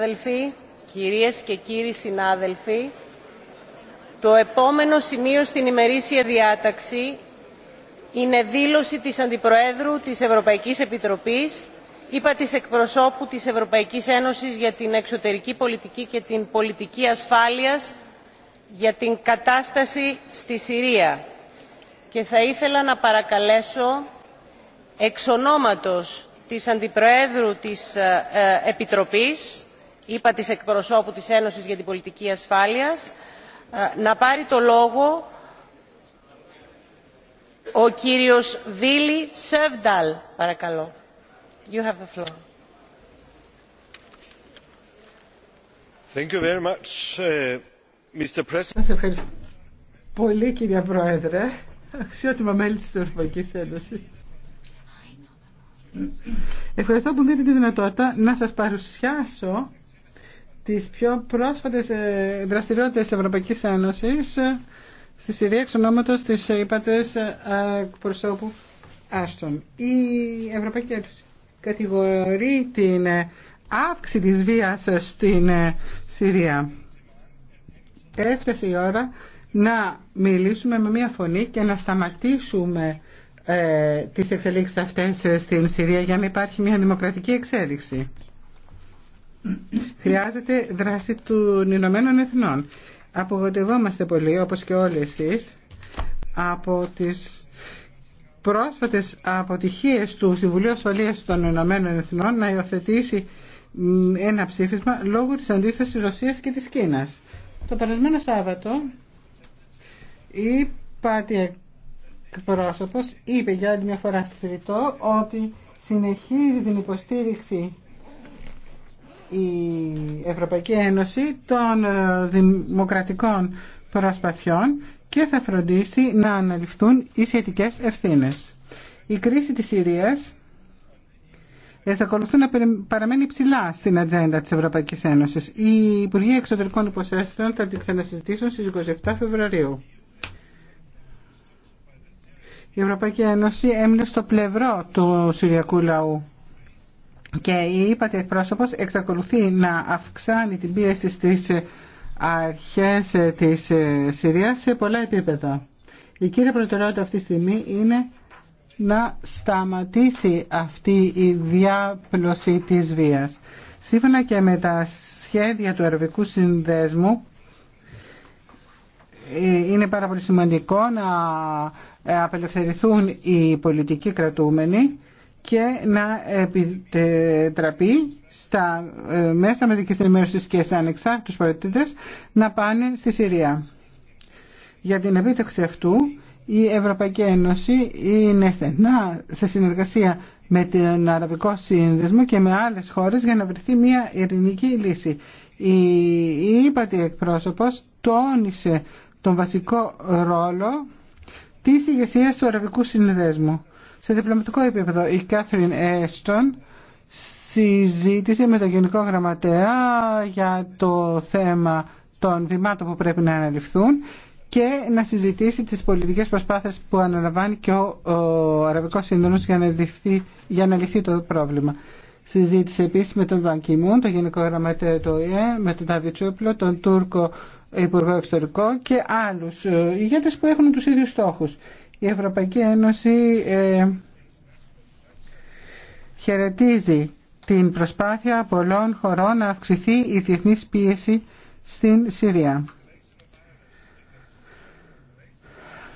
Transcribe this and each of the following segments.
Αδελφοί, κυρίες και κύριοι συνάδελφοι, το επόμενο σημείο στην ημερήσια διάταξη είναι δήλωση της Αντιπροέδρου της Ευρωπαϊκής Επιτροπής, είπα της εκπροσώπου της Ευρωπαϊκής Ένωσης για την εξωτερική πολιτική και την πολιτική ασφάλειας για την κατάσταση στη Συρία. Και θα ήθελα να παρακαλέσω εξ ονόματος της Αντιπροέδρου της ε, ε, Επιτροπής είπα της εκπροσώπου της Ένωσης για την Πολιτική Ασφάλειας ε, να πάρει το λόγο ο κύριος Βίλι Σεβδάλ. Παρακαλώ. Thank you very much, ε, Mr. President. ευχαριστώ πολύ κύριε Πρόεδρε, αξιότιμα μέλη της Ευρωπαϊκής Ένωσης. Ευχαριστώ που μου δίνετε τη δυνατότητα να σας παρουσιάσω τις πιο πρόσφατες ε, δραστηριότητες Ευρωπαϊκής Ένωσης ε, στη Συρία εξ ονόματος της υπάτρες ε, προσώπου Άστον. Η Ευρωπαϊκή Ένωση κατηγορεί την αύξηση της βίας στην Συρία. Έφτασε η ώρα να μιλήσουμε με μία φωνή και να σταματήσουμε ε, τις εξελίξεις αυτές στην Συρία για να υπάρχει μια δημοκρατική εξέλιξη. Χρειάζεται δράση των Ηνωμένων Εθνών. Απογοητευόμαστε πολύ, όπως και όλοι εσείς, από τις πρόσφατες αποτυχίες του Συμβουλίου Ασφαλείας των Ηνωμένων Εθνών να υιοθετήσει ένα ψήφισμα λόγω της αντίθεσης της Ρωσίας και της Κίνας. Το περασμένο Σάββατο η Πάτια Πρόσωπος είπε για άλλη μια φορά στη ότι συνεχίζει την υποστήριξη η Ευρωπαϊκή Ένωση των ε, δημοκρατικών προσπαθειών και θα φροντίσει να αναλυφθούν οι σχετικέ ευθύνες. Η κρίση της Συρίας εξακολουθεί να παραμένει ψηλά στην ατζέντα της Ευρωπαϊκής Ένωσης. Οι Υπουργοί Εξωτερικών Υποθέσεων θα την ξανασυζητήσουν στις 27 Φεβρουαρίου. Η Ευρωπαϊκή Ένωση έμεινε στο πλευρό του Συριακού λαού και η ύπατη εκπρόσωπο, εξακολουθεί να αυξάνει την πίεση στι ε, αρχές ε, της ε, Συρίας σε πολλά επίπεδα. Η κύρια προτεραιότητα αυτή τη στιγμή είναι να σταματήσει αυτή η διάπλωση της βίας. Σύμφωνα και με τα σχέδια του Αραβικού Συνδέσμου είναι πάρα πολύ σημαντικό να απελευθερηθούν οι πολιτικοί κρατούμενοι και να επιτραπεί στα ε, μέσα μαζικής ενημέρωσης και σε ανεξάρτητους να πάνε στη Συρία. Για την επίτευξη αυτού η Ευρωπαϊκή Ένωση είναι στενά σε συνεργασία με τον Αραβικό Σύνδεσμο και με άλλες χώρες για να βρεθεί μια ειρηνική λύση. Η ύπατη εκπρόσωπος τόνισε τον βασικό ρόλο της ηγεσία του Αραβικού Συνδέσμου σε διπλωματικό επίπεδο η Κάθριν Έστον συζήτησε με τον Γενικό Γραμματέα για το θέμα των βημάτων που πρέπει να αναλυφθούν και να συζητήσει τις πολιτικές προσπάθειες που αναλαμβάνει και ο, ο Αραβικός Σύνδρομος για να, λυθεί, για να λυθεί το πρόβλημα. Συζήτησε επίσης με τον Βανκιμούν, τον Γενικό Γραμματέα του ΟΗΕ, με τον Τάβι Τσούπλο, τον Τούρκο Υπουργό Εξωτερικό και άλλους ηγέτες που έχουν τους ίδιους στόχους η Ευρωπαϊκή Ένωση ε, χαιρετίζει την προσπάθεια πολλών χωρών να αυξηθεί η διεθνής πίεση στην Συρία.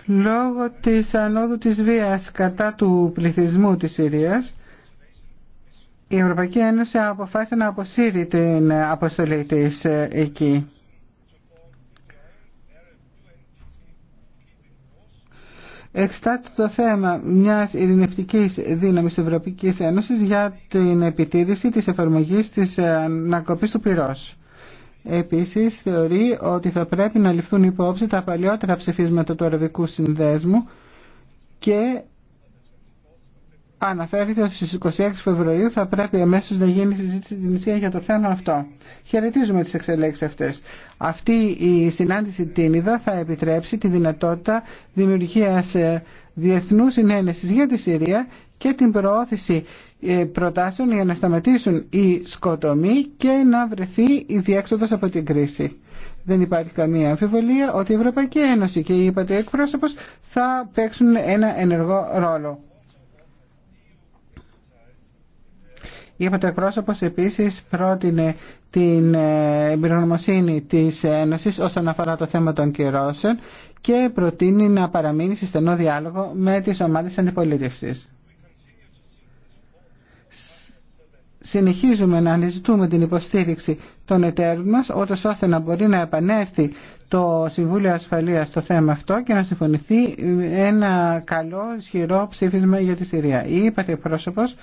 Λόγω της ανόδου της βίας κατά του πληθυσμού της Συρίας, η Ευρωπαϊκή Ένωση αποφάσισε να αποσύρει την αποστολή της ε, εκεί. Εξτάττει το θέμα μιας ειρηνευτικής δύναμης της Ευρωπαϊκής Ένωσης για την επιτήρηση της εφαρμογής της ανακοπής του πυρός. Επίσης θεωρεί ότι θα πρέπει να ληφθούν υπόψη τα παλιότερα ψηφίσματα του Αραβικού Συνδέσμου και αναφέρεται ότι στι 26 Φεβρουαρίου θα πρέπει αμέσω να γίνει συζήτηση στην Ισία για το θέμα αυτό. Χαιρετίζουμε τι εξελέξεις αυτέ. Αυτή η συνάντηση τίνιδα θα επιτρέψει τη δυνατότητα δημιουργία ε, διεθνού συνένεση για τη Συρία και την προώθηση ε, προτάσεων για να σταματήσουν οι σκοτωμοί και να βρεθεί η διέξοδο από την κρίση. Δεν υπάρχει καμία αμφιβολία ότι η Ευρωπαϊκή Ένωση και η ΥΠΑΤΕ εκπρόσωπος θα παίξουν ένα ενεργό ρόλο. Η Πατεκπρόσωπος επίσης πρότεινε την ε, εμπειρονομοσύνη της Ένωσης όσον αφορά το θέμα των κυρώσεων και προτείνει να παραμείνει σε στενό διάλογο με τις ομάδες αντιπολίτευσης. Συνεχίζουμε να αναζητούμε την υποστήριξη των εταίρων μας, ότως ώστε να μπορεί να επανέλθει το Συμβούλιο Ασφαλείας στο θέμα αυτό και να συμφωνηθεί ένα καλό ισχυρό ψήφισμα για τη Συρία. Η πρόσωπος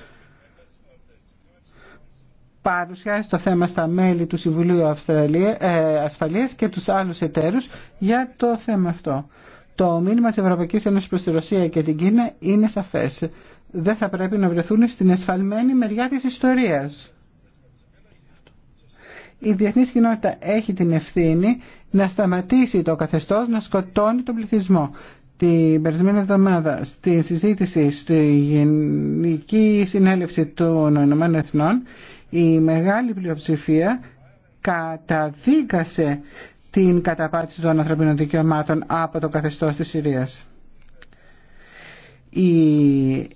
Παρουσιάζει το θέμα στα μέλη του Συμβουλίου Αυστραλία, ε, Ασφαλείας και τους άλλους εταίρους για το θέμα αυτό. Το μήνυμα της Ευρωπαϊκής Ένωσης προς τη Ρωσία και την Κίνα είναι σαφές. Δεν θα πρέπει να βρεθούν στην εσφαλμένη μεριά της ιστορίας. Η διεθνή κοινότητα έχει την ευθύνη να σταματήσει το καθεστώς να σκοτώνει τον πληθυσμό. Την περσμένη εβδομάδα στη συζήτηση στη Γενική Συνέλευση των Ηνωμένων Εθνών η μεγάλη πλειοψηφία καταδίκασε την καταπάτηση των ανθρωπίνων δικαιωμάτων από το καθεστώς της Συρίας. Η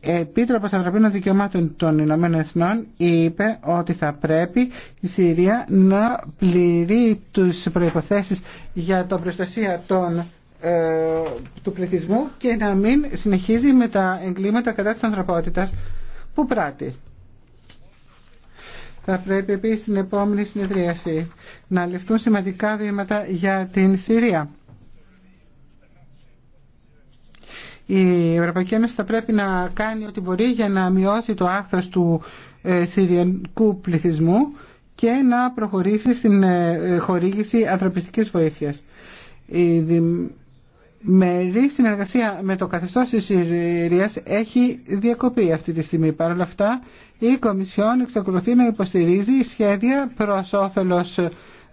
Επίτροπος Ανθρωπίνων Δικαιωμάτων των Ηνωμένων Εθνών είπε ότι θα πρέπει η Συρία να πληρεί τους προϋποθέσεις για την προστασία των, ε, του πληθυσμού και να μην συνεχίζει με τα εγκλήματα κατά της ανθρωπότητας που πράττει. Θα πρέπει επίσης στην επόμενη συνεδρίαση να ληφθούν σημαντικά βήματα για την Συρία. Η Ευρωπαϊκή Ένωση θα πρέπει να κάνει ό,τι μπορεί για να μειώσει το άχθος του ε, συριανικού πληθυσμού και να προχωρήσει στην ε, χορήγηση ανθρωπιστικής βοήθειας μερή συνεργασία με το καθεστώς της Συρίας έχει διακοπεί αυτή τη στιγμή. Παρ' όλα αυτά, η Κομισιόν εξακολουθεί να υποστηρίζει σχέδια προς όφελος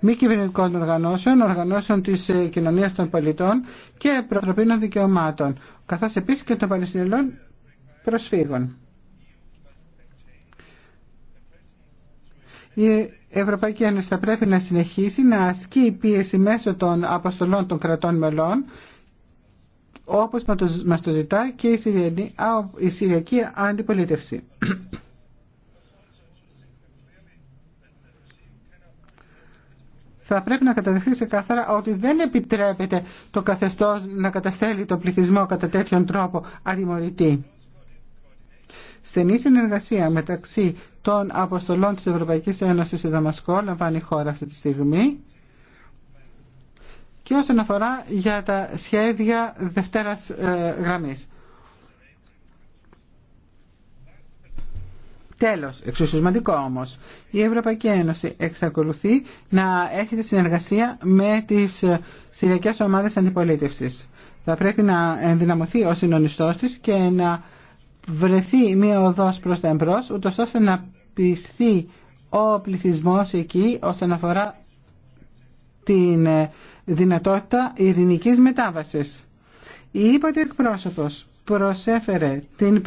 μη κυβερνητικών οργανώσεων, οργανώσεων της ε, κοινωνίας των πολιτών και προτροπίνων δικαιωμάτων, καθώς επίσης και των Παλαιστινιών προσφύγων. Η Ευρωπαϊκή Ένωση θα πρέπει να συνεχίσει να ασκεί πίεση μέσω των αποστολών των κρατών μελών όπως μας το ζητά και η, Συριακή, η Αντιπολίτευση. θα πρέπει να καταδεχθεί σε καθαρά ότι δεν επιτρέπεται το καθεστώς να καταστέλει το πληθυσμό κατά τέτοιον τρόπο αδημορητή. Στενή συνεργασία μεταξύ των αποστολών της Ευρωπαϊκής Ένωσης στη Δαμασκό λαμβάνει η χώρα αυτή τη στιγμή και όσον αφορά για τα σχέδια δευτέρας ε, γραμμής. Τέλος, εξουσιασματικό όμως, η Ευρωπαϊκή Ένωση εξακολουθεί να έχει τη συνεργασία με τις ε, Συριακές Ομάδες Αντιπολίτευσης. Θα πρέπει να ενδυναμωθεί ο συνονιστός της και να βρεθεί μία οδός προς τα εμπρός, ούτως ώστε να πιστεί ο πληθυσμός εκεί όσον αφορά την ε, δυνατότητα ειρηνικής μετάβασης. Η ύπατη εκπρόσωπος προσέφερε την,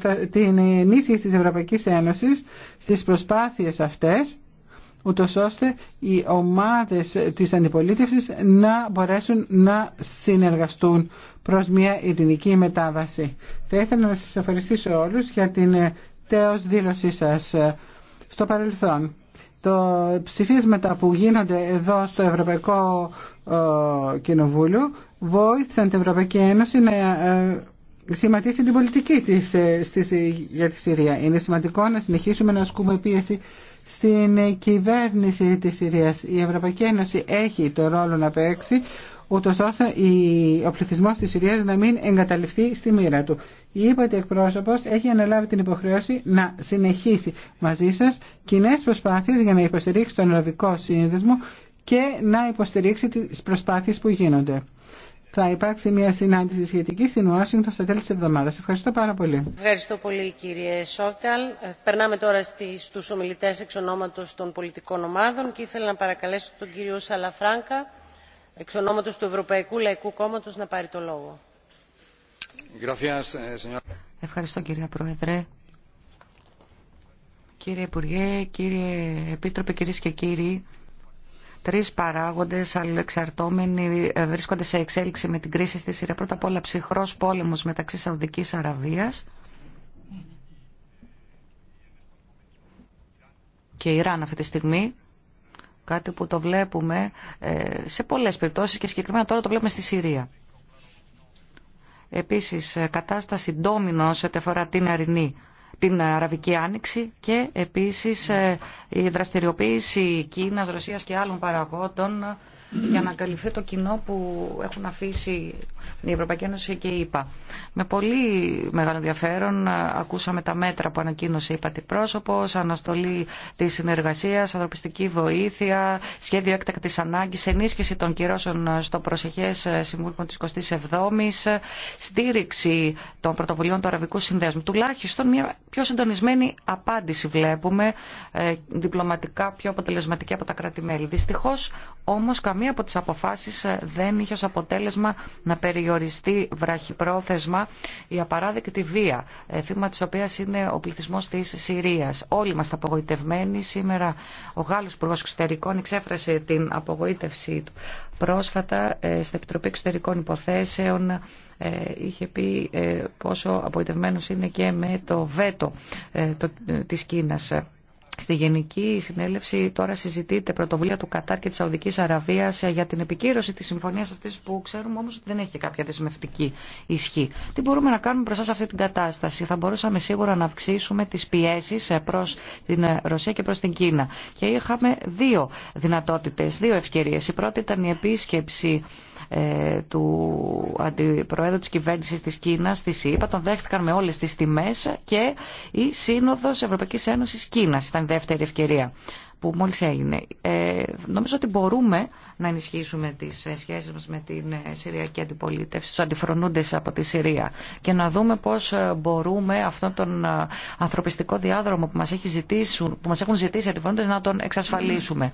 ε, την ενίσχυση της Ευρωπαϊκής Ένωσης στις προσπάθειες αυτές ούτως ώστε οι ομάδες της αντιπολίτευσης να μπορέσουν να συνεργαστούν προς μια ειρηνική μετάβαση. Θα ήθελα να σας ευχαριστήσω όλους για την ε, τέος δήλωσή σας στο παρελθόν το ψηφίσματα που γίνονται εδώ στο Ευρωπαϊκό ε, Κοινοβούλιο βοήθησαν την Ευρωπαϊκή Ένωση να ε, σχηματίσει την πολιτική της ε, για τη Συρία. Είναι σημαντικό να συνεχίσουμε να ασκούμε πίεση στην κυβέρνηση της Συρίας. Η Ευρωπαϊκή Ένωση έχει το ρόλο να παίξει ούτω ώστε ο πληθυσμό τη Συρίας να μην εγκαταλειφθεί στη μοίρα του. Η ύπατη εκπρόσωπο έχει αναλάβει την υποχρέωση να συνεχίσει μαζί σα κοινέ προσπάθειε για να υποστηρίξει τον Αραβικό Σύνδεσμο και να υποστηρίξει τι προσπάθειες που γίνονται. Θα υπάρξει μια συνάντηση σχετική στην Ουάσιγκτον στα τέλη τη εβδομάδα. Ευχαριστώ πάρα πολύ. Ευχαριστώ πολύ κύριε Σόφταλ. Ε, περνάμε τώρα στου ομιλητέ εξ ονόματο των πολιτικών ομάδων και ήθελα να παρακαλέσω τον κύριο Σαλαφράγκα εξ του Ευρωπαϊκού Λαϊκού Κόμματος να πάρει το λόγο. Eh, Ευχαριστώ κύριε Πρόεδρε. Κύριε Υπουργέ, κύριε Επίτροπε, κυρίες και κύριοι, τρεις παράγοντες αλληλεξαρτώμενοι ε, βρίσκονται σε εξέλιξη με την κρίση στη Συρία. Πρώτα απ' όλα ψυχρός πόλεμος μεταξύ Σαουδικής Αραβίας και Ιράν αυτή τη στιγμή Κάτι που το βλέπουμε ε, σε πολλές περιπτώσεις και συγκεκριμένα τώρα το βλέπουμε στη Συρία. Επίσης, ε, κατάσταση ντόμινο σε ό,τι αφορά την αρινή την Αραβική Άνοιξη και επίσης ε, η δραστηριοποίηση Κίνας, Ρωσίας και άλλων παραγόντων για να καλυφθεί το κοινό που έχουν αφήσει η Ευρωπαϊκή Ένωση και η ΕΠΑ. Με πολύ μεγάλο ενδιαφέρον ε, ακούσαμε τα μέτρα που ανακοίνωσε η ΕΠΑΤΗ πρόσωπος, αναστολή τη συνεργασία, ανθρωπιστική βοήθεια, σχέδιο έκτακτης ανάγκη, ενίσχυση των κυρώσεων στο προσεχέ ε, συμβούλιο τη 27 η στήριξη των πρωτοβουλίων του Αραβικού Συνδέσμου. Τουλάχιστον μια πιο συντονισμένη απάντηση βλέπουμε, ε, διπλωματικά πιο αποτελεσματική από τα κράτη-μέλη. Δυστυχώς καμία Καμία από τις αποφάσεις ε, δεν είχε ως αποτέλεσμα να περιοριστεί βραχυπρόθεσμα η απαράδεκτη βία, ε, θύμα της οποίας είναι ο πληθυσμός της Συρίας. Όλοι είμαστε απογοητευμένοι. Σήμερα ο Γάλλος Υπουργός Εξωτερικών εξέφρασε την απογοήτευσή του. Πρόσφατα ε, στην Επιτροπή Εξωτερικών Υποθέσεων είχε πει πόσο απογοητευμένος είναι και με το βέτο της Κίνας Στη Γενική Συνέλευση τώρα συζητείται πρωτοβουλία του Κατάρ και της Σαουδική Αραβίας ε, για την επικύρωση της συμφωνίας αυτής που ξέρουμε όμως ότι δεν έχει κάποια δεσμευτική ισχύ. Τι μπορούμε να κάνουμε μπροστά σε αυτή την κατάσταση. Θα μπορούσαμε σίγουρα να αυξήσουμε τις πιέσεις ε, προ την ε, Ρωσία και προ την Κίνα. Και είχαμε δύο δυνατότητε, δύο ευκαιρίε. Η πρώτη ήταν η επίσκεψη ε, του αντιπροέδρου της κυβέρνησης της Κίνας, της ΕΕ, τον δέχτηκαν με όλες τις τιμές και η Σύνοδος Ευρωπαϊκής Ένωσης Κίνας ήταν η δεύτερη ευκαιρία που μόλις έγινε. Ε, νομίζω ότι μπορούμε να ενισχύσουμε τις ε, σχέσεις μας με την ε, Συριακή Αντιπολίτευση, τους αντιφρονούντες από τη Συρία και να δούμε πώς ε, μπορούμε αυτόν τον ανθρωπιστικό διάδρομο που μας, έχει που μας έχουν ζητήσει οι αντιφρονούντες να τον εξασφαλίσουμε.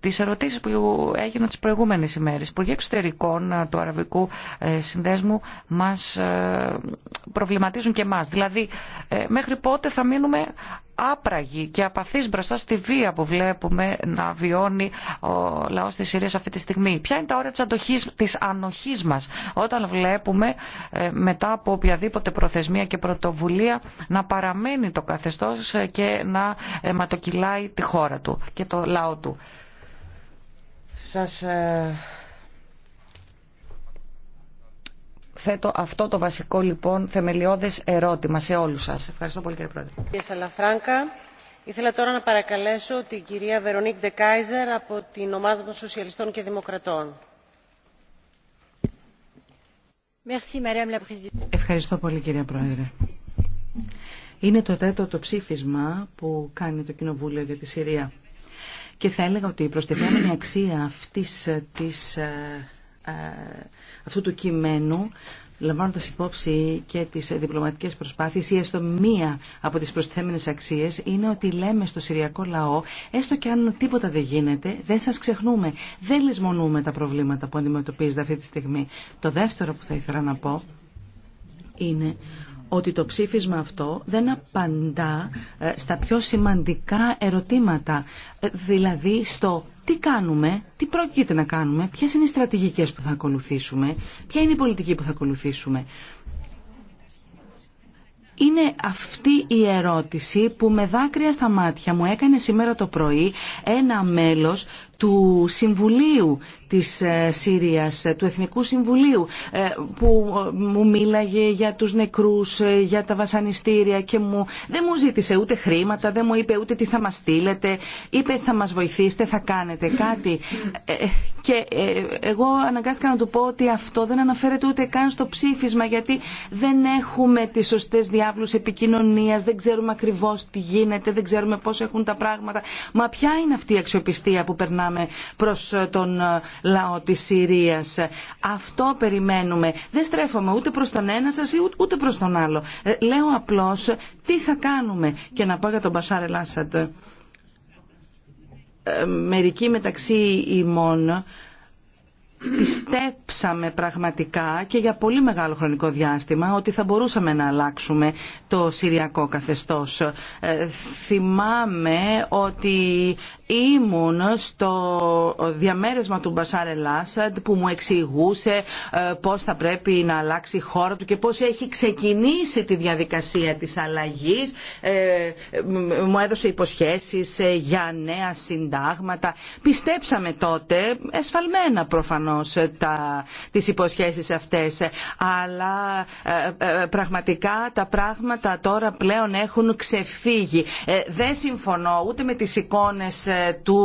Τις ερωτήσεις που έγιναν τις προηγούμενες ημέρες, Υπουργοί Εξωτερικών του Αραβικού Συνδέσμου μας προβληματίζουν και εμάς. Δηλαδή, μέχρι πότε θα μείνουμε άπραγοι και απαθείς μπροστά στη βία που βλέπουμε να βιώνει ο λαός της Συρίας αυτή τη στιγμή. Ποια είναι τα όρια της, αντοχής, της ανοχής μας όταν βλέπουμε ε, μετά από οποιαδήποτε προθεσμία και πρωτοβουλία να παραμένει το καθεστώς ε, και να ματοκυλάει τη χώρα του και το λαό του. Ε, Θέτω αυτό το βασικό λοιπόν θεμελιώδες ερώτημα σε όλους σας. Ευχαριστώ πολύ κύριε Πρόεδρε. Κύριε Σαλαφράγκα, ήθελα τώρα να παρακαλέσω την κυρία Βερονίκ Ντεκάιζερ από την ομάδα των Σοσιαλιστών και Δημοκρατών. Ευχαριστώ πολύ κυρία Πρόεδρε. Είναι το το ψήφισμα που κάνει το Κοινοβούλιο για τη Συρία. Και θα έλεγα ότι η προστιθέμενη αξία αυτής της ε, ε, αυτού του κειμένου λαμβάνοντας υπόψη και τις διπλωματικές προσπάθειες ή έστω μία από τις προσθέμενες αξίες είναι ότι λέμε στο Συριακό λαό έστω και αν τίποτα δεν γίνεται δεν σας ξεχνούμε, δεν λησμονούμε τα προβλήματα που αντιμετωπίζετε αυτή τη στιγμή. Το δεύτερο που θα ήθελα να πω είναι ότι το ψήφισμα αυτό δεν απαντά ε, στα πιο σημαντικά ερωτήματα, ε, δηλαδή στο τι κάνουμε, τι πρόκειται να κάνουμε, ποιε είναι οι στρατηγικές που θα ακολουθήσουμε, ποια είναι η πολιτική που θα ακολουθήσουμε. Είναι αυτή η ερώτηση που με δάκρυα στα μάτια μου έκανε σήμερα το πρωί ένα μέλος του Συμβουλίου της ε, Συρίας, ε, του Εθνικού Συμβουλίου ε, που μου μίλαγε για τους νεκρούς, για τα βασανιστήρια και μου, δεν μου ζήτησε ούτε χρήματα, δεν μου είπε ούτε τι θα μας στείλετε, είπε θα μας βοηθήσετε, θα κάνετε κάτι και εγώ αναγκάστηκα να του πω ότι αυτό δεν αναφέρεται ούτε καν στο ψήφισμα γιατί δεν έχουμε τις σωστές διάβλους επικοινωνίας, δεν ξέρουμε ακριβώς τι γίνεται, δεν ξέρουμε πώς έχουν τα πράγματα. Μα ποια είναι αυτή η αξιοπιστία που περνάμε προς τον λαό της Συρίας. Αυτό περιμένουμε. Δεν στρέφομαι ούτε προς τον ένα σας ούτε προς τον άλλο. Ε, λέω απλώς τι θα κάνουμε και να πω για τον Μπασάρ Λάσαντ. Ε, μερικοί μεταξύ ημών πιστέψαμε πραγματικά και για πολύ μεγάλο χρονικό διάστημα ότι θα μπορούσαμε να αλλάξουμε το συριακό καθεστώς. Ε, θυμάμαι ότι ήμουν στο διαμέρισμα του Μπασάρε Λάσαντ που μου εξηγούσε ε, πώς θα πρέπει να αλλάξει η χώρα του και πώς έχει ξεκινήσει τη διαδικασία της αλλαγής. Ε, μου έδωσε υποσχέσεις ε, για νέα συντάγματα. Πιστέψαμε τότε, εσφαλμένα προφανώς, τα, τις υποσχέσεις αυτές. Αλλά πραγματικά τα πράγματα τώρα πλέον έχουν ξεφύγει. Δεν συμφωνώ ούτε με τις εικόνες του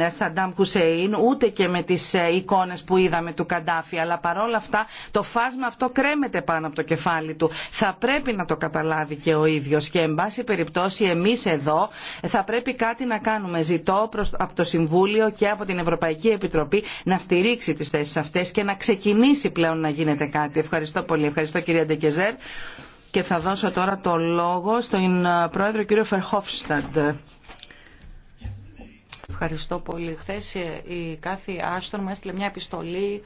ε, Σαντάμ Χουσέιν ούτε και με τις ε, εικόνες που είδαμε του Καντάφη αλλά παρόλα αυτά το φάσμα αυτό κρέμεται πάνω από το κεφάλι του. Θα πρέπει να το καταλάβει και ο ίδιος και εν πάση περιπτώσει εμείς εδώ θα πρέπει κάτι να κάνουμε. Ζητώ προς, από το Συμβούλιο και από την Ευρωπαϊκή Επιτροπή να στηρίξει τις θέσεις αυτές και να ξεκινήσει πλέον να γίνεται κάτι. Ευχαριστώ πολύ. Ευχαριστώ κυρία Ντεκεζέρ. Και θα δώσω τώρα το λόγο στον ε, πρόεδρο κύριο Φερχόφσταντ. Ευχαριστώ πολύ. Χθε ε, η κάθε Άστον μου έστειλε μια επιστολή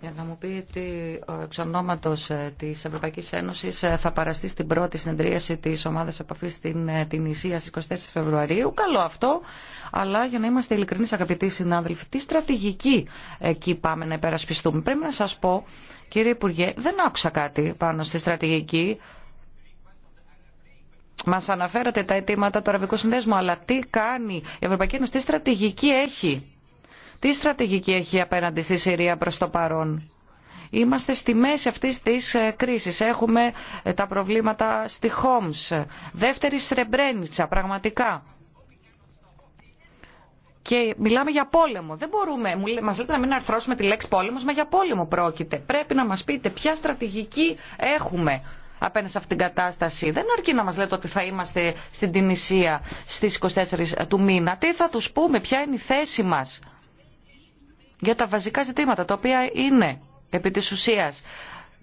για να μου πει ότι ο εξ τη ε, της Ευρωπαϊκής Ένωσης ε, θα παραστεί στην πρώτη συνεδρίαση τη ομάδα επαφή στην την Ισία στις 24 Φεβρουαρίου. Καλό αυτό, αλλά για να είμαστε ειλικρινεί αγαπητοί συνάδελφοι, τι στρατηγική εκεί πάμε να υπερασπιστούμε. Πρέπει να σα πω, κύριε Υπουργέ, δεν άκουσα κάτι πάνω στη στρατηγική Μα αναφέρατε τα αιτήματα του Αραβικού Συνδέσμου, αλλά τι κάνει η Ευρωπαϊκή Ένωση, τι στρατηγική έχει. Τι στρατηγική έχει απέναντι στη Συρία προ το παρόν. Είμαστε στη μέση αυτή τη ε, κρίση. Έχουμε ε, τα προβλήματα στη Χόμ. Δεύτερη Σρεμπρένιτσα, πραγματικά. Και μιλάμε για πόλεμο. Δεν μπορούμε, μα λέτε να μην αρθρώσουμε τη λέξη πόλεμο, μα για πόλεμο πρόκειται. Πρέπει να μα πείτε ποια στρατηγική έχουμε απέναντι σε αυτήν την κατάσταση. Δεν αρκεί να μας λέτε ότι θα είμαστε στην Τινησία στις 24 του μήνα. Τι θα τους πούμε, ποια είναι η θέση μας για τα βασικά ζητήματα, τα οποία είναι επί τη ουσία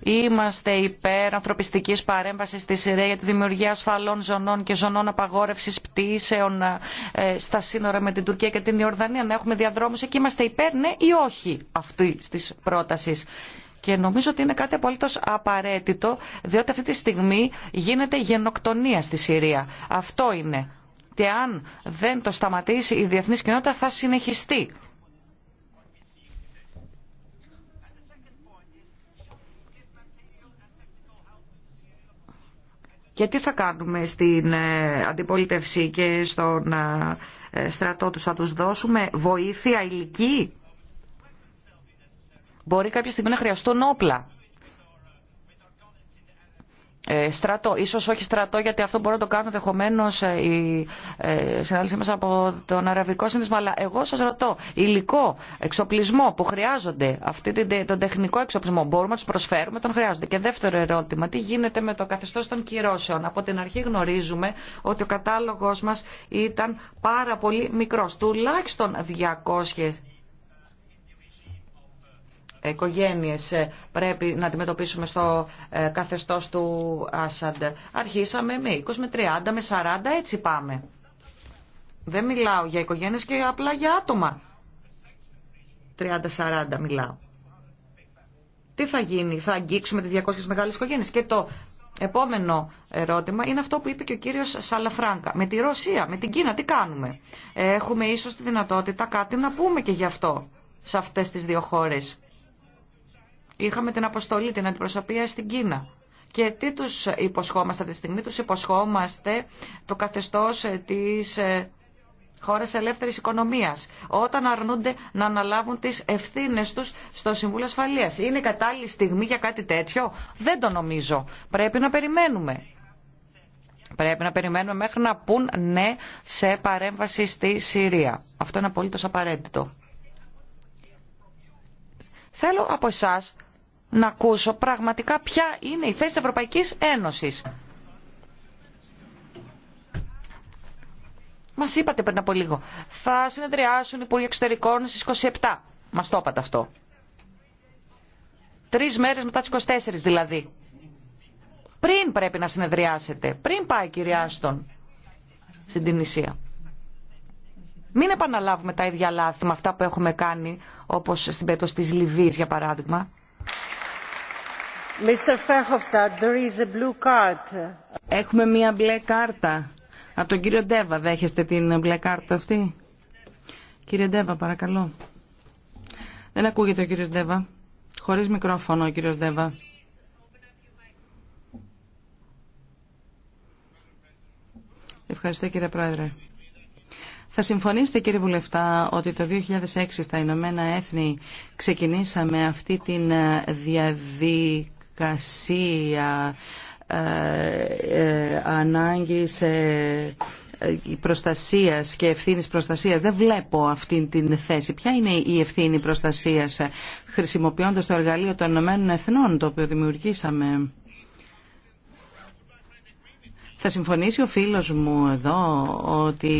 Είμαστε υπέρ ανθρωπιστικής παρέμβασης στη Συρία για τη δημιουργία ασφαλών ζωνών και ζωνών απαγόρευσης πτήσεων ε, στα σύνορα με την Τουρκία και την Ιορδανία, να έχουμε διαδρόμους. Εκεί είμαστε υπέρ, ναι ή όχι αυτή της πρότασης. Και νομίζω ότι είναι κάτι απολύτω απαραίτητο, διότι αυτή τη στιγμή γίνεται γενοκτονία στη Συρία. Αυτό είναι. Και αν δεν το σταματήσει η διεθνή κοινότητα θα συνεχιστεί. Και τι θα κάνουμε στην ε, αντιπολίτευση και στον ε, ε, στρατό τους, θα τους δώσουμε βοήθεια ηλική. Μπορεί κάποια στιγμή να χρειαστούν όπλα. Ε, στρατό, ίσως όχι στρατό γιατί αυτό μπορεί να το κάνουν ενδεχομένω ε, οι ε, συναδελφοί μας από τον αραβικό σύνδεσμο αλλά εγώ σας ρωτώ υλικό, εξοπλισμό που χρειάζονται αυτή την, τον τεχνικό εξοπλισμό μπορούμε να τους προσφέρουμε, τον χρειάζονται και δεύτερο ερώτημα, τι γίνεται με το καθεστώς των κυρώσεων από την αρχή γνωρίζουμε ότι ο κατάλογος μας ήταν πάρα πολύ μικρό. τουλάχιστον 200 οικογένειες ε, πρέπει να αντιμετωπίσουμε στο ε, καθεστώς του Άσαντ. Αρχίσαμε με 20, με 30, με 40, έτσι πάμε. Δεν μιλάω για οικογένειες και απλά για άτομα. 30-40 μιλάω. Τι θα γίνει, θα αγγίξουμε τις 200 μεγάλες οικογένειες. Και το επόμενο ερώτημα είναι αυτό που είπε και ο κύριος Σαλαφράγκα. Με τη Ρωσία, με την Κίνα, τι κάνουμε. Έχουμε ίσως τη δυνατότητα κάτι να πούμε και γι' αυτό σε αυτές τις δύο χώρες. Είχαμε την αποστολή, την αντιπροσωπεία στην Κίνα. Και τι τους υποσχόμαστε αυτή τη στιγμή, τους υποσχόμαστε το καθεστώς ε, της ε, χώρας ελεύθερης οικονομίας, όταν αρνούνται να αναλάβουν τις ευθύνες τους στο Συμβούλιο Ασφαλείας. Είναι κατάλληλη στιγμή για κάτι τέτοιο. Δεν το νομίζω. Πρέπει να περιμένουμε. Πρέπει να περιμένουμε μέχρι να πούν ναι σε παρέμβαση στη Συρία. Αυτό είναι απολύτως απαραίτητο. Θέλω από εσάς να ακούσω πραγματικά ποια είναι η θέση της Ευρωπαϊκής Ένωσης. Μας είπατε πριν από λίγο. Θα συνεδριάσουν οι Υπουργοί Εξωτερικών στις 27. Μας το είπατε αυτό. Τρεις μέρες μετά τις 24 δηλαδή. Πριν πρέπει να συνεδριάσετε. Πριν πάει η κυρία Άστον στην Τινησία. Μην επαναλάβουμε τα ίδια λάθη με αυτά που έχουμε κάνει, όπως στην περίπτωση της Λιβύης για παράδειγμα. Έχουμε μία μπλε κάρτα. Από τον κύριο Ντέβα δέχεστε την μπλε κάρτα αυτή. Κύριε Ντέβα, παρακαλώ. Δεν ακούγεται ο κύριος Ντέβα. Χωρίς μικρόφωνο ο κύριος Ντέβα. Ευχαριστώ κύριε Πρόεδρε. Θα συμφωνήσετε κύριε Βουλευτά ότι το 2006 στα Ηνωμένα Έθνη ξεκινήσαμε αυτή την ε, διαδικασία διαδικασία ε, ε, ανάγκη σε ε, προστασίας και ευθύνης προστασίας. Δεν βλέπω αυτή την θέση. Ποια είναι η ευθύνη προστασίας χρησιμοποιώντας το εργαλείο των Ηνωμένων Εθνών το οποίο δημιουργήσαμε. Θα συμφωνήσει ο φίλος μου εδώ ότι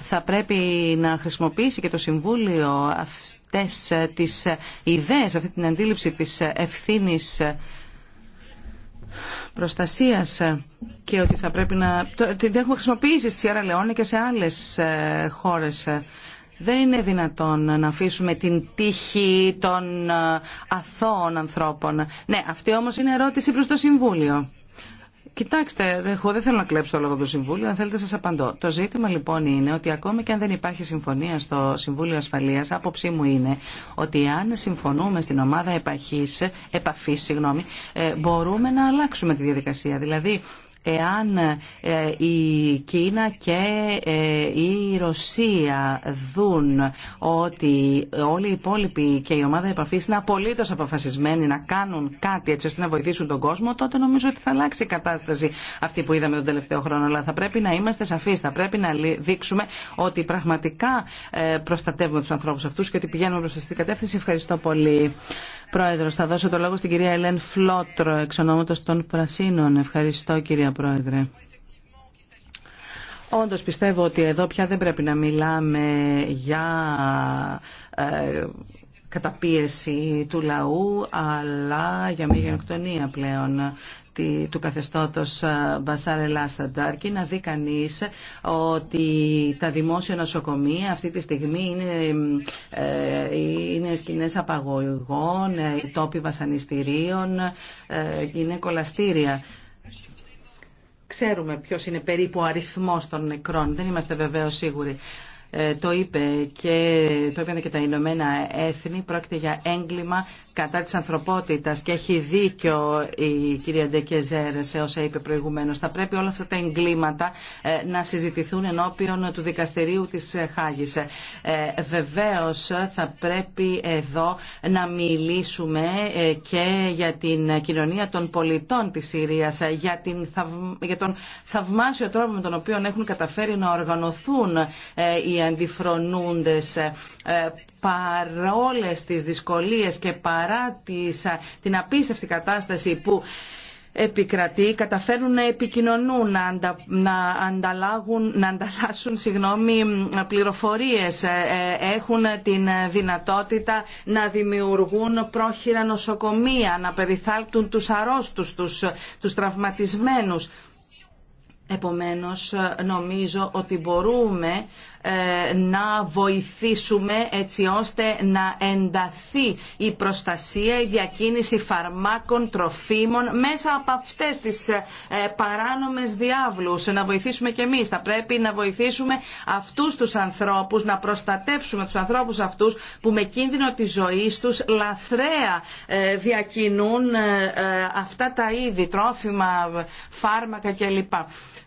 θα πρέπει να χρησιμοποιήσει και το Συμβούλιο αυτές τις ιδέες, αυτή την αντίληψη της ευθύνης προστασίας και ότι θα πρέπει να... Την έχουμε χρησιμοποιήσει στη Σιέρα και σε άλλες ε, χώρες. Δεν είναι δυνατόν να αφήσουμε την τύχη των ε, αθώων ανθρώπων. Ναι, αυτή όμως είναι ερώτηση προς το Συμβούλιο. Κοιτάξτε, εγώ δεν θέλω να κλέψω όλο από το Συμβούλιο, αν θέλετε σας απαντώ. Το ζήτημα λοιπόν είναι ότι ακόμη και αν δεν υπάρχει συμφωνία στο Συμβούλιο Ασφαλείας, άποψή μου είναι ότι αν συμφωνούμε στην ομάδα επαφή, επαφής, ε, μπορούμε να αλλάξουμε τη διαδικασία. Δηλαδή, εάν ε, η Κίνα και ε, η Ρωσία δουν ότι όλοι οι υπόλοιποι και η ομάδα επαφή είναι απολύτω αποφασισμένοι να κάνουν κάτι έτσι ώστε να βοηθήσουν τον κόσμο, τότε νομίζω ότι θα αλλάξει η κατάσταση αυτή που είδαμε τον τελευταίο χρόνο. Αλλά θα πρέπει να είμαστε σαφεί. θα πρέπει να δείξουμε ότι πραγματικά ε, προστατεύουμε του ανθρώπου αυτού και ότι πηγαίνουμε προ αυτή την κατεύθυνση. Ευχαριστώ πολύ. Πρόεδρος, θα δώσω το λόγο στην κυρία Ελέν Φλότρο, εξ ονόματος των Πρασίνων. Ευχαριστώ κυρία Πρόεδρε. Όντως πιστεύω ότι εδώ πια δεν πρέπει να μιλάμε για ε, καταπίεση του λαού, αλλά για μια γενοκτονία πλέον του καθεστώτος ε, Μπασάρ να δει κανεί ότι τα δημόσια νοσοκομεία αυτή τη στιγμή είναι, ε, είναι σκηνέ απαγωγών, ε, τόποι βασανιστήριων, είναι κολαστήρια. Ξέρουμε ποιος είναι περίπου ο αριθμός των νεκρών, δεν είμαστε βεβαίω σίγουροι το είπε και το είπαν και τα Ηνωμένα Έθνη, πρόκειται για έγκλημα κατά της ανθρωπότητας και έχει δίκιο η κυρία Ντεκεζέρ σε όσα είπε προηγουμένως. Θα πρέπει όλα αυτά τα εγκλήματα ε, να συζητηθούν ενώπιον του δικαστηρίου της Χάγης. Ε, βεβαίως θα πρέπει εδώ να μιλήσουμε ε, και για την κοινωνία των πολιτών της Συρίας, για, την, για τον θαυμάσιο τρόπο με τον οποίο έχουν καταφέρει να οργανωθούν οι αντιφρονούντες παρόλες τις δυσκολίες και παρά τις, την απίστευτη κατάσταση που επικρατεί, καταφέρουν να επικοινωνούν, να, αντα, να, να ανταλλάσσουν πληροφορίες, ε, ε, έχουν την δυνατότητα να δημιουργούν πρόχειρα νοσοκομεία, να περιθάλπτουν τους αρρώστους, τους, τους τραυματισμένους. Επομένως, νομίζω ότι μπορούμε ε, να βοηθήσουμε έτσι ώστε να ενταθεί η προστασία, η διακίνηση φαρμάκων, τροφίμων μέσα από αυτές τις ε, παράνομες διάβλους. Να βοηθήσουμε και εμείς. Θα πρέπει να βοηθήσουμε αυτούς τους ανθρώπους, να προστατεύσουμε τους ανθρώπους αυτούς που με κίνδυνο της ζωής τους λαθρέα ε, διακινούν αυτά τα είδη, τρόφιμα, φάρμακα κλπ.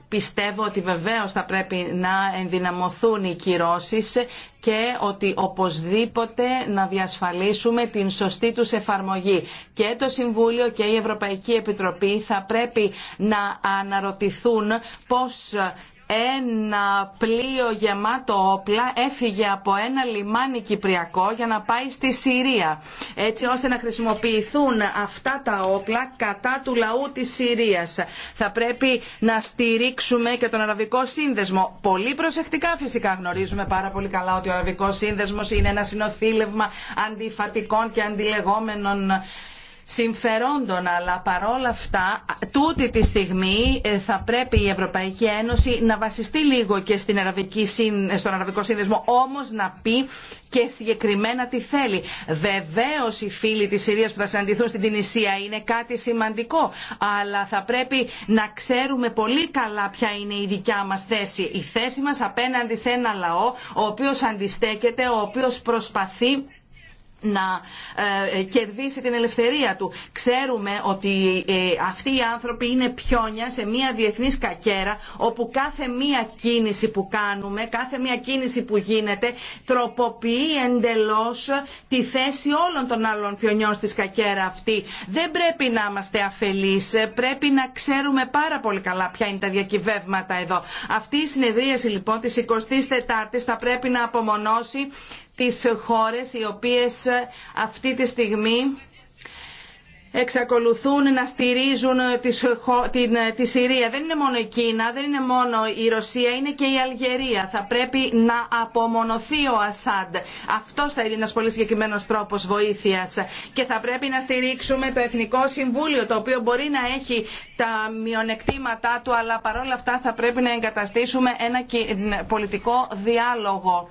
Πιστεύω ότι βεβαίως θα πρέπει να ενδυναμωθούν οι κυρώσεις και ότι οπωσδήποτε να διασφαλίσουμε την σωστή τους εφαρμογή. Και το Συμβούλιο και η Ευρωπαϊκή Επιτροπή θα πρέπει να αναρωτηθούν πώς ένα πλοίο γεμάτο όπλα έφυγε από ένα λιμάνι κυπριακό για να πάει στη Συρία έτσι ώστε να χρησιμοποιηθούν αυτά τα όπλα κατά του λαού της Συρίας. Θα πρέπει να στηρίξουμε και τον Αραβικό Σύνδεσμο. Πολύ προσεκτικά φυσικά γνωρίζουμε πάρα πολύ καλά ότι ο Αραβικός Σύνδεσμος είναι ένα συνοθήλευμα αντιφατικών και αντιλεγόμενων συμφερόντων αλλά παρόλα αυτά τούτη τη στιγμή ε, θα πρέπει η ευρωπαϊκή ένωση να βασιστεί λίγο και στον αραβικό σύνδεσμο όμως να πει και συγκεκριμένα τι θέλει. Βεβαίω οι φίλοι τη Συρίας που θα συναντηθούν στην Τινησία είναι κάτι σημαντικό, αλλά θα πρέπει να ξέρουμε πολύ καλά ποια είναι η δικιά μα θέση. Η θέση μα απέναντι σε ένα λαό ο οποίο αντιστέκεται, ο οποίο προσπαθεί να ε, κερδίσει την ελευθερία του. Ξέρουμε ότι ε, αυτοί οι άνθρωποι είναι πιόνια σε μια διεθνή κακέρα όπου κάθε μια κίνηση που κάνουμε, κάθε μια κίνηση που γίνεται τροποποιεί εντελώς τη θέση όλων των άλλων πιονιών στη κακέρα αυτή. Δεν πρέπει να είμαστε αφελείς, πρέπει να ξέρουμε πάρα πολύ καλά ποια είναι τα διακυβεύματα εδώ. Αυτή η συνεδρίαση λοιπόν της 24ης θα πρέπει να απομονώσει τις χώρες οι οποίες ε, αυτή τη στιγμή εξακολουθούν να στηρίζουν ε, ε, τη Συρία. Δεν είναι μόνο η Κίνα, δεν είναι μόνο η Ρωσία, είναι και η Αλγερία. Θα πρέπει να απομονωθεί ο Ασάντ. Αυτό θα είναι ένα πολύ συγκεκριμένο τρόπο βοήθεια. Και θα πρέπει να στηρίξουμε το Εθνικό Συμβούλιο, το οποίο μπορεί να έχει τα μειονεκτήματά του, αλλά παρόλα αυτά θα πρέπει να εγκαταστήσουμε ένα πολιτικό διάλογο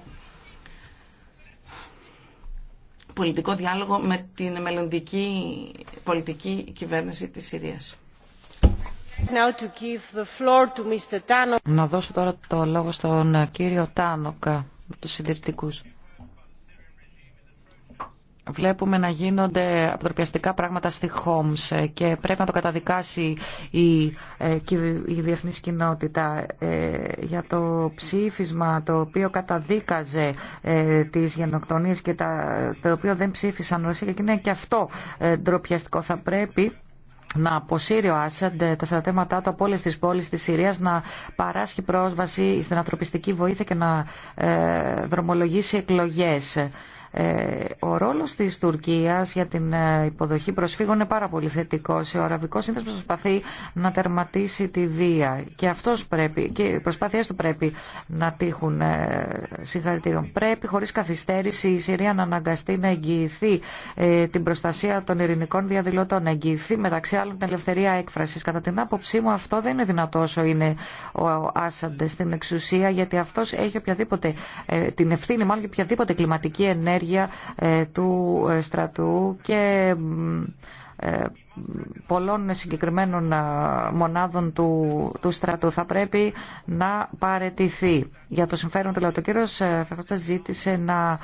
πολιτικό διάλογο με την μελλοντική πολιτική κυβέρνηση της Συρίας. Να δώσω τώρα το λόγο στον κύριο Τάνοκα, του συντηρητικούς βλέπουμε να γίνονται αποτροπιαστικά πράγματα στη Χόμς ε, και πρέπει να το καταδικάσει η, ε, η διεθνής κοινότητα ε, για το ψήφισμα το οποίο καταδίκαζε τις γενοκτονίες και τα, το οποίο δεν ψήφισαν Ρωσία και είναι και αυτό ντροπιαστικό θα πρέπει να αποσύρει ο Άσαντ τα στρατεύματά του από όλε τι πόλει τη Συρία, να παράσχει πρόσβαση στην ανθρωπιστική βοήθεια και να δρομολογήσει εκλογέ. Ε, ο ρόλος της Τουρκίας για την ε, υποδοχή προσφύγων είναι πάρα πολύ θετικός. Ο Αραβικός Σύνδεσμος προσπαθεί να τερματίσει τη βία και, αυτός πρέπει, και οι προσπάθειές του πρέπει να τύχουν ε, συγχαρητήρων. Πρέπει χωρίς καθυστέρηση η Συρία να αναγκαστεί να εγγυηθεί την προστασία των ειρηνικών διαδηλωτών, να εγγυηθεί μεταξύ άλλων την ελευθερία έκφρασης. Κατά την άποψή μου αυτό δεν είναι δυνατό όσο είναι ο Άσαντε στην εξουσία γιατί αυτός έχει οποιαδήποτε, την ευθύνη μάλλον για οποιαδήποτε κλιματική ενέργεια για ε, του ε, στρατού και ε, πολλών συγκεκριμένων μονάδων του, του στρατού θα πρέπει να παρετηθεί. Για το συμφέρον του λαού, ο κύριος ζήτησε να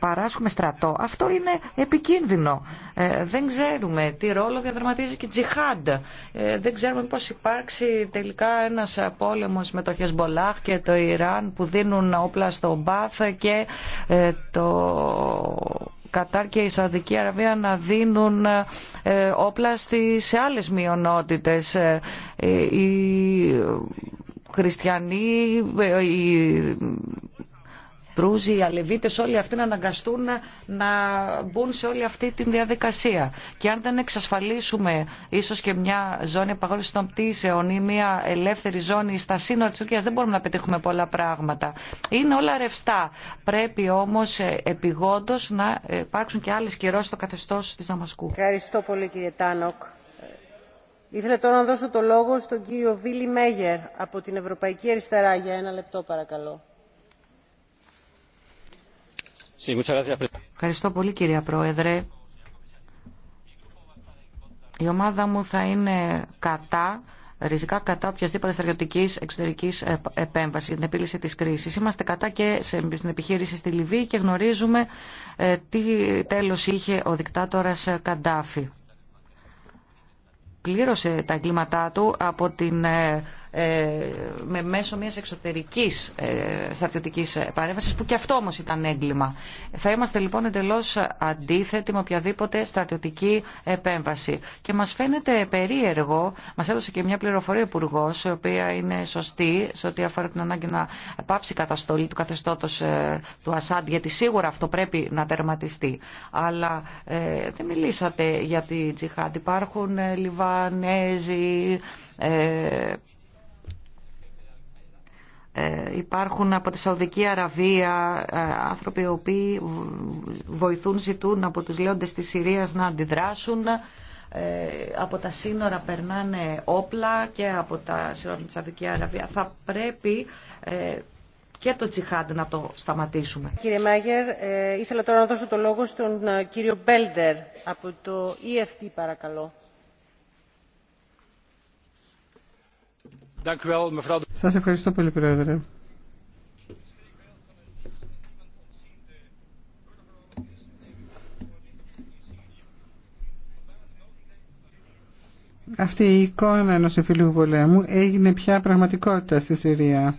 παράσχουμε στρατό, αυτό είναι επικίνδυνο. Ε, δεν ξέρουμε τι ρόλο διαδραματίζει και η τζιχάντ. Ε, δεν ξέρουμε πώς υπάρξει τελικά ένας πόλεμος με το Χεσμπολάχ και το Ιράν που δίνουν όπλα στο Μπάθ και ε, το Κατάρ και η Σαουδική Αραβία να δίνουν όπλα σε άλλες μειονότητες. οι χριστιανοί, οι Δρούζοι, οι Αλεβίτες, όλοι αυτοί να αναγκαστούν να, μπουν σε όλη αυτή τη διαδικασία. Και αν δεν εξασφαλίσουμε ίσω και μια ζώνη απαγόρευση των πτήσεων ή μια ελεύθερη ζώνη στα σύνορα τη Τουρκία, δεν μπορούμε να πετύχουμε πολλά πράγματα. Είναι όλα ρευστά. Πρέπει όμω ε, επιγόντω να υπάρξουν και άλλε κυρώσει στο καθεστώ τη Δαμασκού. Ευχαριστώ πολύ κύριε Τάνοκ. Ε, Ήθελα τώρα να δώσω το λόγο στον κύριο Βίλι Μέγερ από την Ευρωπαϊκή Αριστερά για ένα λεπτό παρακαλώ. Ευχαριστώ πολύ κυρία Πρόεδρε. Η ομάδα μου θα είναι κατά, ριζικά κατά οποιασδήποτε στρατιωτική εξωτερική επέμβαση για την επίλυση τη κρίση. Είμαστε κατά και στην επιχείρηση στη Λιβύη και γνωρίζουμε ε, τι τέλο είχε ο δικτάτορα Καντάφη. Πλήρωσε τα εγκλήματά του από την ε, ε, με μέσω μιας εξωτερικής ε, στρατιωτικής παρέμβασης που και αυτό όμως ήταν έγκλημα. Θα είμαστε λοιπόν εντελώς αντίθετοι με οποιαδήποτε στρατιωτική επέμβαση. Και μας φαίνεται περίεργο, μας έδωσε και μια πληροφορία υπουργό, η οποία είναι σωστή σε ό,τι αφορά την ανάγκη να πάψει η καταστολή του καθεστώτος ε, του Ασάντ, γιατί σίγουρα αυτό πρέπει να τερματιστεί. Αλλά ε, δεν μιλήσατε για τη Τζιχάντ. Υπάρχουν Λιβανέζοι, ε, υπάρχουν από τη Σαουδική Αραβία ε, άνθρωποι οι οποίοι βοηθούν, ζητούν από τους λέοντες της Συρίας να αντιδράσουν. Ε, από τα σύνορα περνάνε όπλα και από τα σύνορα της Σαουδική Αραβία. Θα πρέπει και το τσιχάντ να το σταματήσουμε. Κύριε Μάγερ, ήθελα τώρα να δώσω το λόγο στον κύριο Μπέλντερ από το EFT παρακαλώ. Σας ευχαριστώ πολύ, Πρόεδρε. Αυτή η εικόνα ενός εμφυλίου πολέμου έγινε πια πραγματικότητα στη Συρία.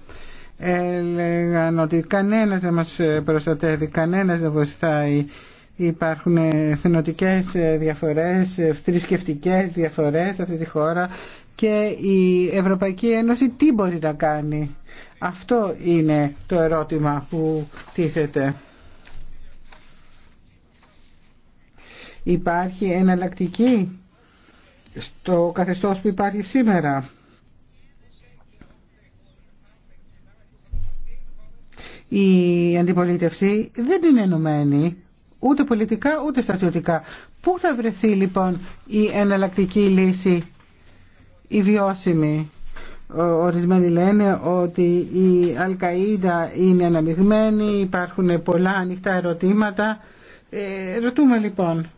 Έλεγαν ότι κανένας δεν μας προστατεύει, κανένας δεν βοηθάει. Υπάρχουν εθνοτικές ε, διαφορές, ε, θρησκευτικές διαφορές σε αυτή τη χώρα και η Ευρωπαϊκή Ένωση τι μπορεί να κάνει. Αυτό είναι το ερώτημα που τίθεται. Υπάρχει εναλλακτική στο καθεστώς που υπάρχει σήμερα. Η αντιπολίτευση δεν είναι ενωμένη ούτε πολιτικά ούτε στρατιωτικά. Πού θα βρεθεί λοιπόν η εναλλακτική λύση η βιώσιμη. Ορισμένοι λένε ότι η Αλκαΐδα είναι αναμειγμένη, υπάρχουν πολλά ανοιχτά ερωτήματα. Ε, ρωτούμε λοιπόν,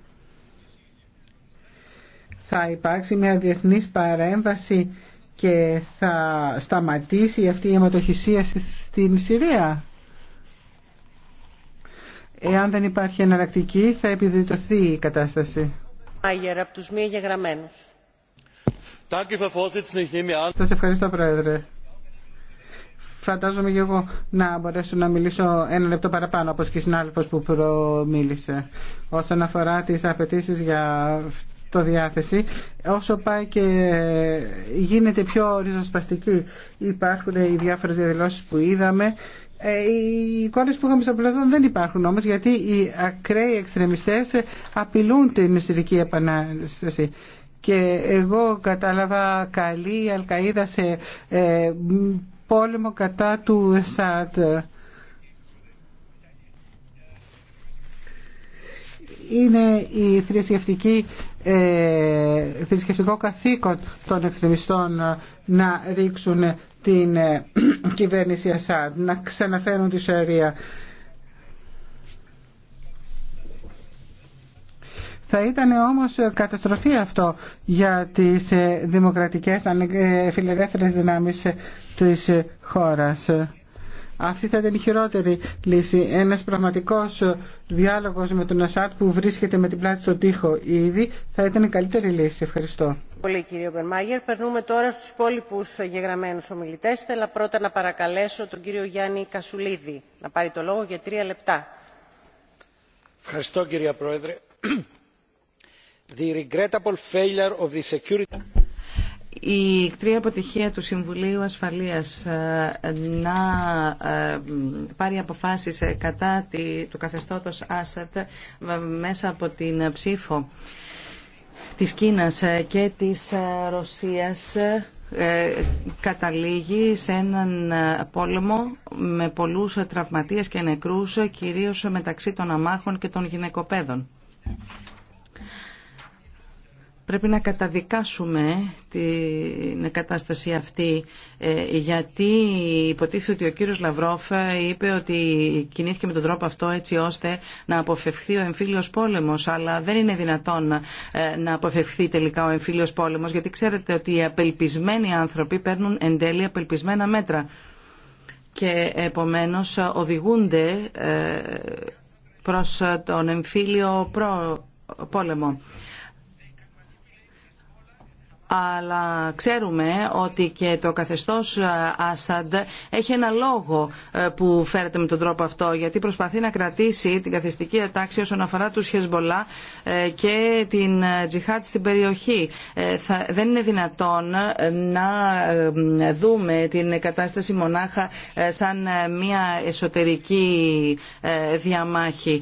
θα υπάρξει μια διεθνής παρέμβαση και θα σταματήσει αυτή η αιματοχυσία στην Συρία. Εάν δεν υπάρχει εναλλακτική θα επιδιωτωθεί η κατάσταση. Άγερα, από τους σας ευχαριστώ Πρόεδρε. Φαντάζομαι και εγώ να μπορέσω να μιλήσω ένα λεπτό παραπάνω όπως και η που προμίλησε. Όσον αφορά τις απαιτήσει για το διάθεση, όσο πάει και γίνεται πιο ριζοσπαστική. Υπάρχουν οι διάφορες διαδηλώσεις που είδαμε. Ε, οι εικόνες που είχαμε στο πλευρό δεν υπάρχουν όμως γιατί οι ακραίοι εξτρεμιστές απειλούν την ιστορική επανάσταση και εγώ κατάλαβα καλή Αλκαίδα σε ε, πόλεμο κατά του ΕΣΑΤ. είναι η θρησκευτική, ε, θρησκευτικό καθήκον των εξτρεμιστών να ρίξουν την ε, κυβέρνηση ΕΣΑΤ, να ξαναφέρουν τη Σαρία. Θα ήταν όμως καταστροφή αυτό για τις ε, δημοκρατικές ε, φιλελεύθερες δυνάμεις της χώρας. Αυτή θα ήταν η χειρότερη λύση. Ένας πραγματικός διάλογος με τον Ασάτ που βρίσκεται με την πλάτη στο τοίχο ήδη θα ήταν η καλύτερη λύση. Ευχαριστώ. Πολύ κύριε Οπενμάγερ. Περνούμε τώρα στους υπόλοιπους γεγραμμένους ομιλητές. Θέλω πρώτα να παρακαλέσω τον κύριο Γιάννη Κασουλίδη να πάρει το λόγο για τρία λεπτά. Ευχαριστώ κύριε Πρόεδρε η κτρία αποτυχία του Συμβουλίου Ασφαλείας ε, να ε, πάρει αποφάσεις ε, κατά του καθεστώτος Άσαντ μέσα από την ψήφο της Κίνας και της Ρωσίας καταλήγει σε έναν πόλεμο με πολλούς τραυματίες και νεκρούς, κυρίως μεταξύ των αμάχων και των γυναικοπαίδων. Πρέπει να καταδικάσουμε την κατάσταση αυτή ε, γιατί υποτίθεται ότι ο κύριος Λαυρόφ ε, είπε ότι κινήθηκε με τον τρόπο αυτό έτσι ώστε να αποφευχθεί ο εμφύλιος πόλεμος αλλά δεν είναι δυνατόν ε, να αποφευχθεί τελικά ο εμφύλιος πόλεμος γιατί ξέρετε ότι οι απελπισμένοι άνθρωποι παίρνουν εν τέλει απελπισμένα μέτρα και επομένως οδηγούνται προς τον εμφύλιο πόλεμο αλλά ξέρουμε ότι και το καθεστώς ε, Άσαντ έχει ένα λόγο ε, που φέρεται με τον τρόπο αυτό γιατί προσπαθεί να κρατήσει την καθεστική ατάξη όσον αφορά τους Χεσμολά ε, και την Τζιχάτ στην περιοχή. Δεν είναι δυνατόν να δούμε την κατάσταση μονάχα σαν μια εσωτερική διαμάχη.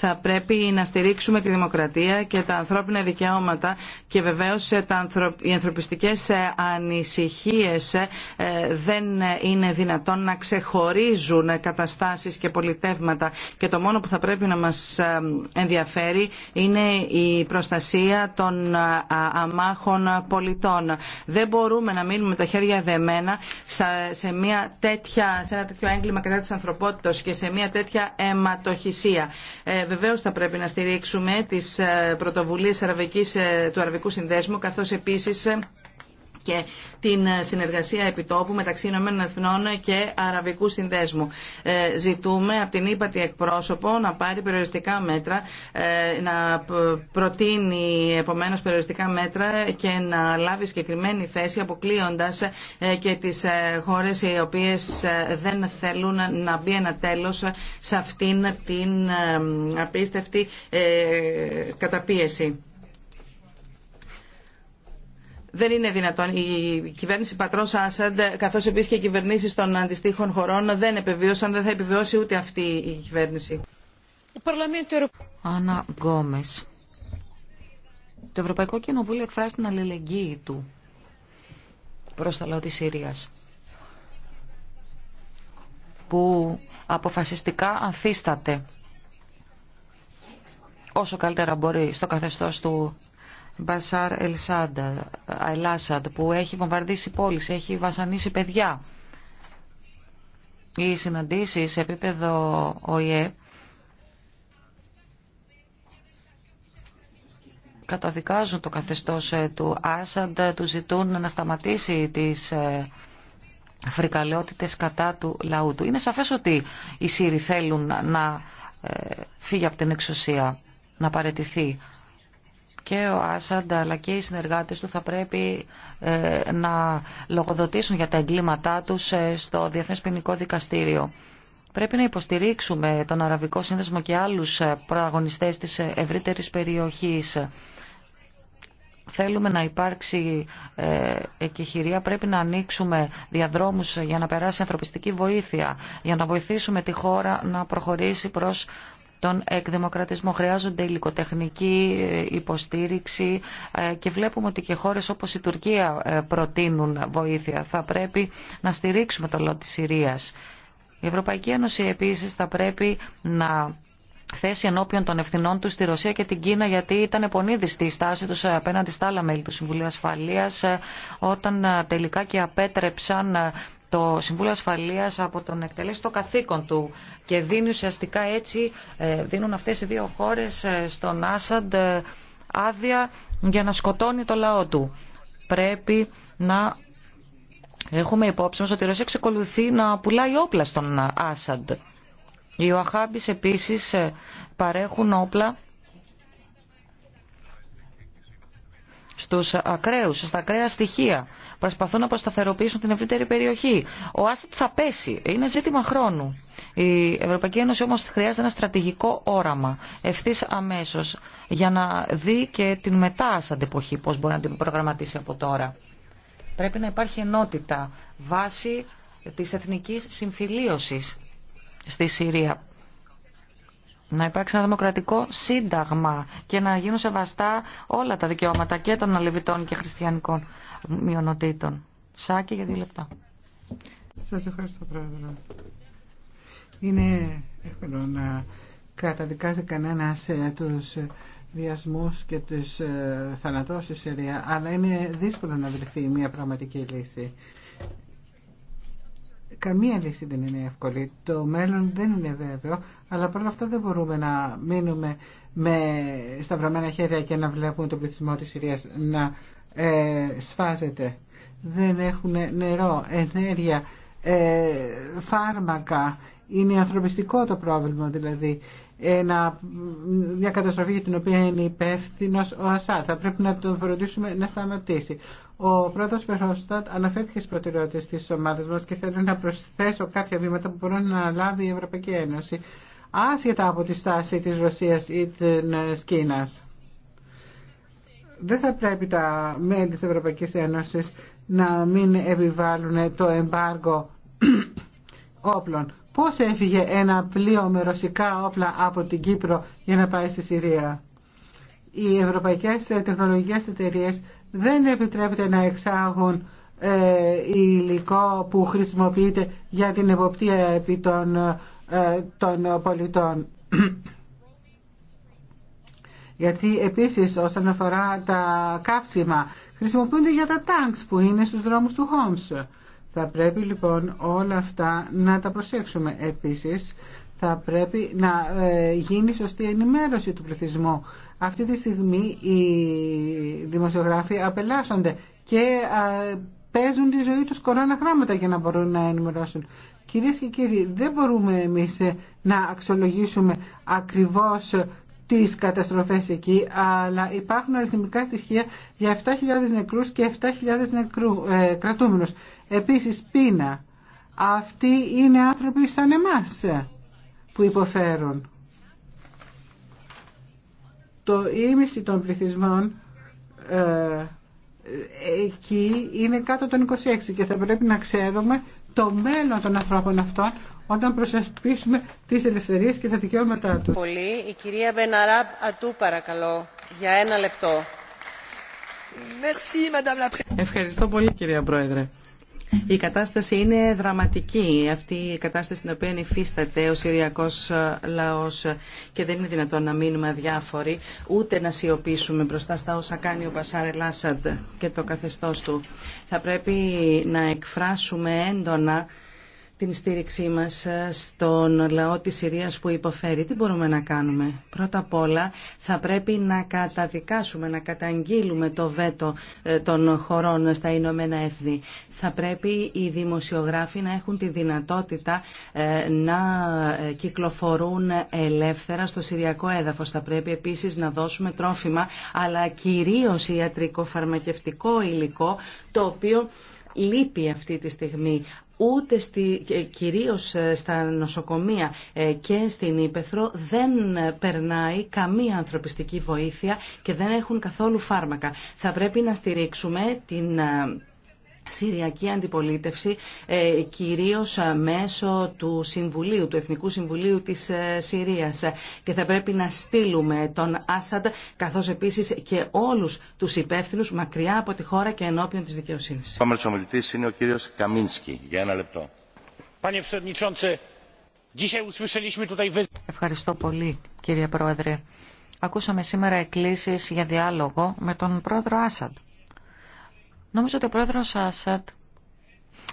Θα πρέπει να στηρίξουμε τη δημοκρατία και τα ανθρώπινα δικαιώματα και βεβαίως τα οι ανθρωπιστικές ε, ανησυχίες ε, δεν είναι δυνατόν να ξεχωρίζουν καταστάσεις και πολιτεύματα και το μόνο που θα πρέπει να μας ε, ενδιαφέρει είναι η προστασία των αμάχων πολιτών. Δεν μπορούμε να μείνουμε τα χέρια δεμένα σε, μια σε ένα τέτοιο έγκλημα κατά της ανθρωπότητας και σε μια τέτοια αιματοχυσία. Βεβαίω θα πρέπει να στηρίξουμε τις πρωτοβουλίες του Αραβικού Συνδέσμου καθώς ε, και την ε, συνεργασία επιτόπου μεταξύ Ηνωμένων Εθνών και Αραβικού Συνδέσμου. Ε, ζητούμε από την ύπατη εκπρόσωπο να πάρει περιοριστικά μέτρα, να προτείνει επομένως περιοριστικά μέτρα και να λάβει συγκεκριμένη θέση αποκλείοντας και τις χώρες οι οποίες δεν θέλουν να μπει ένα τέλος σε αυτήν την απίστευτη καταπίεση. Δεν είναι δυνατόν. Η κυβέρνηση πατρός Άσαντ, καθώς επίσης και οι κυβερνήσεις των αντιστοίχων χωρών δεν επιβίωσαν, δεν θα επιβιώσει ούτε αυτή η κυβέρνηση. Άννα Γκόμες. Το Ευρωπαϊκό Κοινοβούλιο εκφράζει την αλληλεγγύη του προς το λαό της Συρίας που αποφασιστικά ανθίσταται όσο καλύτερα μπορεί στο καθεστώς του Μπασάρ Ελάσαντ που έχει βομβαρδίσει πόλεις, έχει βασανίσει παιδιά. Οι συναντήσεις σε επίπεδο ΟΗΕ καταδικάζουν το καθεστώς ε, του Άσαντ, του ζητούν να σταματήσει τις ε, φρικαλαιότητες κατά του λαού του. Είναι σαφές ότι οι ΣΥΡΙ θέλουν να ε, φύγει από την εξουσία, να παρετηθεί και ο Άσαντ αλλά και οι συνεργάτες του θα πρέπει ε, να λογοδοτήσουν για τα εγκλήματά τους ε, στο Διεθνές Ποινικό Δικαστήριο. Πρέπει να υποστηρίξουμε τον Αραβικό Σύνδεσμο και άλλους ε, προαγωνιστές της ευρύτερης περιοχής. Θέλουμε να υπάρξει εκεχηρία, πρέπει να ανοίξουμε διαδρόμους για να περάσει ανθρωπιστική βοήθεια, για να βοηθήσουμε τη χώρα να προχωρήσει προς τον εκδημοκρατισμό. Χρειάζονται υλικοτεχνική ε, υποστήριξη ε, και βλέπουμε ότι και χώρες όπως η Τουρκία ε, προτείνουν βοήθεια. Θα πρέπει να στηρίξουμε το λόγο της Συρίας. Η Ευρωπαϊκή Ένωση επίσης θα πρέπει να θέσει ενώπιον των ευθυνών του στη Ρωσία και την Κίνα γιατί ήταν επωνίδιστη η στάση τους απέναντι στα άλλα μέλη του Συμβουλίου Ασφαλείας όταν τελικά και απέτρεψαν το Συμβούλιο Ασφαλείας από τον εκτελέσει το καθήκον του και δίνει ουσιαστικά έτσι, ε, δίνουν αυτές οι δύο χώρες ε, στον Άσαντ ε, άδεια για να σκοτώνει το λαό του. Πρέπει να έχουμε υπόψη μας ότι η Ρωσία ξεκολουθεί να πουλάει όπλα στον Άσαντ. Οι Οαχάμπης επίσης παρέχουν όπλα στους ακραίους, στα ακραία στοιχεία. Προσπαθούν να προσταθεροποιήσουν την ευρύτερη περιοχή. Ο ΑΣΕΤ θα πέσει. Είναι ζήτημα χρόνου. Η Ευρωπαϊκή Ένωση όμως χρειάζεται ένα στρατηγικό όραμα ευθύ αμέσως για να δει και την μετά σαν εποχή πώς μπορεί να την προγραμματίσει από τώρα. Πρέπει να υπάρχει ενότητα βάση της εθνικής συμφιλίωσης στη Συρία να υπάρξει ένα δημοκρατικό σύνταγμα και να γίνουν σεβαστά όλα τα δικαιώματα και των αλεβιτών και χριστιανικών μειονοτήτων. Σάκη για δύο λεπτά. Σας ευχαριστώ πρόεδρο. Είναι εύκολο να καταδικάζει κανένας ε, τους βιασμούς και τους ε, θανατώσεις σε αλλά είναι δύσκολο να βρεθεί μια πραγματική λύση. Καμία λύση δεν είναι εύκολη. Το μέλλον δεν είναι βέβαιο, αλλά παρόλα αυτά δεν μπορούμε να μείνουμε με σταυρωμένα χέρια και να βλέπουμε τον πληθυσμό της Συρίας να ε, σφάζεται. Δεν έχουν νερό, ενέργεια, ε, φάρμακα. Είναι ανθρωπιστικό το πρόβλημα δηλαδή ένα, μια καταστροφή για την οποία είναι υπεύθυνο ο Ασά. Θα πρέπει να τον φροντίσουμε να σταματήσει. Ο πρόεδρο Περχόστατ αναφέρθηκε στι προτεραιότητες της ομάδας μας και θέλω να προσθέσω κάποια βήματα που μπορούν να λάβει η Ευρωπαϊκή Ένωση άσχετα από τη στάση της Ρωσίας ή ε, της Κίνας. Δεν θα πρέπει τα μέλη της Ευρωπαϊκής Ένωσης να μην επιβάλλουν το εμπάργο όπλων Πώς έφυγε ένα πλοίο με ρωσικά όπλα από την Κύπρο για να πάει στη Συρία. Οι ευρωπαϊκές τεχνολογικές εταιρείε δεν επιτρέπεται να εξάγουν ε, υλικό που χρησιμοποιείται για την εποπτεία επί των, ε, πολιτών. Γιατί επίσης όσον αφορά τα καύσιμα χρησιμοποιούνται για τα τάγκς που είναι στους δρόμους του Χόμς. Θα πρέπει λοιπόν όλα αυτά να τα προσέξουμε. Επίσης θα πρέπει να ε, γίνει σωστή ενημέρωση του πληθυσμού. Αυτή τη στιγμή οι δημοσιογράφοι απελάσσονται και παίζουν τη ζωή τους κορώνα γράμματα για να μπορούν να ενημερώσουν. Κυρίε και κύριοι, δεν μπορούμε εμείς ε, να αξιολογήσουμε ακριβώς ε, τις καταστροφές εκεί, αλλά υπάρχουν αριθμικά στοιχεία για 7.000 νεκρούς και 7.000 νεκρού, κρατούμενους. Επίσης πείνα. Αυτοί είναι άνθρωποι σαν εμάς που υποφέρουν. Το ίμιση των πληθυσμών ε, εκεί είναι κάτω των 26 και θα πρέπει να ξέρουμε το μέλλον των ανθρώπων αυτών όταν προσασπίσουμε τις ελευθερίες και τα δικαιώματά τους. Πολύ. Η κυρία Ατού παρακαλώ για ένα λεπτό. Ευχαριστώ πολύ κυρία Πρόεδρε. Η κατάσταση είναι δραματική, αυτή η κατάσταση στην οποία υφίσταται ο Συριακός ε, λαός και δεν είναι δυνατόν να μείνουμε αδιάφοροι, ούτε να σιωπήσουμε μπροστά στα όσα κάνει ο Μπασάρ Ελάσαντ και το καθεστώς του. Θα πρέπει να εκφράσουμε έντονα την στήριξή μας ε, στον λαό της Συρίας που υποφέρει. Τι μπορούμε να κάνουμε. Πρώτα απ' όλα θα πρέπει να καταδικάσουμε, να καταγγείλουμε το βέτο ε, των χωρών στα Ηνωμένα Έθνη. Θα πρέπει οι δημοσιογράφοι να έχουν τη δυνατότητα ε, να κυκλοφορούν ελεύθερα στο Συριακό έδαφος. Θα πρέπει επίσης να δώσουμε τρόφιμα, αλλά κυρίως ιατρικό-φαρμακευτικό υλικό, το οποίο λείπει αυτή τη στιγμή ούτε στη, κυρίως ε, στα νοσοκομεία ε, και στην Ήπεθρο δεν περνάει καμία ανθρωπιστική βοήθεια και δεν έχουν καθόλου φάρμακα. Θα πρέπει να στηρίξουμε την ε, Συριακή αντιπολίτευση, ε, κυρίως ε, μέσω του Συμβουλίου, του Εθνικού Συμβουλίου της ε, Συρίας. Και θα πρέπει να στείλουμε τον Άσαντ, καθώς επίσης και όλους τους υπεύθυνους μακριά από τη χώρα και ενώπιον της δικαιοσύνης. Ο ομιλητής είναι ο κύριος Καμίνσκι. Για ένα λεπτό. Ευχαριστώ πολύ, κύριε Πρόεδρε. Ακούσαμε σήμερα εκκλήσεις για διάλογο με τον πρόεδρο Άσαντ. Νομίζω ότι ο πρόεδρο Άσαντ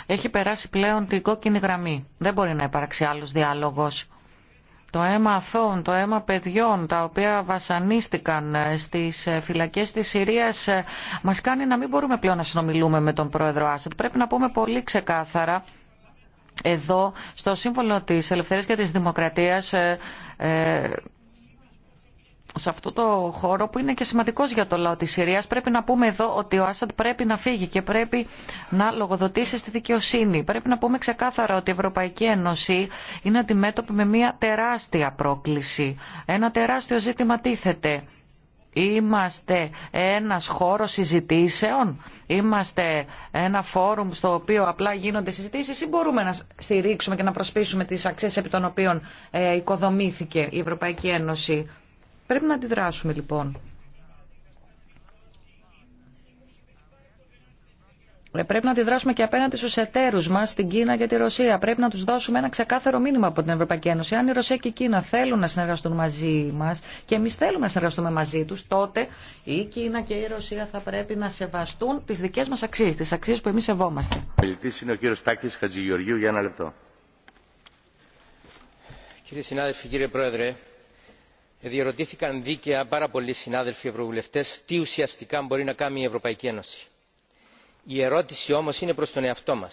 έχει περάσει πλέον την κόκκινη γραμμή. Δεν μπορεί να υπάρξει άλλο διάλογο. Το αίμα αθώων, το αίμα παιδιών, τα οποία βασανίστηκαν στις φυλακές της Συρίας, ε, μας κάνει να μην μπορούμε πλέον να συνομιλούμε με τον πρόεδρο Άσαντ. Πρέπει να πούμε πολύ ξεκάθαρα εδώ στο σύμβολο της ελευθερίας και της δημοκρατίας ε, ε, σε αυτό το χώρο που είναι και σημαντικός για το λαό της Συρίας. Πρέπει να πούμε εδώ ότι ο Άσαντ πρέπει να φύγει και πρέπει να λογοδοτήσει στη δικαιοσύνη. Πρέπει να πούμε ξεκάθαρα ότι η Ευρωπαϊκή Ένωση είναι αντιμέτωπη με μια τεράστια πρόκληση. Ένα τεράστιο ζήτημα τίθεται. Είμαστε ένας χώρος συζητήσεων, είμαστε ένα φόρουμ στο οποίο απλά γίνονται συζητήσεις ή μπορούμε να στηρίξουμε και να προσπίσουμε τις αξίες επί των οποίων ε, οικοδομήθηκε η Ευρωπαϊκή Ένωση. Πρέπει να αντιδράσουμε λοιπόν. Ε, πρέπει να αντιδράσουμε και απέναντι στου εταίρου μα, στην Κίνα και τη Ρωσία. Πρέπει να του δώσουμε ένα ξεκάθαρο μήνυμα από την Ευρωπαϊκή Ένωση. Αν η Ρωσία και η Κίνα θέλουν να συνεργαστούν μαζί μα και εμεί θέλουμε να συνεργαστούμε μαζί του, τότε η Κίνα και η Ρωσία θα πρέπει να σεβαστούν τι δικέ μα αξίε, τι αξίε που εμεί σεβόμαστε. είναι ο κύριο Τάκη Χατζηγεωργίου για ένα λεπτό. Κύριε συνάδελφοι, κύριε Πρόεδρε, διερωτήθηκαν δίκαια πάρα πολλοί συνάδελφοι ευρωβουλευτέ τι ουσιαστικά μπορεί να κάνει η Ευρωπαϊκή Ένωση. Η ερώτηση όμω είναι προ τον εαυτό μα.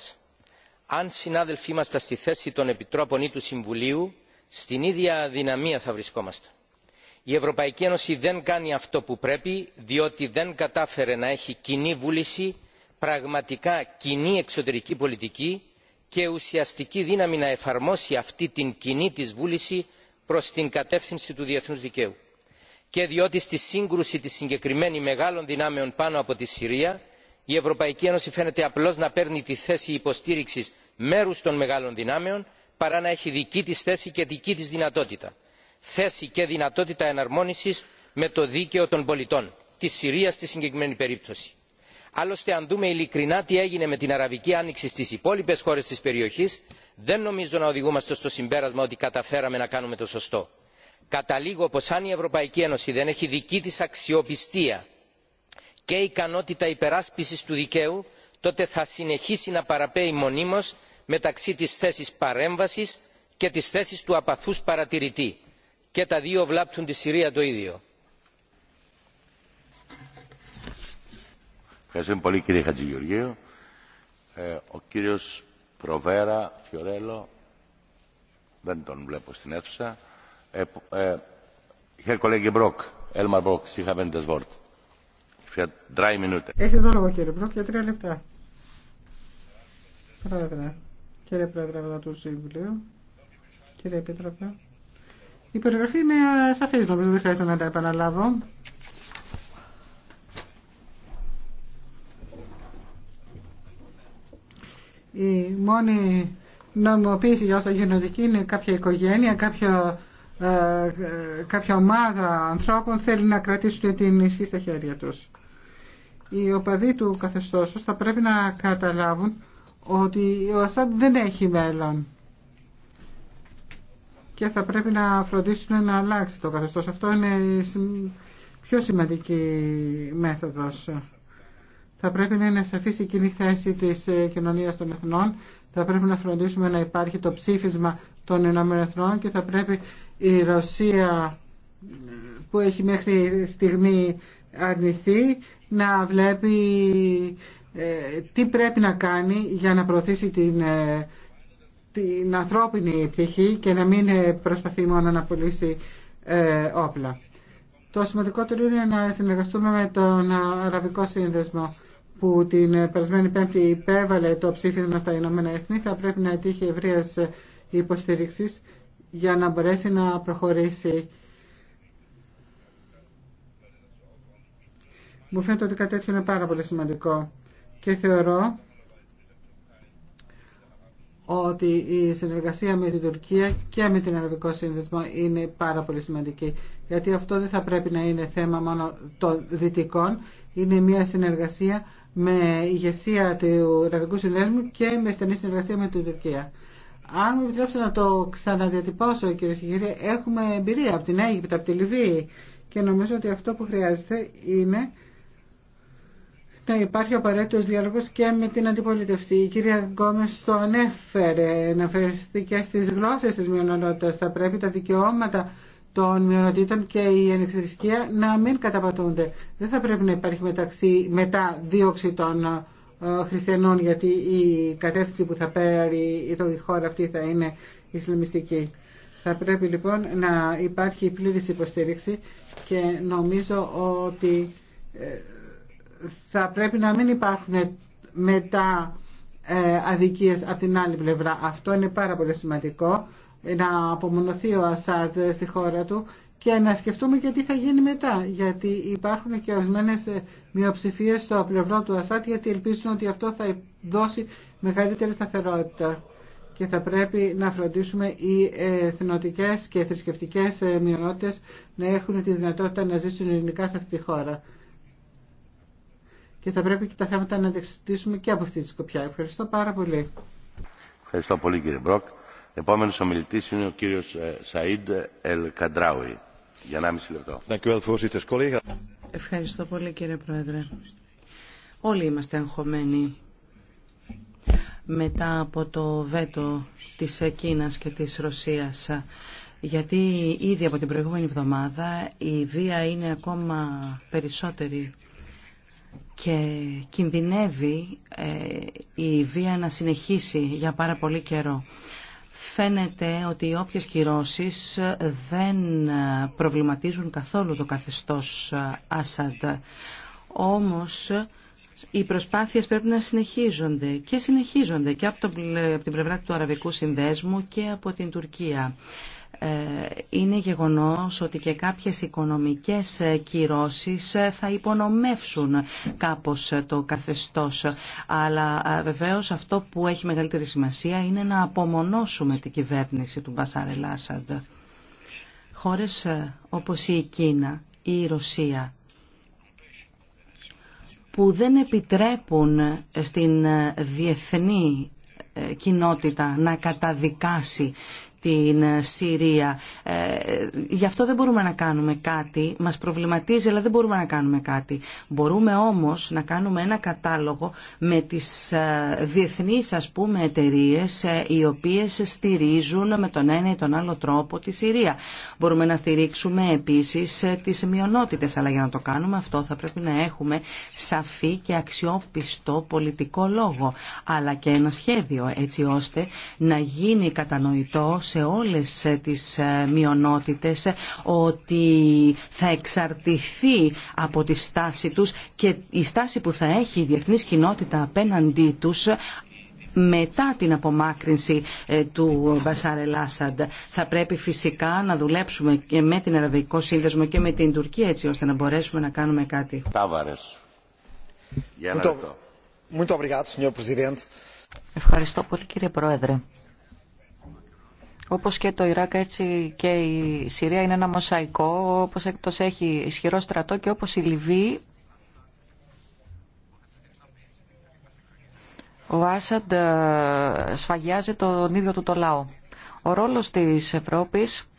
Αν συνάδελφοι είμαστε στη θέση των Επιτρόπων ή του Συμβουλίου, στην ίδια αδυναμία θα βρισκόμασταν. Η Ευρωπαϊκή Ένωση δεν κάνει αυτό που πρέπει, διότι δεν κατάφερε να έχει κοινή βούληση, πραγματικά κοινή εξωτερική πολιτική και ουσιαστική δύναμη να εφαρμόσει αυτή την κοινή τη βούληση προ την κατεύθυνση του διεθνού δικαίου και διότι στη σύγκρουση τη συγκεκριμένη μεγάλων δυνάμεων πάνω από τη συρία η ευρωπαϊκή ένωση φαίνεται απλώ να παίρνει τη θέση υποστήριξη μέρου των μεγάλων δυνάμεων παρά να έχει δική τη θέση και δική τη δυνατότητα θέση και δυνατότητα εναρμόνιση με το δίκαιο των πολιτών τη συρία στη συγκεκριμένη περίπτωση άλλωστε αν δούμε ειλικρινά τι έγινε με την αραβική άνοιξη στι υπόλοιπε χώρε τη περιοχή, δεν νομίζω να οδηγούμαστε στο συμπέρασμα ότι καταφέραμε να κάνουμε το σωστό. καταλήγω πω αν η ευρωπαϊκή ένωση δεν έχει δική τη αξιοπιστία και ικανότητα υπεράσπιση του δικαίου τότε θα συνεχίσει να παραπέει μονίμω μεταξύ τη θέση παρέμβαση και τη θέση του απαθού παρατηρητή και τα δύο βλάπτουν τη συρία το ίδιο. Ευχαριστούμε πολύ κύριε Χατζηγεωργίου. Ε, ο κύριος Προβέρα Φιωρέλο δεν τον βλέπω στην αίθουσα. Ε, ε, Herr Kollege Μπροκ, Elmar Brock, Sie haben das Wort. Für Έχετε λόγο κύριε Μπροκ για τρία λεπτά. Πρόεδρε, κύριε Πρόεδρε του Συμβουλίου, κύριε Επίτροπε. Η περιγραφή είναι σαφής νομίζω, δεν χρειάζεται να τα επαναλάβω. η μόνη νομιμοποίηση για όσα εκεί είναι κάποια οικογένεια, ε, ε, κάποια, ε, ομάδα ανθρώπων θέλει να κρατήσουν την ισχύ στα χέρια τους. Οι οπαδοί του καθεστώσεως θα πρέπει να καταλάβουν ότι ο Ασάντ δεν έχει μέλλον και θα πρέπει να φροντίσουν να αλλάξει το καθεστώς. Αυτό είναι η πιο σημαντική μέθοδος. Θα πρέπει να είναι σαφής η κοινή θέση της ε, κοινωνίας των εθνών. Θα πρέπει να φροντίσουμε να υπάρχει το ψήφισμα των Ηνωμένων Εθνών και θα πρέπει η Ρωσία που έχει μέχρι στιγμή αρνηθεί να βλέπει ε, τι πρέπει να κάνει για να προωθήσει την, ε, την ανθρώπινη πτυχή και να μην προσπαθεί μόνο να πουλήσει όπλα. Το σημαντικότερο είναι να συνεργαστούμε με τον Αραβικό Σύνδεσμο που την περασμένη Πέμπτη υπέβαλε το ψήφισμα στα Ηνωμένα Εθνή θα πρέπει να τύχει ευρεία υποστήριξη για να μπορέσει να προχωρήσει. Μου φαίνεται ότι κάτι τέτοιο είναι πάρα πολύ σημαντικό και θεωρώ ότι η συνεργασία με την Τουρκία και με την Αραβικό Σύνδεσμο είναι πάρα πολύ σημαντική. Γιατί αυτό δεν θα πρέπει να είναι θέμα μόνο των δυτικών, είναι μια συνεργασία με ηγεσία του Ραβικού Συνδέσμου και με στενή συνεργασία με την Τουρκία. Αν μου επιτρέψετε να το ξαναδιατυπώσω, κύριε Σιγηρή, έχουμε εμπειρία από την Αίγυπτο, από τη Λιβύη και νομίζω ότι αυτό που χρειάζεται είναι να υπάρχει απαραίτητο διάλογο και με την αντιπολίτευση. Η κυρία Γκόμες το ανέφερε, αναφερθήκε στι γλώσσε τη μειονότητα. Θα πρέπει τα δικαιώματα των μειονοτήτων και η ανεξαρτησία να μην καταπατούνται. Δεν θα πρέπει να υπάρχει μεταξύ, μετά δίωξη των ε, χριστιανών γιατί η κατεύθυνση που θα πέρει η χώρα αυτή θα είναι ισλαμιστική. Θα πρέπει λοιπόν να υπάρχει πλήρης υποστήριξη και νομίζω ότι ε, θα πρέπει να μην υπάρχουν μετά ε, αδικίες από την άλλη πλευρά. Αυτό είναι πάρα πολύ σημαντικό να απομονωθεί ο ΑΣΑΤ στη χώρα του και να σκεφτούμε και τι θα γίνει μετά. Γιατί υπάρχουν και ορισμένε μειοψηφίε στο πλευρό του ΑΣΑΤ γιατί ελπίζουν ότι αυτό θα δώσει μεγαλύτερη σταθερότητα. Και θα πρέπει να φροντίσουμε οι εθνοτικέ και θρησκευτικέ ε, μειονότητε να έχουν τη δυνατότητα να ζήσουν ειρηνικά σε αυτή τη χώρα. Και θα πρέπει και τα θέματα να τα και από αυτή τη σκοπιά. Ευχαριστώ πάρα πολύ. Ευχαριστώ πολύ κύριε Μπροκ. Επόμενος ομιλητής είναι ο κύριος ε, Σαΐντ Ελ Καντράουι. Για 1,5 λεπτό. Ευχαριστώ πολύ κύριε Πρόεδρε. Όλοι είμαστε εγχωμένοι μετά από το βέτο της Κίνας και της Ρωσίας γιατί ήδη από την προηγούμενη εβδομάδα η βία είναι ακόμα περισσότερη και κινδυνεύει ε, η βία να συνεχίσει για πάρα πολύ καιρό φαίνεται ότι οι όποιες κυρώσεις δεν προβληματίζουν καθόλου το καθεστώς Άσαντ. Όμως οι προσπάθειες πρέπει να συνεχίζονται και συνεχίζονται και από την πλευρά του Αραβικού Συνδέσμου και από την Τουρκία. Ε, είναι γεγονός ότι και κάποιες οικονομικές ε, κυρώσεις ε, θα υπονομεύσουν κάπως το καθεστώς. Αλλά βεβαίως αυτό που έχει μεγαλύτερη σημασία είναι να απομονώσουμε την κυβέρνηση του Μπασάρε Λάσαντ. Χώρες όπως η Κίνα ή η Ρωσία που δεν επιτρέπουν στην διεθνή κοινότητα να καταδικάσει την Συρία. Ε, γι' αυτό δεν μπορούμε να κάνουμε κάτι. Μας προβληματίζει, αλλά δεν μπορούμε να κάνουμε κάτι. Μπορούμε όμως να κάνουμε ένα κατάλογο με τις ε, διεθνείς, ας πούμε, εταιρείε ε, οι οποίες στηρίζουν με τον ένα ή τον άλλο τρόπο τη Συρία. Μπορούμε να στηρίξουμε επίσης τις μειονότητες, αλλά για να το κάνουμε αυτό θα πρέπει να έχουμε σαφή και αξιόπιστο πολιτικό λόγο, αλλά και ένα σχέδιο έτσι ώστε να γίνει κατανοητό σε όλες ε, τις ε, μειονότητες ε, ότι θα εξαρτηθεί από τη στάση τους και η στάση που θα έχει η διεθνής κοινότητα απέναντί τους μετά την απομάκρυνση του Μπασάρε Λάσαντ. Θα πρέπει φυσικά να δουλέψουμε και με την Αραβικό Σύνδεσμο και με την Τουρκία έτσι ώστε να μπορέσουμε να κάνουμε κάτι. Ευχαριστώ πολύ κύριε Πρόεδρε. Όπως και το Ιράκ έτσι και η Συρία είναι ένα μοσαϊκό, όπως εκτός έχει ισχυρό στρατό και όπως η Λιβύη ο Άσαντ ε, σφαγιάζει τον ίδιο του το λαό. Ο ρόλος της Ευρώπης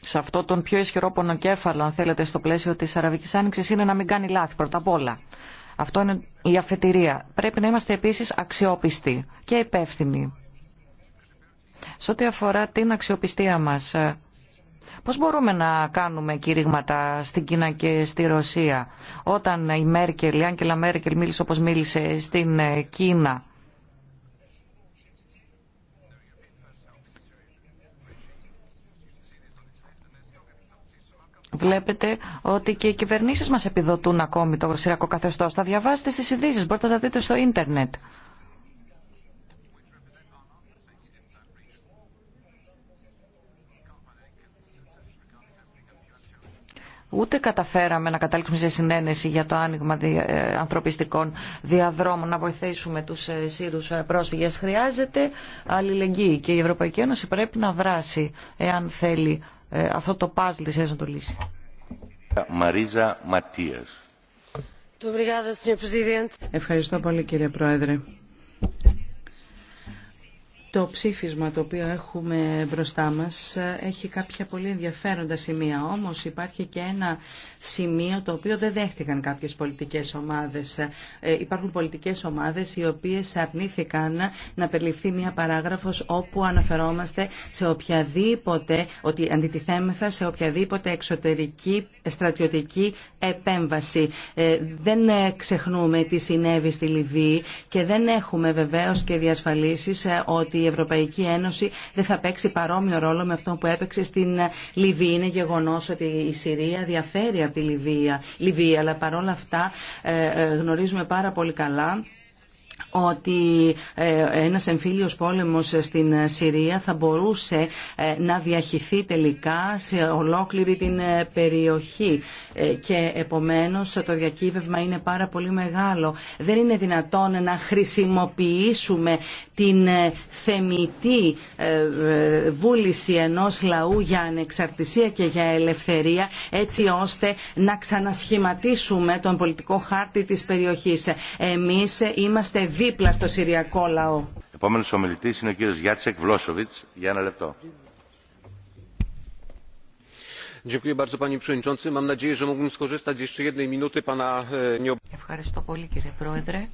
σε αυτό τον πιο ισχυρό πονοκέφαλο, αν θέλετε, στο πλαίσιο της Αραβικής Άνοιξης είναι να μην κάνει λάθη πρώτα απ' όλα. Αυτό είναι η αφετηρία. Πρέπει να είμαστε επίσης αξιόπιστοι και υπεύθυνοι. Σε ό,τι αφορά την αξιοπιστία μας, πώς μπορούμε να κάνουμε κηρύγματα στην Κίνα και στη Ρωσία όταν η Μέρκελ, η Άγγελα Μέρκελ μίλησε όπως μίλησε στην Κίνα Βλέπετε ότι και οι κυβερνήσει μας επιδοτούν ακόμη το σειρακό καθεστώ. Θα διαβάσετε στις ειδήσει, μπορείτε να τα δείτε στο ίντερνετ. Ούτε καταφέραμε να καταλήξουμε σε συνένεση για το άνοιγμα ε, ανθρωπιστικών διαδρόμων, να βοηθήσουμε τους ε, Σύρους ε, πρόσφυγες. Χρειάζεται αλληλεγγύη και η Ευρωπαϊκή Ένωση πρέπει να δράσει εάν θέλει ε, αυτό το παζλ της Ένωσης να το λύσει. Μαρίζα Ματίας. Ευχαριστώ πολύ κύριε Πρόεδρε. Το ψήφισμα το οποίο έχουμε μπροστά μας έχει κάποια πολύ ενδιαφέροντα σημεία, όμως υπάρχει και ένα σημείο το οποίο δεν δέχτηκαν κάποιες πολιτικές ομάδες. Ε, υπάρχουν πολιτικές ομάδες οι οποίες αρνήθηκαν να περιληφθεί μια παράγραφος όπου αναφερόμαστε σε οποιαδήποτε, ότι αντιτιθέμεθα σε οποιαδήποτε εξωτερική στρατιωτική επέμβαση. Ε, δεν ξεχνούμε τι συνέβη στη Λιβύη και δεν έχουμε βεβαίως και διασφαλίσεις ε, ότι η Ευρωπαϊκή Ένωση δεν θα παίξει παρόμοιο ρόλο με αυτό που έπαιξε στην Λιβύη. Είναι γεγονός ότι η Συρία διαφέρει από τη Λιβύη, Λιβύη αλλά παρόλα αυτά ε, ε, γνωρίζουμε πάρα πολύ καλά ότι ε, ένας εμφύλιος πόλεμος στην Συρία θα μπορούσε ε, να διαχυθεί τελικά σε ολόκληρη την ε, περιοχή και επομένως το διακύβευμα είναι πάρα πολύ μεγάλο. Δεν είναι δυνατόν να χρησιμοποιήσουμε την θεμητή βούληση ενός λαού για ανεξαρτησία και για ελευθερία έτσι ώστε να ξανασχηματίσουμε τον πολιτικό χάρτη της περιοχής. Εμείς είμαστε δίπλα στο Συριακό λαό. Επόμενος ομιλητής είναι ο κύριος Γιάτσεκ Βλόσοβιτς. Για ένα λεπτό. E, Ευχαριστώ πολύ κύριε Πρόεδρε.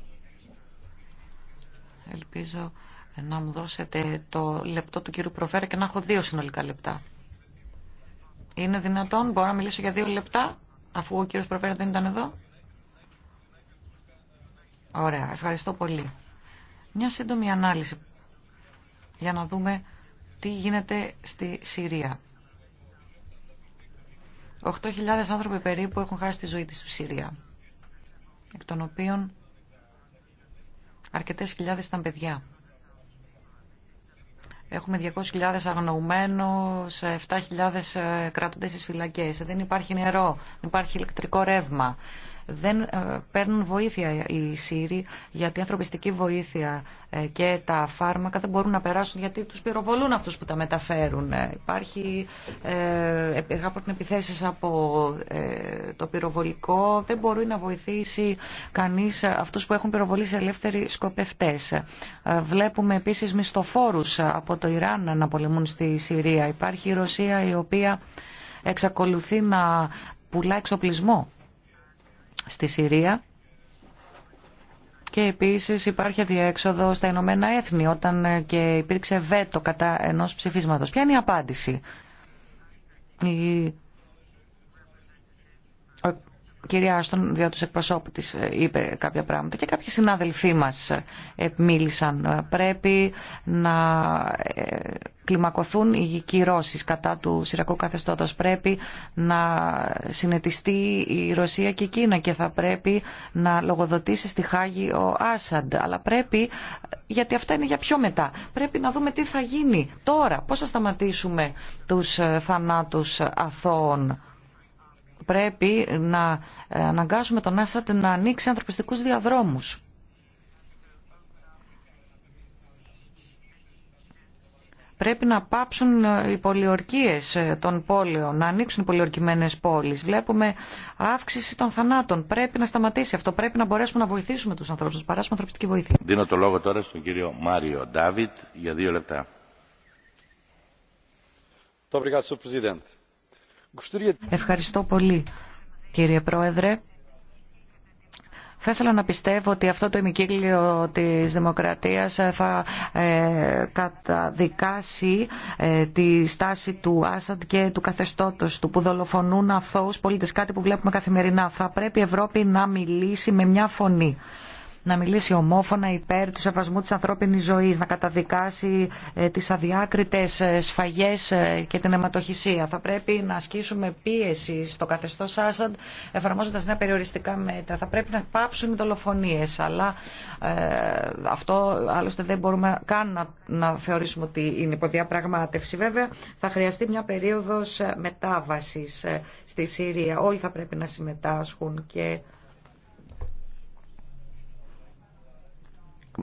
Ελπίζω να μου δώσετε το λεπτό του κύριου Προφέρα και να έχω δύο συνολικά λεπτά. Είναι δυνατόν, μπορώ να μιλήσω για δύο λεπτά, αφού ο κύριος Προφέρα δεν ήταν εδώ. Ωραία, ευχαριστώ πολύ. Μια σύντομη ανάλυση για να δούμε τι γίνεται στη Συρία. 8.000 άνθρωποι περίπου έχουν χάσει τη ζωή της στη Συρία, εκ των οποίων αρκετές χιλιάδες ήταν παιδιά. Έχουμε 200.000 αγνοουμένους, 7.000 ε, κρατούνται στις φυλακές. Δεν υπάρχει νερό, δεν υπάρχει ηλεκτρικό ρεύμα δεν ε, παίρνουν βοήθεια οι Σύριοι, γιατί η ανθρωπιστική βοήθεια ε, και τα φάρμακα δεν μπορούν να περάσουν γιατί τους πυροβολούν αυτούς που τα μεταφέρουν. Ε, υπάρχει υπάρχουν επιθέσεις από το πυροβολικό, δεν μπορεί να βοηθήσει κανείς αυτούς που έχουν πυροβολήσει ελεύθεροι σκοπευτές. Βλέπουμε επίσης μισθοφόρους από το Ιράν να πολεμούν στη Συρία. Υπάρχει η Ρωσία η οποία εξακολουθεί να πουλά εξοπλισμό στη Συρία και επίσης υπάρχει αδιέξοδο στα Ηνωμένα Έθνη όταν ε, και υπήρξε βέτο κατά ενός ψηφίσματος. Ποια είναι η απάντηση κυρία Άστον, δια τους εκπροσώπου της, ε, είπε κάποια πράγματα και κάποιοι συνάδελφοί μας ε, μίλησαν. Ε, πρέπει να κλιμακωθούν οι κυρώσεις κατά του Συριακού καθεστώτος. Πρέπει να συνετιστεί η Ρωσία και η Κίνα και θα πρέπει να λογοδοτήσει στη Χάγη ο Άσαντ. Αλλά πρέπει, γιατί αυτά είναι για πιο μετά, πρέπει να δούμε τι θα γίνει τώρα. Πώς θα σταματήσουμε τους θανάτους αθώων πρέπει να ε, αναγκάσουμε τον Άσαντ να ανοίξει ανθρωπιστικούς διαδρόμους. Πρέπει να πάψουν ε, οι πολιορκίες ε, των πόλεων, να ανοίξουν οι πολιορκημένες πόλεις. Βλέπουμε αύξηση των θανάτων. Πρέπει να σταματήσει αυτό. Πρέπει να μπορέσουμε να βοηθήσουμε τους ανθρώπους, να παράσουμε ανθρωπιστική βοήθεια. Δίνω το λόγο τώρα στον κύριο Μάριο Ντάβιτ για δύο λεπτά. Ευχαριστώ πολύ κύριε Πρόεδρε. Θα ήθελα να πιστεύω ότι αυτό το ημικύκλιο της δημοκρατίας ε, θα ε, καταδικάσει ε, τη στάση του Άσαντ και του καθεστώτος του που δολοφονούν αθώους πολίτες, κάτι που βλέπουμε καθημερινά. Θα πρέπει η Ευρώπη να μιλήσει με μια φωνή να μιλήσει ομόφωνα υπέρ του σεβασμού της ανθρώπινης ζωής, να καταδικάσει ε, τις αδιάκριτες ε, σφαγές ε, και την αιματοχυσία. Θα πρέπει να ασκήσουμε πίεση στο καθεστώς Άσαντ εφαρμόζοντας νέα περιοριστικά μέτρα. Θα πρέπει να πάψουν οι δολοφονίες, αλλά αυτό άλλωστε δεν μπορούμε καν να, να θεωρήσουμε ότι είναι υποδιαπραγμάτευση. Βέβαια θα χρειαστεί μια περίοδος μετάβασης στη Συρία. Όλοι θα πρέπει να συμμετάσχουν και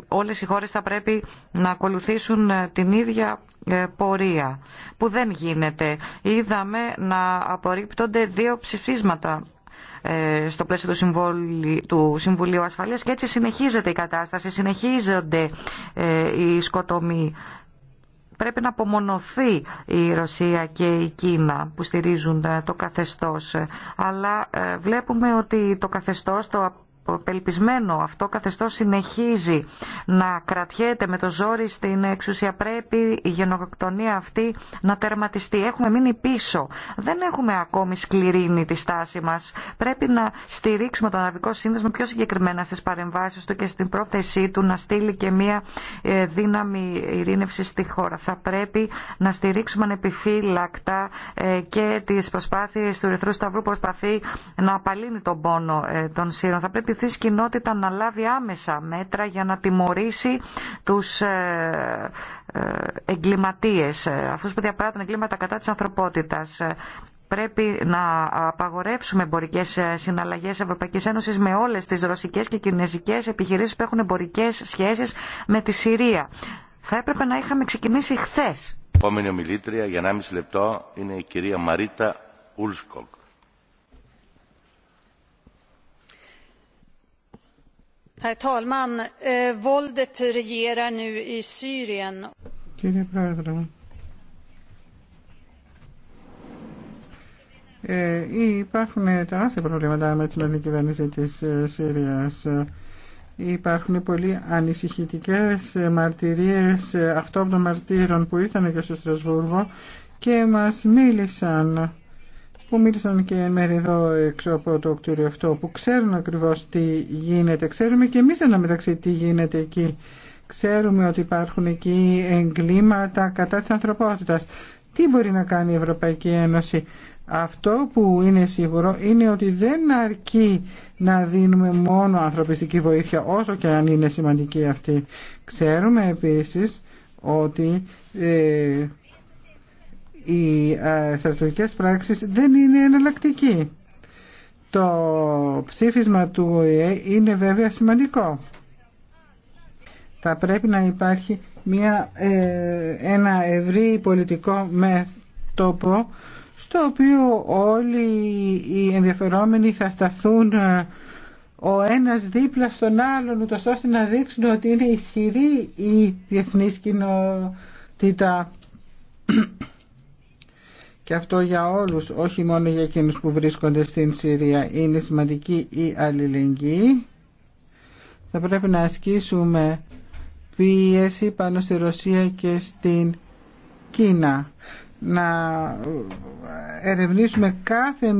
όλες οι χώρες θα πρέπει να ακολουθήσουν ε, την ίδια ε, πορεία που δεν γίνεται. Είδαμε να απορρίπτονται δύο ψηφίσματα ε, στο πλαίσιο του, Συμβουλίου, του Ασφαλείας και έτσι συνεχίζεται η κατάσταση, συνεχίζονται οι σκοτομοί. Πρέπει να απομονωθεί η Ρωσία και η Κίνα που στηρίζουν το καθεστώς. Αλλά βλέπουμε ότι το καθεστώς, το πελπισμένο αυτό καθεστώ συνεχίζει να κρατιέται με το ζόρι στην εξουσία. Πρέπει η γενοκτονία αυτή να τερματιστεί. Έχουμε μείνει πίσω. Δεν έχουμε ακόμη σκληρίνει τη στάση μας. Πρέπει να στηρίξουμε τον Αραβικό Σύνδεσμο πιο συγκεκριμένα στις παρεμβάσεις του και στην πρόθεσή του να στείλει και μία ε, δύναμη ειρήνευση στη χώρα. Θα πρέπει να στηρίξουμε ανεπιφύλακτα ε, και τις προσπάθειες του Ερυθρού Σταυρού προσπαθεί να απαλύνει τον πόνο ε, των Σύρων. Θα πρέπει διεθνής κοινότητα να λάβει άμεσα μέτρα για να τιμωρήσει τους ε, ε, εγκληματίες, ε, αυτούς που διαπράττουν εγκλήματα κατά της ανθρωπότητας πρέπει να απαγορεύσουμε εμπορικέ συναλλαγέ Ευρωπαϊκή Ένωση με όλε τι ρωσικέ και κινέζικε επιχειρήσει που έχουν εμπορικέ σχέσει με τη Συρία. Θα έπρεπε να είχαμε ξεκινήσει χθε. Επόμενη ομιλήτρια για 1,5 λεπτό είναι η κυρία Μαρίτα Ούλσκοκ. Herr talman! Eh, våldet regerar nu i Syrien. Κύριε Πρόεδρε, ε, υπάρχουν τεράστια προβλήματα με την ελληνική κυβέρνηση της ε, Συρίας. Ε, υπάρχουν πολύ ανησυχητικές μαρτυρίες αυτών των μαρτύρων που ήρθαν και στο Στρασβούργο και μας μίλησαν που μίλησαν και μέρη εδώ έξω από το κτίριο αυτό, που ξέρουν ακριβώς τι γίνεται. Ξέρουμε και εμείς ένα μεταξύ τι γίνεται εκεί. Ξέρουμε ότι υπάρχουν εκεί εγκλήματα κατά της ανθρωπότητας. Τι μπορεί να κάνει η Ευρωπαϊκή Ένωση. Αυτό που είναι σίγουρο είναι ότι δεν αρκεί να δίνουμε μόνο ανθρωπιστική βοήθεια όσο και αν είναι σημαντική αυτή. Ξέρουμε επίσης ότι ε, οι στρατιωτικές ε, πράξεις δεν είναι εναλλακτικοί. Το ψήφισμα του ΟΗΕ είναι βέβαια σημαντικό. Θα πρέπει να υπάρχει μια, ε, ένα ευρύ πολιτικό μέτωπο στο οποίο όλοι οι ενδιαφερόμενοι θα σταθούν ε, ο ένας δίπλα στον άλλον ούτως ώστε να δείξουν ότι είναι ισχυρή η διεθνής κοινότητα και αυτό για όλους, όχι μόνο για εκείνους που βρίσκονται στην Συρία. Είναι σημαντική η αλληλεγγύη. Θα πρέπει να ασκήσουμε πίεση πάνω στη Ρωσία και στην Κίνα. Να ερευνήσουμε κάθε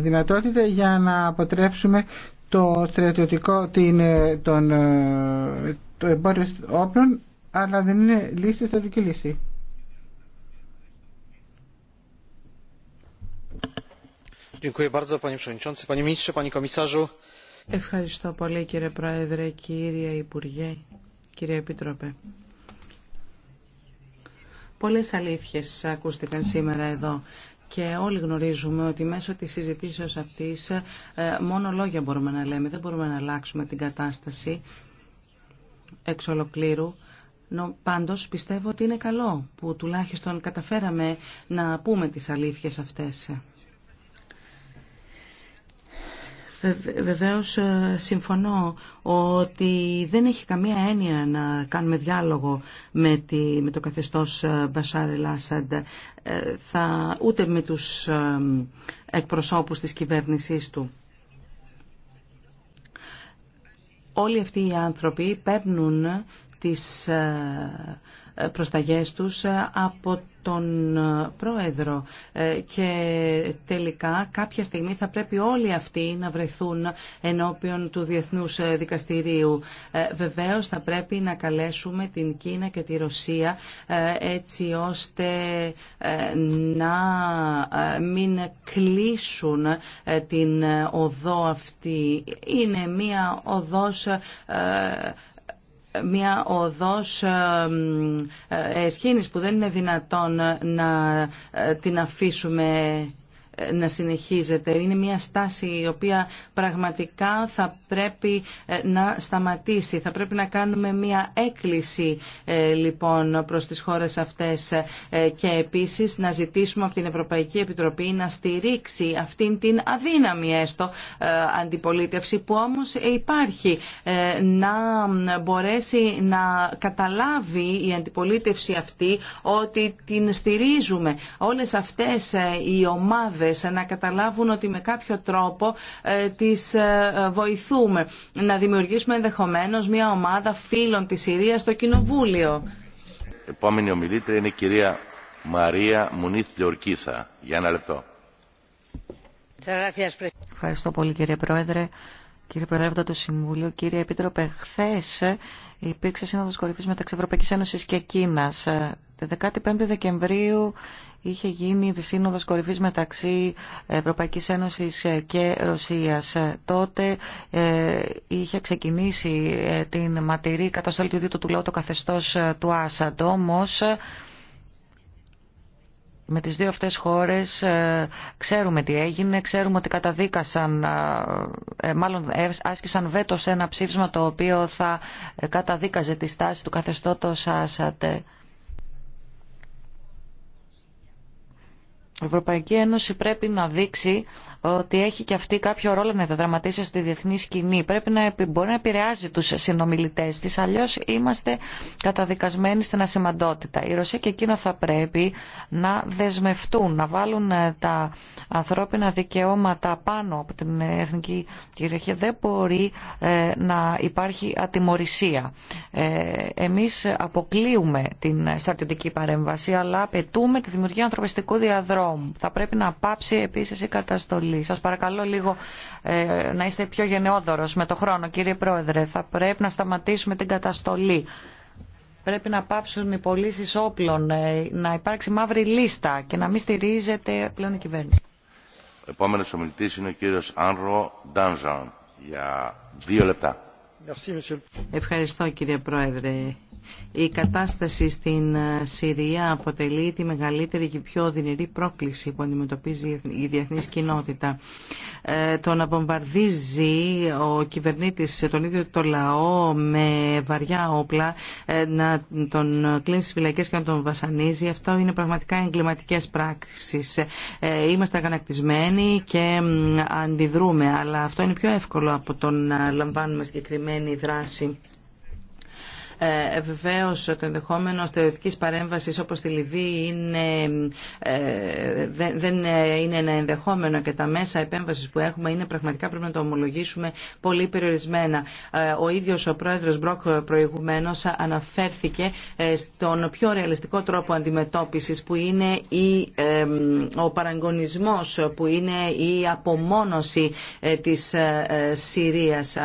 δυνατότητα για να αποτρέψουμε το στρατιωτικό, την, τον, το εμπόριο όπλων, αλλά δεν είναι λύση στρατιωτική λύση. Ευχαριστώ πολύ κύριε Πρόεδρε, κύριε Υπουργέ, κύριε Επίτροπε. Πολλές αλήθειες ακούστηκαν σήμερα εδώ και όλοι γνωρίζουμε ότι μέσω της συζητήσεως αυτής ε, μόνο λόγια μπορούμε να λέμε, δεν μπορούμε να αλλάξουμε την κατάσταση εξ ολοκλήρου. Πάντως πιστεύω ότι είναι καλό που τουλάχιστον καταφέραμε να πούμε τις αλήθειες αυτές. Βεβαίως ε, συμφωνώ ότι δεν έχει καμία έννοια να κάνουμε διάλογο με, το καθεστώς ε, Μπασάρ Ελάσαντ, ε, θα, ούτε με τους εκπροσώπους της κυβέρνησής του. Όλοι αυτοί οι άνθρωποι παίρνουν τις προσταγές τους από τον ε, Πρόεδρο ε, και τελικά κάποια στιγμή θα πρέπει όλοι αυτοί να βρεθούν ενώπιον του Διεθνούς ε, Δικαστηρίου. Βεβαίως θα πρέπει να καλέσουμε την Κίνα και τη Ρωσία έτσι ώστε να μην κλείσουν την οδό αυτή. Είναι μία οδός μια οδός εσχήνης ε, ε, που δεν είναι δυνατόν να ε, την αφήσουμε να συνεχίζεται. Είναι μια στάση η οποία πραγματικά θα πρέπει ε, να σταματήσει. Θα πρέπει να κάνουμε μια έκκληση ε, λοιπόν προς τις χώρες αυτές ε, και επίσης να ζητήσουμε από την Ευρωπαϊκή Επιτροπή να στηρίξει αυτήν την αδύναμη έστω αντιπολίτευση που όμως υπάρχει να μπορέσει να καταλάβει η αντιπολίτευση αυτή ότι την στηρίζουμε. Όλες αυτές οι ομάδες ομάδες να καταλάβουν ότι με κάποιο τρόπο ε, τις ε, βοηθούμε. Να δημιουργήσουμε ενδεχομένως μια ομάδα φίλων της Συρίας στο Κοινοβούλιο. Επόμενη ομιλήτρια είναι η κυρία Μαρία Μουνίθ Λεορκίθα. Για ένα λεπτό. Ευχαριστώ πολύ κύριε Πρόεδρε. Κύριε Πρόεδρε του Συμβούλιο, κύριε Επίτροπε, χθε υπήρξε σύνοδο κορυφή μεταξύ Ευρωπαϊκή Ένωση και Κίνα. Τη ε, 15η Δεκεμβρίου είχε γίνει σύνοδος κορυφής μεταξύ Ευρωπαϊκής Ένωσης και Ρωσίας. Τότε ε, είχε ξεκινήσει ε, την ματηρή καταστολή του δίτου του λαού το καθεστώς ε, του Άσαντ. Όμως, με τις δύο αυτές χώρες ξέρουμε τι έγινε, ξέρουμε ότι καταδίκασαν, μάλλον άσκησαν βέτο σε ένα ψήφισμα το οποίο θα καταδίκαζε τη στάση του καθεστώτος Άσαντ. Η Ευρωπαϊκή Ένωση πρέπει να δείξει ότι έχει και αυτή κάποιο ρόλο να δραματίσει στη διεθνή σκηνή. Πρέπει να μπορεί να επηρεάζει τους συνομιλητές της, αλλιώς είμαστε καταδικασμένοι στην ασημαντότητα. Η Ρωσία και εκείνο θα πρέπει να δεσμευτούν, να βάλουν ε, τα ανθρώπινα δικαιώματα πάνω από την εθνική κυριαρχία. Δεν μπορεί ε, να υπάρχει ατιμορρησία. Ε, εμείς αποκλείουμε την στρατιωτική παρέμβαση, αλλά απαιτούμε τη δημιουργία ανθρωπιστικού διαδρόμου. Θα πρέπει να πάψει επίσης η καταστολή Σα Σας παρακαλώ λίγο ε, να είστε πιο γενναιόδωρος με το χρόνο, κύριε Πρόεδρε. Θα πρέπει να σταματήσουμε την καταστολή. Πρέπει να πάψουν οι πωλήσει όπλων, ε, να υπάρξει μαύρη λίστα και να μην στηρίζεται πλέον η κυβέρνηση. Ο επόμενος ομιλητής είναι ο κύριος Άνρο Ντάνζαν για δύο λεπτά. Ευχαριστώ κύριε Πρόεδρε. Η κατάσταση στην ε, Συρία αποτελεί τη μεγαλύτερη και πιο οδυνηρή πρόκληση που αντιμετωπίζει η διεθνής κοινότητα. Ε, το να βομβαρδίζει ο κυβερνήτης τον ίδιο το λαό με βαριά όπλα, ε, να τον κλείνει στις φυλακές και να τον βασανίζει, αυτό είναι πραγματικά εγκληματικές πράξεις. Είμαστε αγανακτισμένοι και αντιδρούμε, αλλά αυτό είναι πιο εύκολο από το να λαμβάνουμε συγκεκριμένη δράση. Ε, Βεβαίω το ενδεχόμενο στερεωτική παρέμβασης όπως στη Λιβύη είναι, ε, δεν ε, είναι ένα ενδεχόμενο και τα μέσα επέμβαση που έχουμε είναι πραγματικά πρέπει να το ομολογήσουμε πολύ περιορισμένα. Ο ίδιος ο πρόεδρος Μπροκ προηγουμένως αναφέρθηκε στον πιο ρεαλιστικό τρόπο αντιμετώπισης που είναι η, ο παραγωνισμό, που είναι η απομόνωση της Συρίας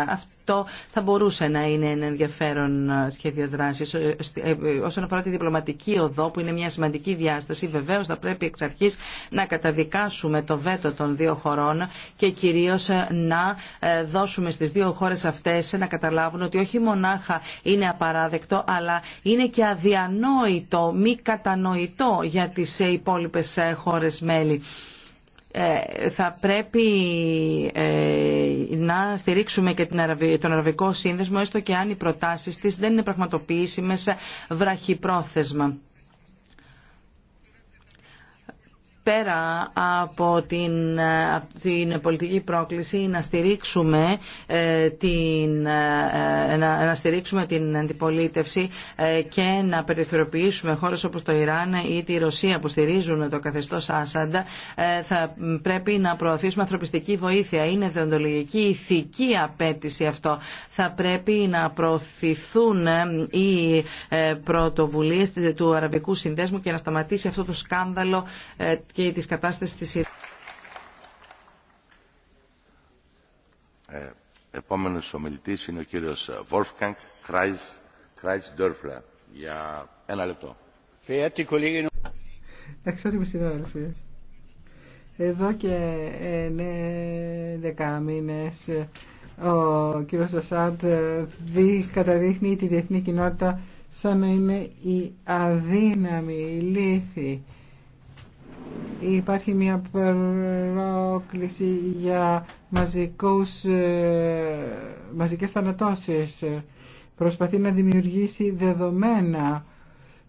αυτό θα μπορούσε να είναι ένα ενδιαφέρον ε, σχέδιο δράση. Ε, ε, όσον αφορά τη διπλωματική οδό, που είναι μια σημαντική διάσταση, Βεβαίω θα πρέπει εξ αρχή να καταδικάσουμε το βέτο των δύο χωρών και κυρίως να δώσουμε στις δύο χώρε αυτές να καταλάβουν ότι όχι μονάχα είναι απαράδεκτο, αλλά είναι και αδιανόητο, μη κατανοητό για τι υπόλοιπε χώρε μέλη. Ε, θα πρέπει ε, να στηρίξουμε και τον Αραβικό Σύνδεσμο, έστω και αν οι προτάσεις της δεν είναι πραγματοποιήσιμες βραχυπρόθεσμα. πέρα από την, από την πολιτική πρόκληση να στηρίξουμε ε, την, ε, να, στηρίξουμε την αντιπολίτευση ε, και να περιθωριοποιήσουμε χώρες όπως το Ιράν ή τη Ρωσία που στηρίζουν το καθεστώς Άσαντα θα πρέπει να προωθήσουμε ανθρωπιστική βοήθεια. Είναι δεοντολογική ηθική απέτηση αυτό. Θα πρέπει να προωθηθούν οι πρωτοβουλίες του Αραβικού Συνδέσμου και να σταματήσει αυτό το σκάνδαλο και της κατάστασης της Συρίας. Ε, επόμενος ομιλητής είναι ο κύριος Wolfgang Kreis, Kreis για ένα λεπτό. Εξότιμη συνάδελφοι, εδώ και ε, ναι, δέκα μήνες ο κύριος δι, καταδείχνει τη διεθνή κοινότητα σαν να είναι η αδύναμη, η λύθη υπάρχει μια πρόκληση για μαζικούς, ε, μαζικές θανατώσεις. Προσπαθεί να δημιουργήσει δεδομένα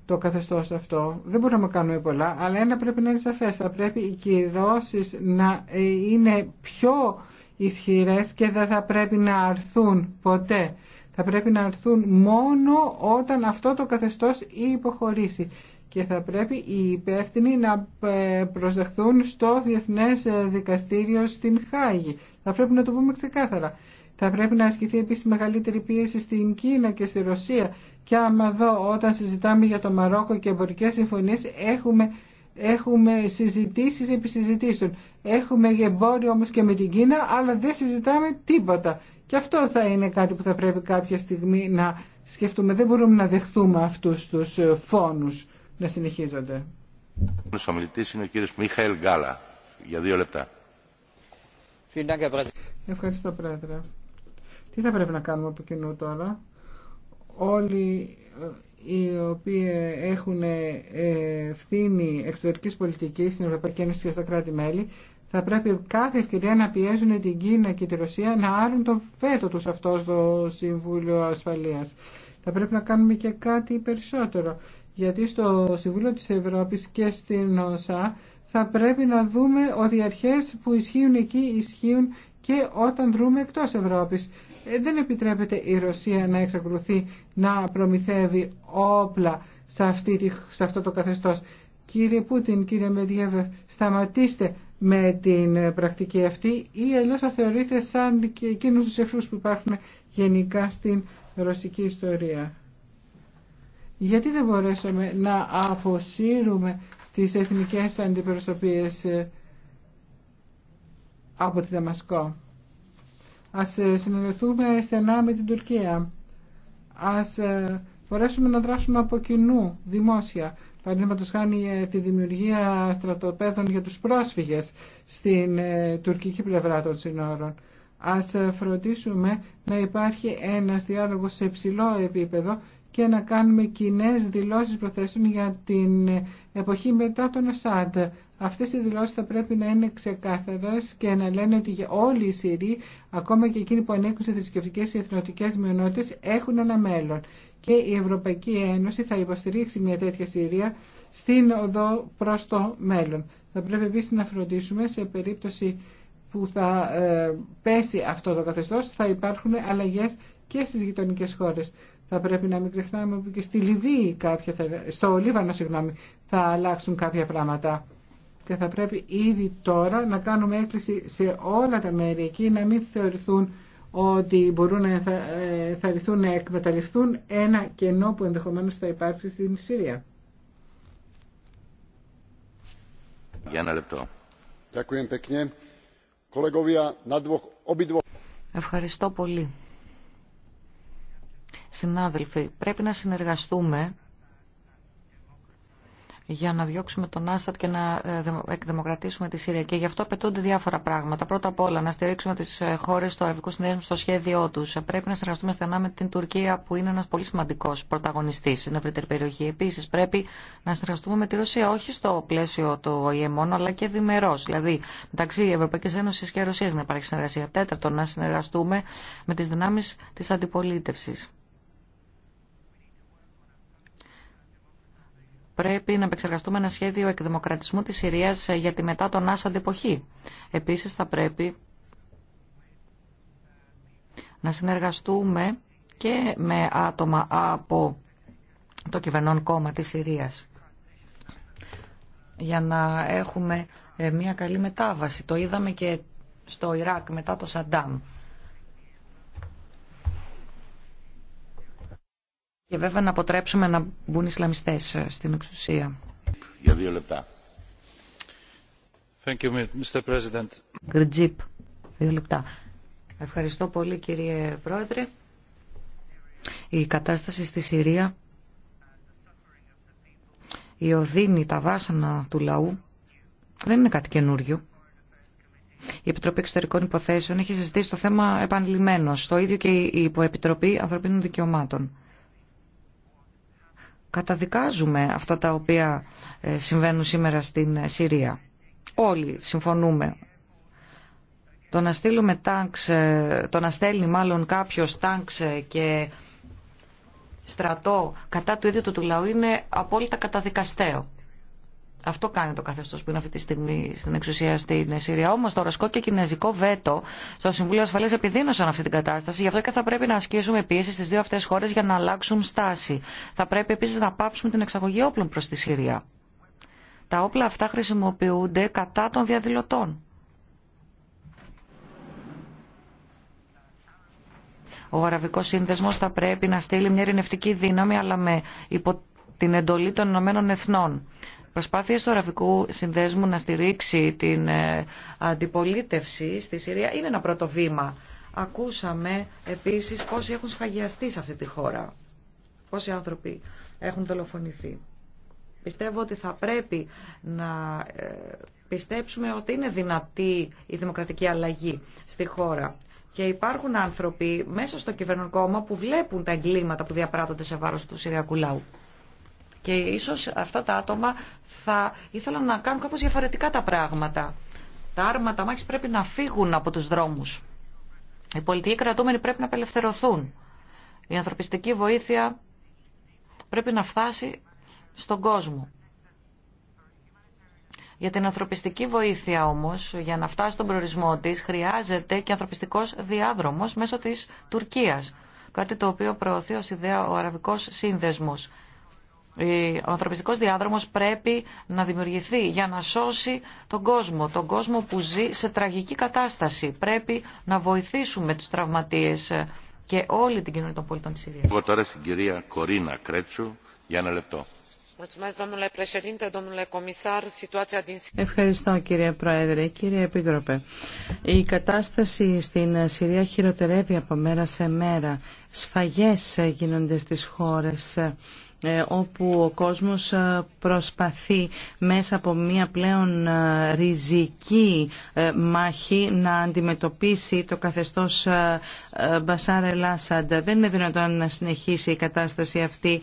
το καθεστώς αυτό. Δεν μπορούμε να κάνουμε πολλά, αλλά ένα πρέπει να είναι σαφές. Θα πρέπει οι κυρώσεις να ε, είναι πιο ισχυρές και δεν θα πρέπει να αρθούν ποτέ. Θα πρέπει να αρθούν μόνο όταν αυτό το καθεστώς υποχωρήσει και θα πρέπει οι υπεύθυνοι να ε, προσεχθούν στο Διεθνές Δικαστήριο στην Χάγη. Θα πρέπει να το πούμε ξεκάθαρα. Θα πρέπει να ασκηθεί επίσης μεγαλύτερη πίεση στην Κίνα και στη Ρωσία. Και άμα εδώ όταν συζητάμε για το Μαρόκο και εμπορικές συμφωνίες έχουμε, έχουμε συζητήσεις επί συζητήσεων. Έχουμε εμπόριο όμως και με την Κίνα αλλά δεν συζητάμε τίποτα. Και αυτό θα είναι κάτι που θα πρέπει κάποια στιγμή να σκεφτούμε. Δεν μπορούμε να δεχθούμε αυτούς τους ε, φόνους να συνεχίζονται. Ο ομιλητή, είναι ο κύριο Μίχαελ Γκάλα για δύο λεπτά. Ευχαριστώ Πρόεδρε. Τι θα πρέπει να κάνουμε από κοινού τώρα. Όλοι ε, οι οποίοι έχουν ε, ευθύνη εξωτερική πολιτική στην Ευρωπαϊκή Ένωση και στα κράτη-μέλη θα πρέπει κάθε ευκαιρία να πιέζουν την Κίνα και τη Ρωσία να άρουν το φέτο τους αυτό στο Συμβούλιο Ασφαλείας. Θα πρέπει να κάνουμε και κάτι περισσότερο γιατί στο Συμβούλιο της Ευρώπης και στην ΩΣΑ θα πρέπει να δούμε ότι οι αρχές που ισχύουν εκεί ισχύουν και όταν δρούμε εκτός Ευρώπης. Ε, δεν επιτρέπεται η Ρωσία να εξακολουθεί να προμηθεύει όπλα σε, αυτή, σε αυτό το καθεστώς. Κύριε Πούτιν, κύριε Μεντιέβε, σταματήστε με την πρακτική αυτή ή αλλιώς θα θεωρείτε σαν και εκείνους τους εχθρούς που υπάρχουν γενικά στην ρωσική ιστορία. Γιατί δεν μπορέσαμε να αποσύρουμε τις εθνικές αντιπροσωπείες ε, από τη Δαμασκό. Ας ε, συνεργαστούμε στενά με την Τουρκία. Ας ε, μπορέσουμε να δράσουμε από κοινού, δημόσια. Παραδείγματος χάνει τη δημιουργία στρατοπέδων για τους πρόσφυγες στην τουρκική πλευρά των συνόρων. Ας φροντίσουμε να υπάρχει ένας διάλογος σε ψηλό επίπεδο και να κάνουμε κοινέ δηλώσεις προθέσεων για την εποχή μετά τον Ασάντ. Αυτές οι δηλώσεις θα πρέπει να είναι ξεκάθαρες και να λένε ότι όλοι οι Συροί, ακόμα και εκείνοι που ανήκουν σε θρησκευτικέ ή εθνοτικέ μειονότητες, έχουν ένα μέλλον. Και η Ευρωπαϊκή Ένωση θα υποστηρίξει μια τέτοια Συρία στην οδό προ το μέλλον. Θα πρέπει επίση να φροντίσουμε σε περίπτωση που θα ε, πέσει αυτό το καθεστώς, θα υπάρχουν αλλαγές και στις γειτονικές χώρες. Θα πρέπει να μην ξεχνάμε ότι και στη Λιβύη κάποια, στο Λίβανο συγγνώμη, θα αλλάξουν κάποια πράγματα. Και θα πρέπει ήδη τώρα να κάνουμε έκκληση σε όλα τα μέρη εκεί να μην θεωρηθούν ότι μπορούν να ενθαρρυνθούν να εκμεταλλευτούν ένα κενό που ενδεχομένως θα υπάρξει στην Συρία. Για ένα λεπτό. Ευχαριστώ πολύ. Συνάδελφοι, πρέπει να συνεργαστούμε για να διώξουμε τον Άσαντ και να ε, εκδημοκρατήσουμε τη Συρία. Και γι' αυτό απαιτούνται διάφορα πράγματα. Πρώτα απ' όλα, να στηρίξουμε τι ε, χώρε του Αραβικού Συνδέσμου στο σχέδιό του. Ε, πρέπει να συνεργαστούμε στενά με την Τουρκία, που είναι ένα πολύ σημαντικό πρωταγωνιστή στην ευρύτερη περιοχή. Επίση, πρέπει να συνεργαστούμε με τη Ρωσία, όχι στο πλαίσιο του ΟΗΕ μόνο, αλλά και διμερό. Δηλαδή, μεταξύ Ευρωπαϊκή Ένωση και Ρωσία να υπάρχει συνεργασία. Τέταρτον, να συνεργαστούμε με τι δυνάμει τη αντιπολίτευση. πρέπει να επεξεργαστούμε ένα σχέδιο εκδημοκρατισμού της Συρίας ε, για τη μετά τον Άσαντ εποχή. Επίσης θα πρέπει να συνεργαστούμε και με άτομα από το κυβερνόν κόμμα της Συρίας για να έχουμε ε, μια καλή μετάβαση. Το είδαμε και στο Ιράκ μετά το Σαντάμ. και βέβαια να αποτρέψουμε να μπουν Ισλαμιστές ε, στην εξουσία. Για δύο λεπτά. Ευχαριστώ πολύ κύριε Πρόεδρε. Η κατάσταση στη Συρία, η οδύνη, τα βάσανα του λαού δεν είναι κάτι καινούριο. Η Επιτροπή Εξωτερικών Υποθέσεων έχει συζητήσει το θέμα επανειλημμένο το ίδιο και η Υποεπιτροπή Ανθρωπίνων Δικαιωμάτων καταδικάζουμε αυτά τα οποία ε, συμβαίνουν σήμερα στην ε, Συρία. Όλοι συμφωνούμε. Το να, στείλουμε ε, το να στέλνει μάλλον κάποιος και στρατό κατά του ίδιου του λαού είναι απόλυτα καταδικαστέο. Αυτό κάνει το καθεστώ που είναι αυτή τη στιγμή στην εξουσία στην Συρία. Όμω το ρωσικό και κινέζικο βέτο στο Συμβούλιο Ασφαλεία επιδίνωσαν αυτή την κατάσταση. Γι' αυτό και θα πρέπει να ασκήσουμε πίεση στι δύο αυτέ χώρε για να αλλάξουν στάση. Θα πρέπει επίση να πάψουμε την εξαγωγή όπλων προ τη Συρία. Τα όπλα αυτά χρησιμοποιούνται κατά των διαδηλωτών. Ο Αραβικό Σύνδεσμο θα πρέπει να στείλει μια ειρηνευτική δύναμη, αλλά με την εντολή των Ηνωμένων Εθνών προσπάθειες του Αραβικού Συνδέσμου να στηρίξει την ε, αντιπολίτευση στη Συρία είναι ένα πρώτο βήμα. Ακούσαμε επίσης πόσοι έχουν σφαγιαστεί σε αυτή τη χώρα, πόσοι άνθρωποι έχουν δολοφονηθεί. Πιστεύω ότι θα πρέπει να ε, πιστέψουμε ότι είναι δυνατή η δημοκρατική αλλαγή στη χώρα. Και υπάρχουν άνθρωποι μέσα στο κυβερνοκόμμα που βλέπουν τα εγκλήματα που διαπράττονται σε βάρος του Συριακού λαού. Και ίσως αυτά τα άτομα θα ήθελαν να κάνουν κάπως διαφορετικά τα πράγματα. Τα άρματα μάχη πρέπει να φύγουν από τους δρόμους. Οι πολιτικοί κρατούμενοι πρέπει να απελευθερωθούν. Η ανθρωπιστική βοήθεια πρέπει να φτάσει στον κόσμο. Για την ανθρωπιστική βοήθεια όμως, για να φτάσει στον προορισμό της, χρειάζεται και ανθρωπιστικός διάδρομος μέσω της Τουρκίας. Κάτι το οποίο προωθεί ως ιδέα ο Αραβικός Σύνδεσμος. Ο ανθρωπιστικό διάδρομος πρέπει να δημιουργηθεί για να σώσει τον κόσμο, τον κόσμο που ζει σε τραγική κατάσταση. Πρέπει να βοηθήσουμε τους τραυματίες και όλη την κοινωνία των πολιτών της Συρίας. Εγώ τώρα στην κυρία Κορίνα Κρέτσου για ένα λεπτό. Ευχαριστώ κύριε Πρόεδρε, κύριε Επίτροπε. Η κατάσταση στην Συρία χειροτερεύει από μέρα σε μέρα. Σφαγές γίνονται στις χώρες ε, όπου ο κόσμος ε, προσπαθεί μέσα από μια πλέον ε, ριζική μάχη να αντιμετωπίσει το καθεστώς μπασαρε Ελάσαντ. Δεν είναι δυνατόν να συνεχίσει η κατάσταση αυτή.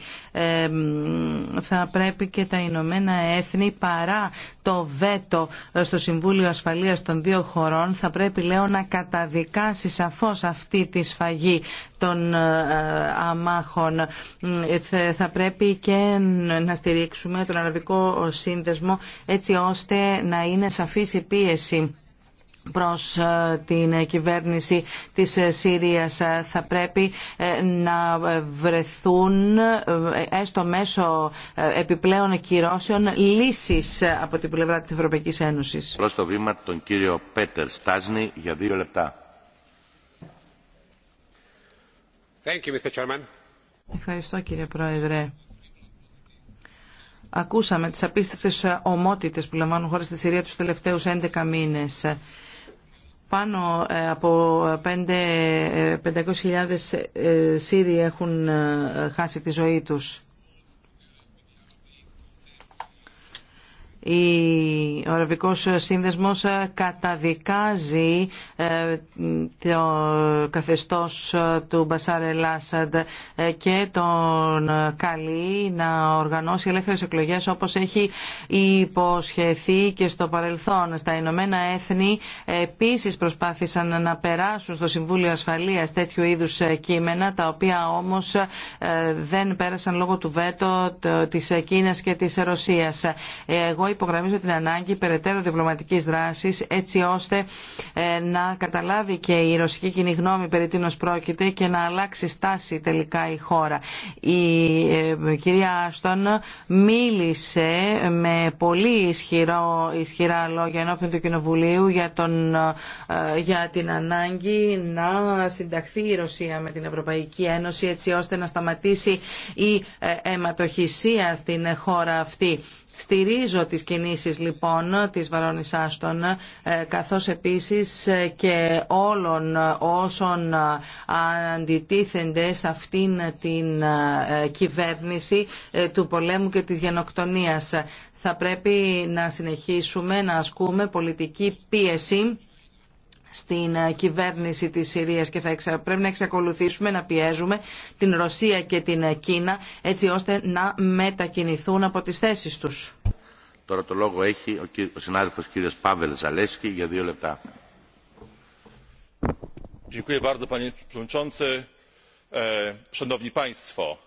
Θα πρέπει και τα Ηνωμένα Έθνη παρά το βέτο στο Συμβούλιο Ασφαλείας των δύο χωρών θα πρέπει λέω να καταδικάσει σαφώς αυτή τη σφαγή των αμάχων. Θα πρέπει πρέπει και να στηρίξουμε τον Αραβικό Σύνδεσμο έτσι ώστε να είναι σαφής η πίεση προς ε, την κυβέρνηση της ε, Συρίας ε, θα πρέπει να βρεθούν έστω μέσω επιπλέον κυρώσεων λύσεις από την πλευρά της Ευρωπαϊκής Ένωσης. Προς το βήμα τον κύριο Πέτερ Στάζνη για δύο λεπτά. Ευχαριστώ κύριε Πρόεδρε. Ακούσαμε τις απίστευτες ομότητες που λαμβάνουν χώρα στη Συρία τους τελευταίους 11 μήνες. Πάνω ε, από 500.000 ε, ε, Σύριοι έχουν χάσει τη ζωή τους. ο Αραβικός Σύνδεσμος ε, καταδικάζει ε, το καθεστώς ε, του Μπασάρ Ελάσαντ και τον καλεί να οργανώσει ελεύθερες εκλογές όπως έχει υποσχεθεί και στο παρελθόν. Στα Ηνωμένα Έθνη επίσης προσπάθησαν να περάσουν στο Συμβούλιο Ασφαλείας τέτοιου είδους κείμενα τα οποία όμως δεν πέρασαν λόγω του βέτο της Κίνας και της Ρωσίας υπογραμμίζω την ανάγκη περαιτέρω διπλωματική δράση, έτσι ώστε ε, να καταλάβει και η ρωσική κοινή γνώμη περί τίνο πρόκειται και να αλλάξει στάση τελικά η χώρα. Η ε, κυρία Άστον μίλησε με πολύ ισχυρό, ισχυρά λόγια ενώπιον του Κοινοβουλίου για, τον, ε, για την ανάγκη να συνταχθεί η Ρωσία με την Ευρωπαϊκή Ένωση έτσι ώστε να σταματήσει η αιματοχυσία στην χώρα αυτή Στηρίζω τις κινήσεις λοιπόν της Βαρόνης Άστον ε, καθώς επίσης ε, και όλων όσων αντιτίθενται σε αυτήν την ε, κυβέρνηση του πολέμου και της γενοκτονίας. Θα πρέπει να συνεχίσουμε να ασκούμε πολιτική πίεση στην ε, κυβέρνηση της Συρίας και θα πρέπει να εξακολουθήσουμε να πιέζουμε την Ρωσία και την ε, Κίνα έτσι ώστε να μετακινηθούν από τις θέσεις τους. Τώρα το λόγο έχει ο, κυ... ο συνάδελφος κύριος Πάβελ Ζαλέσκι για δύο λεπτά.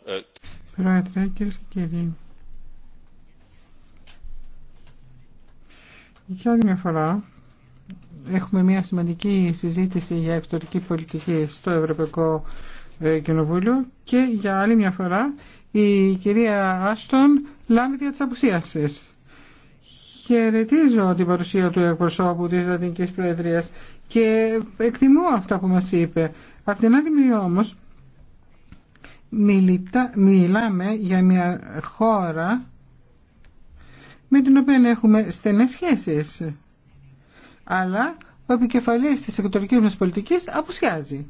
Ε, για άλλη μια φορά, έχουμε μια σημαντική συζήτηση για εξωτερική πολιτική στο Ευρωπαϊκό ε, Κοινοβούλιο και για άλλη μια φορά η κυρία Άστον λάβει δια της απουσίας Χαιρετίζω την παρουσία του εκπροσώπου της Λατινικής Προεδρίας και εκτιμώ αυτά που μας είπε. Απ' την άλλη μία όμως μιλάμε για μια χώρα με την οποία έχουμε στενές σχέσεις αλλά ο επικεφαλής της εκτορικής μας πολιτικής απουσιάζει.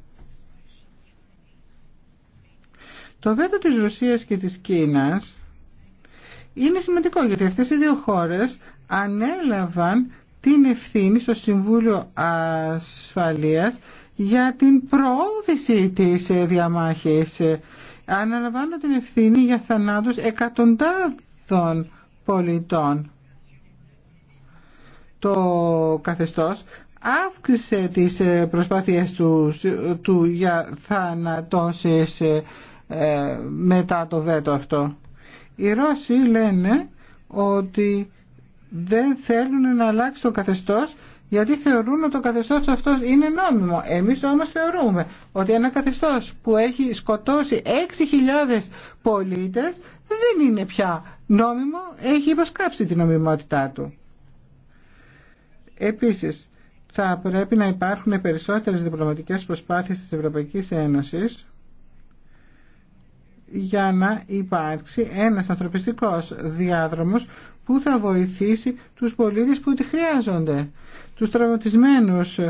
Το βέτο της Ρωσίας και της Κίνας είναι σημαντικό γιατί αυτές οι δύο χώρες ανέλαβαν την ευθύνη στο Συμβούλιο Ασφαλείας για την προώθηση της διαμάχης. Αναλαμβάνω την ευθύνη για θανάτους εκατοντάδων πολιτών το καθεστώς αύξησε τις ε, προσπάθειες του, ε, του για θανατώσεις ε, μετά το βέτο αυτό. Οι Ρώσοι λένε ότι δεν θέλουν να αλλάξει το καθεστώς γιατί θεωρούν ότι το καθεστώς αυτό είναι νόμιμο. Εμείς όμως θεωρούμε ότι ένα καθεστώς που έχει σκοτώσει 6.000 πολίτες δεν είναι πια νόμιμο, έχει υποσκάψει την νομιμότητά του. Επίσης, θα πρέπει να υπάρχουν περισσότερες διπλωματικές προσπάθειες της Ευρωπαϊκής Ένωσης για να υπάρξει ένας ανθρωπιστικός διάδρομος που θα βοηθήσει τους πολίτες που τη χρειάζονται, τους τραυματισμένους,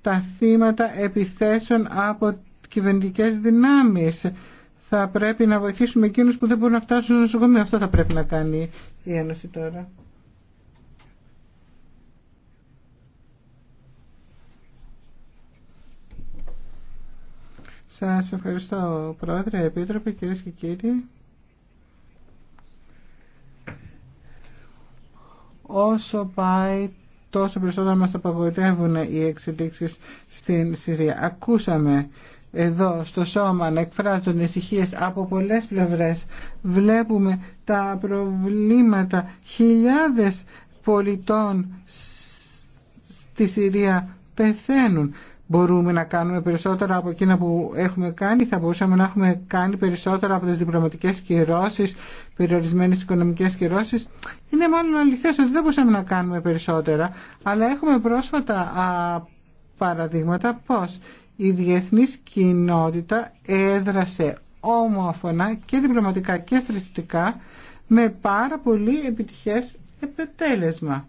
τα θύματα επιθέσεων από κυβερνητικές δυνάμεις. Θα πρέπει να βοηθήσουμε εκείνους που δεν μπορούν να φτάσουν στο νοσοκομείο. Αυτό θα πρέπει να κάνει η Ένωση τώρα. Σας ευχαριστώ Πρόεδρε, Επίτροπε, κυρίες και κύριοι. Όσο πάει τόσο περισσότερο μας απαγοητεύουν οι εξελίξεις στην Συρία. Ακούσαμε εδώ στο σώμα να εκφράζονται ησυχίε από πολλές πλευρές. Βλέπουμε τα προβλήματα χιλιάδες πολιτών στη Συρία πεθαίνουν μπορούμε να κάνουμε περισσότερα από εκείνα που έχουμε κάνει, θα μπορούσαμε να έχουμε κάνει περισσότερα από τις διπλωματικές κυρώσεις, περιορισμένες οικονομικές κυρώσεις. Είναι μάλλον αληθές ότι δεν μπορούσαμε να κάνουμε περισσότερα, αλλά έχουμε πρόσφατα α, παραδείγματα πως η διεθνής κοινότητα έδρασε όμοφωνα και διπλωματικά και στρατιωτικά με πάρα πολύ επιτυχές επιτέλεσμα.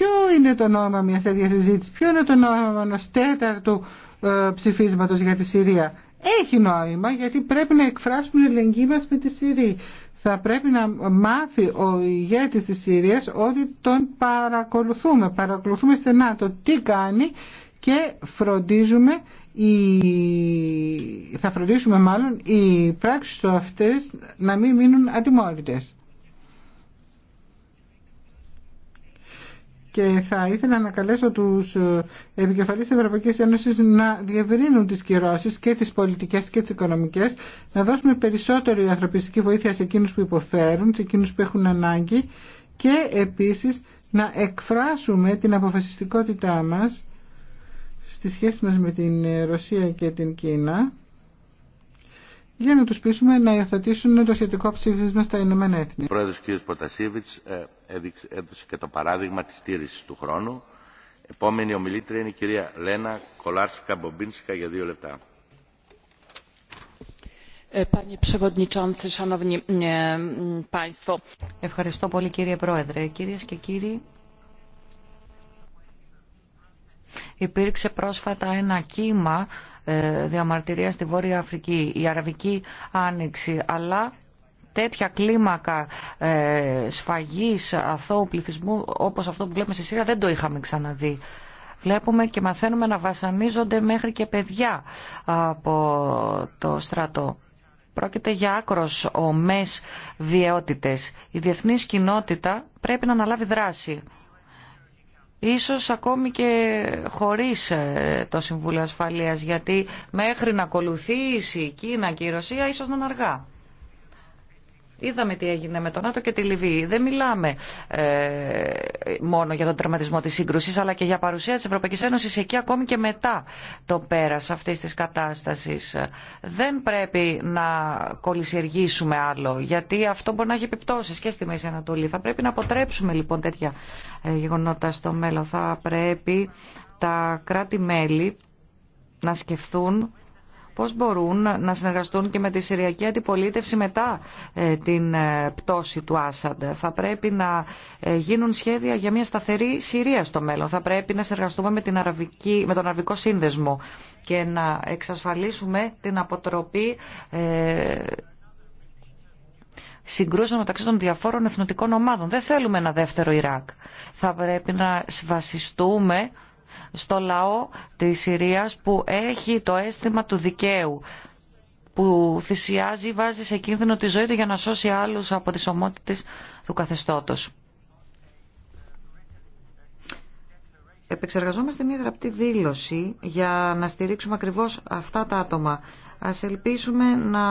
Ποιο είναι το νόημα μια τέτοια συζήτηση, ποιο είναι το νόημα ενό τέταρτου ε, ψηφίσματο για τη Συρία. Έχει νόημα γιατί πρέπει να εκφράσουμε την ελεγγύη μα με τη Συρία. Θα πρέπει να μάθει ο ηγέτης της Συρίας ότι τον παρακολουθούμε. Παρακολουθούμε στενά το τι κάνει και φροντίζουμε θα φροντίσουμε μάλλον οι πράξεις του αυτές να μην μείνουν ατιμόρυτες. και θα ήθελα να καλέσω τους ε, επικεφαλείς της Ευρωπαϊκής Ένωσης να διευρύνουν τις κυρώσεις και τις πολιτικές και τις οικονομικές, να δώσουμε περισσότερη ανθρωπιστική βοήθεια σε εκείνους που υποφέρουν, σε εκείνους που έχουν ανάγκη και επίσης να εκφράσουμε την αποφασιστικότητά μας στη σχέση μας με την ε, Ρωσία και την Κίνα για να τους πείσουμε να υιοθετήσουν το σχετικό ψήφισμα στα Ηνωμένα Έθνη. Ο πρόεδρος κ. Ποτασίβιτς ε, έδωσε και το παράδειγμα της στήρησης του χρόνου. Επόμενη ομιλήτρια είναι η κυρία Λένα Κολάρσικα-Μπομπίνσικα για δύο λεπτά. Ε, ε, Ευχαριστώ πολύ κύριε Πρόεδρε. Κυρίες και κύριοι, υπήρξε πρόσφατα ένα κύμα ε, διαμαρτυρία στη Βόρεια Αφρική, η Αραβική Άνοιξη, αλλά τέτοια κλίμακα ε, σφαγής αθώου πληθυσμού όπως αυτό που βλέπουμε στη Συρία δεν το είχαμε ξαναδεί. Βλέπουμε και μαθαίνουμε να βασανίζονται μέχρι και παιδιά από το στρατό. Πρόκειται για άκρος ομές βιαιότητες. Η διεθνής κοινότητα πρέπει να αναλάβει δράση ίσως ακόμη και χωρίς ε, το Συμβούλιο Ασφαλείας, γιατί μέχρι να ακολουθήσει η Κίνα και η Ρωσία ίσως να είναι αργά. Είδαμε τι έγινε με τον ΝΑΤΟ και τη Λιβύη. Δεν μιλάμε ε, μόνο για τον τερματισμό τη σύγκρουση, αλλά και για παρουσία τη Ευρωπαϊκή Ένωση εκεί ακόμη και μετά το πέρα αυτή τη κατάσταση. Δεν πρέπει να κολυσιεργήσουμε άλλο, γιατί αυτό μπορεί να έχει επιπτώσει και στη Μέση Ανατολή. Θα πρέπει να αποτρέψουμε λοιπόν τέτοια ε, γεγονότα στο μέλλον. Θα πρέπει τα κράτη-μέλη να σκεφτούν πώς μπορούν να συνεργαστούν και με τη Συριακή Αντιπολίτευση μετά ε, την ε, πτώση του Άσαντ. Θα πρέπει να ε, γίνουν σχέδια για μια σταθερή Συρία στο μέλλον. Θα πρέπει να συνεργαστούμε με, την Αραβική, με τον Αραβικό Σύνδεσμο και να εξασφαλίσουμε την αποτροπή συγκρούσεων μεταξύ των διαφόρων εθνοτικών ομάδων. Δεν θέλουμε ένα δεύτερο Ιράκ. Θα πρέπει να βασιστούμε στο λαό της Συρίας που έχει το αίσθημα του δικαίου που θυσιάζει, βάζει σε κίνδυνο τη ζωή του για να σώσει άλλους από τις ομότητες του καθεστώτος. Επεξεργαζόμαστε μια γραπτή δήλωση για να στηρίξουμε ακριβώς αυτά τα άτομα. Ας ελπίσουμε να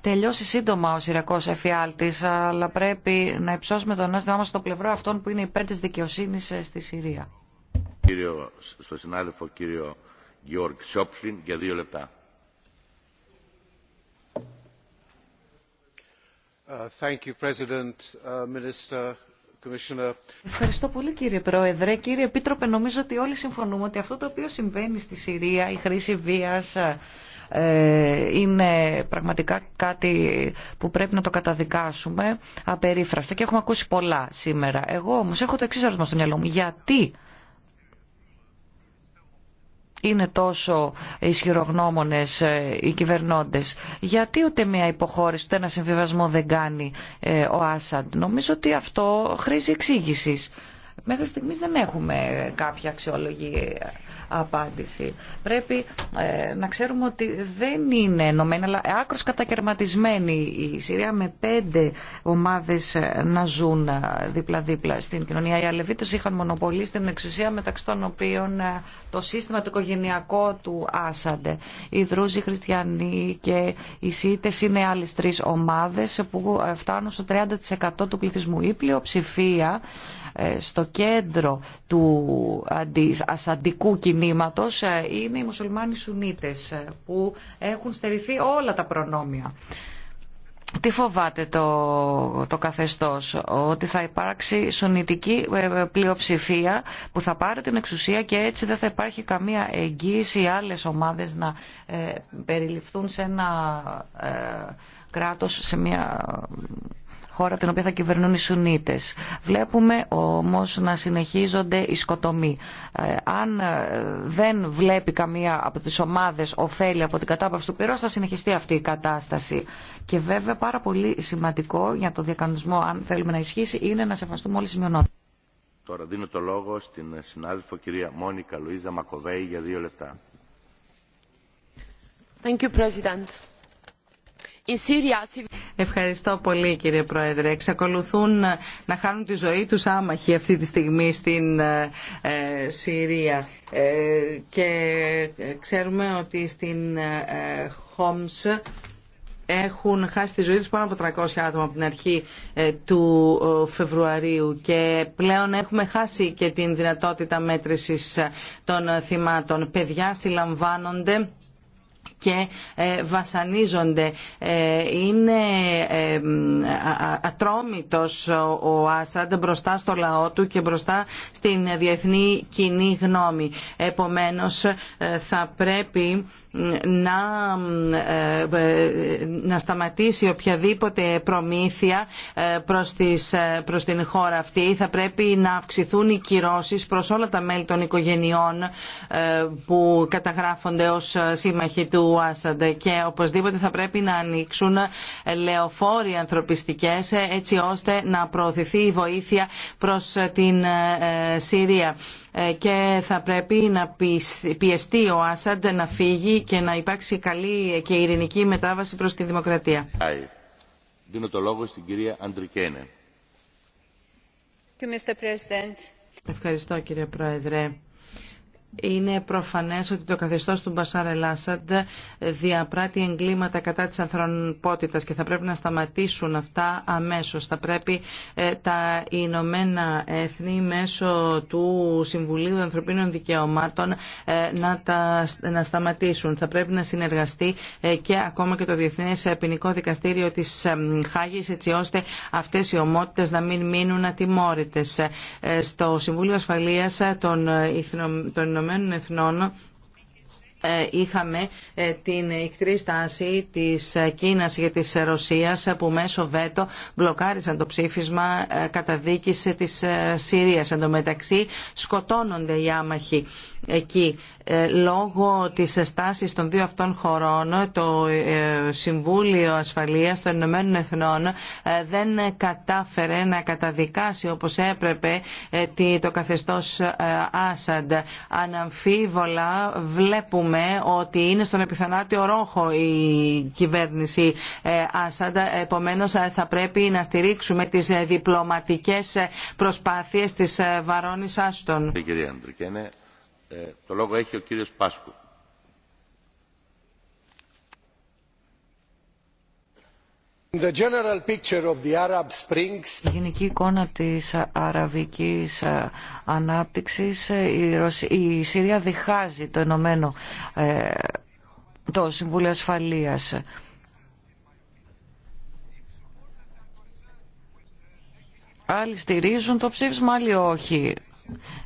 τελειώσει σύντομα ο Συριακός εφιάλτης, αλλά πρέπει να υψώσουμε τον άστημά μας στο πλευρό αυτών που είναι υπέρ της δικαιοσύνης ε, στη Συρία συνάδελφο κύριο Γιώργ για δύο λεπτά. Uh, uh, Ευχαριστώ πολύ κύριε Πρόεδρε. Κύριε Επίτροπε, νομίζω ότι όλοι συμφωνούμε ότι αυτό το οποίο συμβαίνει στη Συρία, η χρήση βίας, ε, είναι πραγματικά κάτι που πρέπει να το καταδικάσουμε απερίφραστα και έχουμε ακούσει πολλά σήμερα. Εγώ όμως έχω το εξής ερώτημα στο μυαλό μου. Γιατί είναι τόσο ισχυρογνώμονες ε, οι κυβερνώντες. Γιατί ούτε μια υποχώρηση, ούτε ένα συμβιβασμό δεν κάνει ε, ο Άσαντ. Νομίζω ότι αυτό χρήζει εξήγηση. Μέχρι στιγμής δεν έχουμε κάποια αξιολόγη απάντηση. Πρέπει ε, να ξέρουμε ότι δεν είναι ενωμένη, αλλά άκρως κατακαιρματισμένη η Συρία με πέντε ομάδες ε, να ζουν ε, δίπλα-δίπλα στην κοινωνία. Οι Αλεβίτες είχαν μονοπολί στην εξουσία μεταξύ των οποίων το σύστημα του οικογενειακό του Άσαντε. Οι Δρούζοι, οι Χριστιανοί και οι Σίτες είναι άλλες τρεις ομάδες που φτάνουν στο 30% του πληθυσμού. Η πλειοψηφία ε, στο κέντρο του ασαντικού κινήματος ε, είναι οι μουσουλμάνοι Σουνίτες ε, που έχουν στερηθεί όλα τα προνόμια. Τι φοβάται το, το καθεστώς, ότι θα υπάρξει σουνητική πλειοψηφία που θα πάρει την εξουσία και έτσι δεν θα υπάρχει καμία εγγύηση ή άλλες ομάδες να περιληφθούν σε ένα ε, κράτος, σε μια χώρα την οποία θα κυβερνούν οι Σουνίτες. Βλέπουμε όμως να συνεχίζονται οι σκοτομοί. Ε, αν ε, δεν βλέπει καμία από τις ομάδες ωφέλη από την κατάπαυση του πυρός θα συνεχιστεί αυτή η κατάσταση. Και βέβαια πάρα πολύ σημαντικό για το διακανονισμό αν θέλουμε να ισχύσει είναι να σεβαστούμε όλες τις μειονότητες. Τώρα δίνω το λόγο στην ε, συνάδελφο κυρία Μόνικα Λουίζα Μακοβέη για δύο λεπτά. Thank you, President. Ευχαριστώ πολύ κύριε Πρόεδρε. Εξακολουθούν να χάνουν τη ζωή τους άμαχοι αυτή τη στιγμή στην ε, ε, Συρία. Ε, και ξέρουμε ότι στην ε, Χόμς έχουν χάσει τη ζωή τους πάνω από 300 άτομα από την αρχή του Φεβρουαρίου και πλέον έχουμε χάσει και την δυνατότητα μέτρησης των θυμάτων. Παιδιά συλλαμβάνονται και ε, βασανίζονται. Ε, είναι ε, ατρόμητος ο Άσαντ μπροστά στο λαό του και μπροστά στην διεθνή κοινή γνώμη. Επομένως θα πρέπει να, ε, να σταματήσει οποιαδήποτε προμήθεια ε, προς, ε, προς την χώρα αυτή. Θα πρέπει να αυξηθούν οι κυρώσεις προς όλα τα μέλη των οικογενειών που καταγράφονται ως σύμμαχοι του Άσαντ και οπωσδήποτε θα πρέπει να ανοίξουν λεωφόροι ανθρωπιστικές έτσι ώστε να προωθηθεί η βοήθεια προς την Συρία. Ε, και θα πρέπει να πιεστεί ο Άσαντ να φύγει και να υπάρξει καλή και ειρηνική μετάβαση προς τη δημοκρατία. Δίνω το λόγο στην κυρία Αντρικένε. Ευχαριστώ κύριε Πρόεδρε είναι προφανές ότι το καθεστώς του Μπασάρ Ελάσαντ διαπράττει εγκλήματα κατά της ανθρωπότητας και θα πρέπει να σταματήσουν αυτά αμέσως. Θα πρέπει ε, τα Ηνωμένα Έθνη μέσω του Συμβουλίου Ανθρωπίνων Δικαιωμάτων ε, να, τα, να σταματήσουν. Θα πρέπει να συνεργαστεί ε, και ακόμα και το Διεθνές Ποινικό Δικαστήριο της Χάγης έτσι ώστε αυτές οι ομότητες να μην μείνουν ατιμόρυτες. Στο Συμβούλιο Ασφαλείας των Ηνωμένων Εθνών ε, είχαμε ε, την ικτρή στάση της ε, Κίνας και της Ρωσίας που μέσω βέτο μπλοκάρισαν το ψήφισμα καταδίκησε της Συρίας. Εν τω μεταξύ σκοτώνονται οι άμαχοι εκεί. Ε, λόγω της στάσης των δύο αυτών χωρών, το ε, Συμβούλιο Ασφαλείας των Ηνωμένων Εθνών ε, δεν κατάφερε να καταδικάσει όπως έπρεπε το καθεστώς Άσαντ. Αναμφίβολα βλέπουμε ότι είναι στον επιθανάτιο ρόχο η κυβέρνηση Άσαντ. Επομένως θα πρέπει να στηρίξουμε τις διπλωματικές προσπάθειες της Βαρόνης Άστον. Ε, το λόγο έχει ο κύριος Πάσκου. The Η γενική εικόνα της αραβικής ε, ανάπτυξης, ε, η, Συρία διχάζει το Ενωμένο το Συμβούλιο Ασφαλείας. Άλλοι στηρίζουν το ψήφισμα, άλλοι όχι.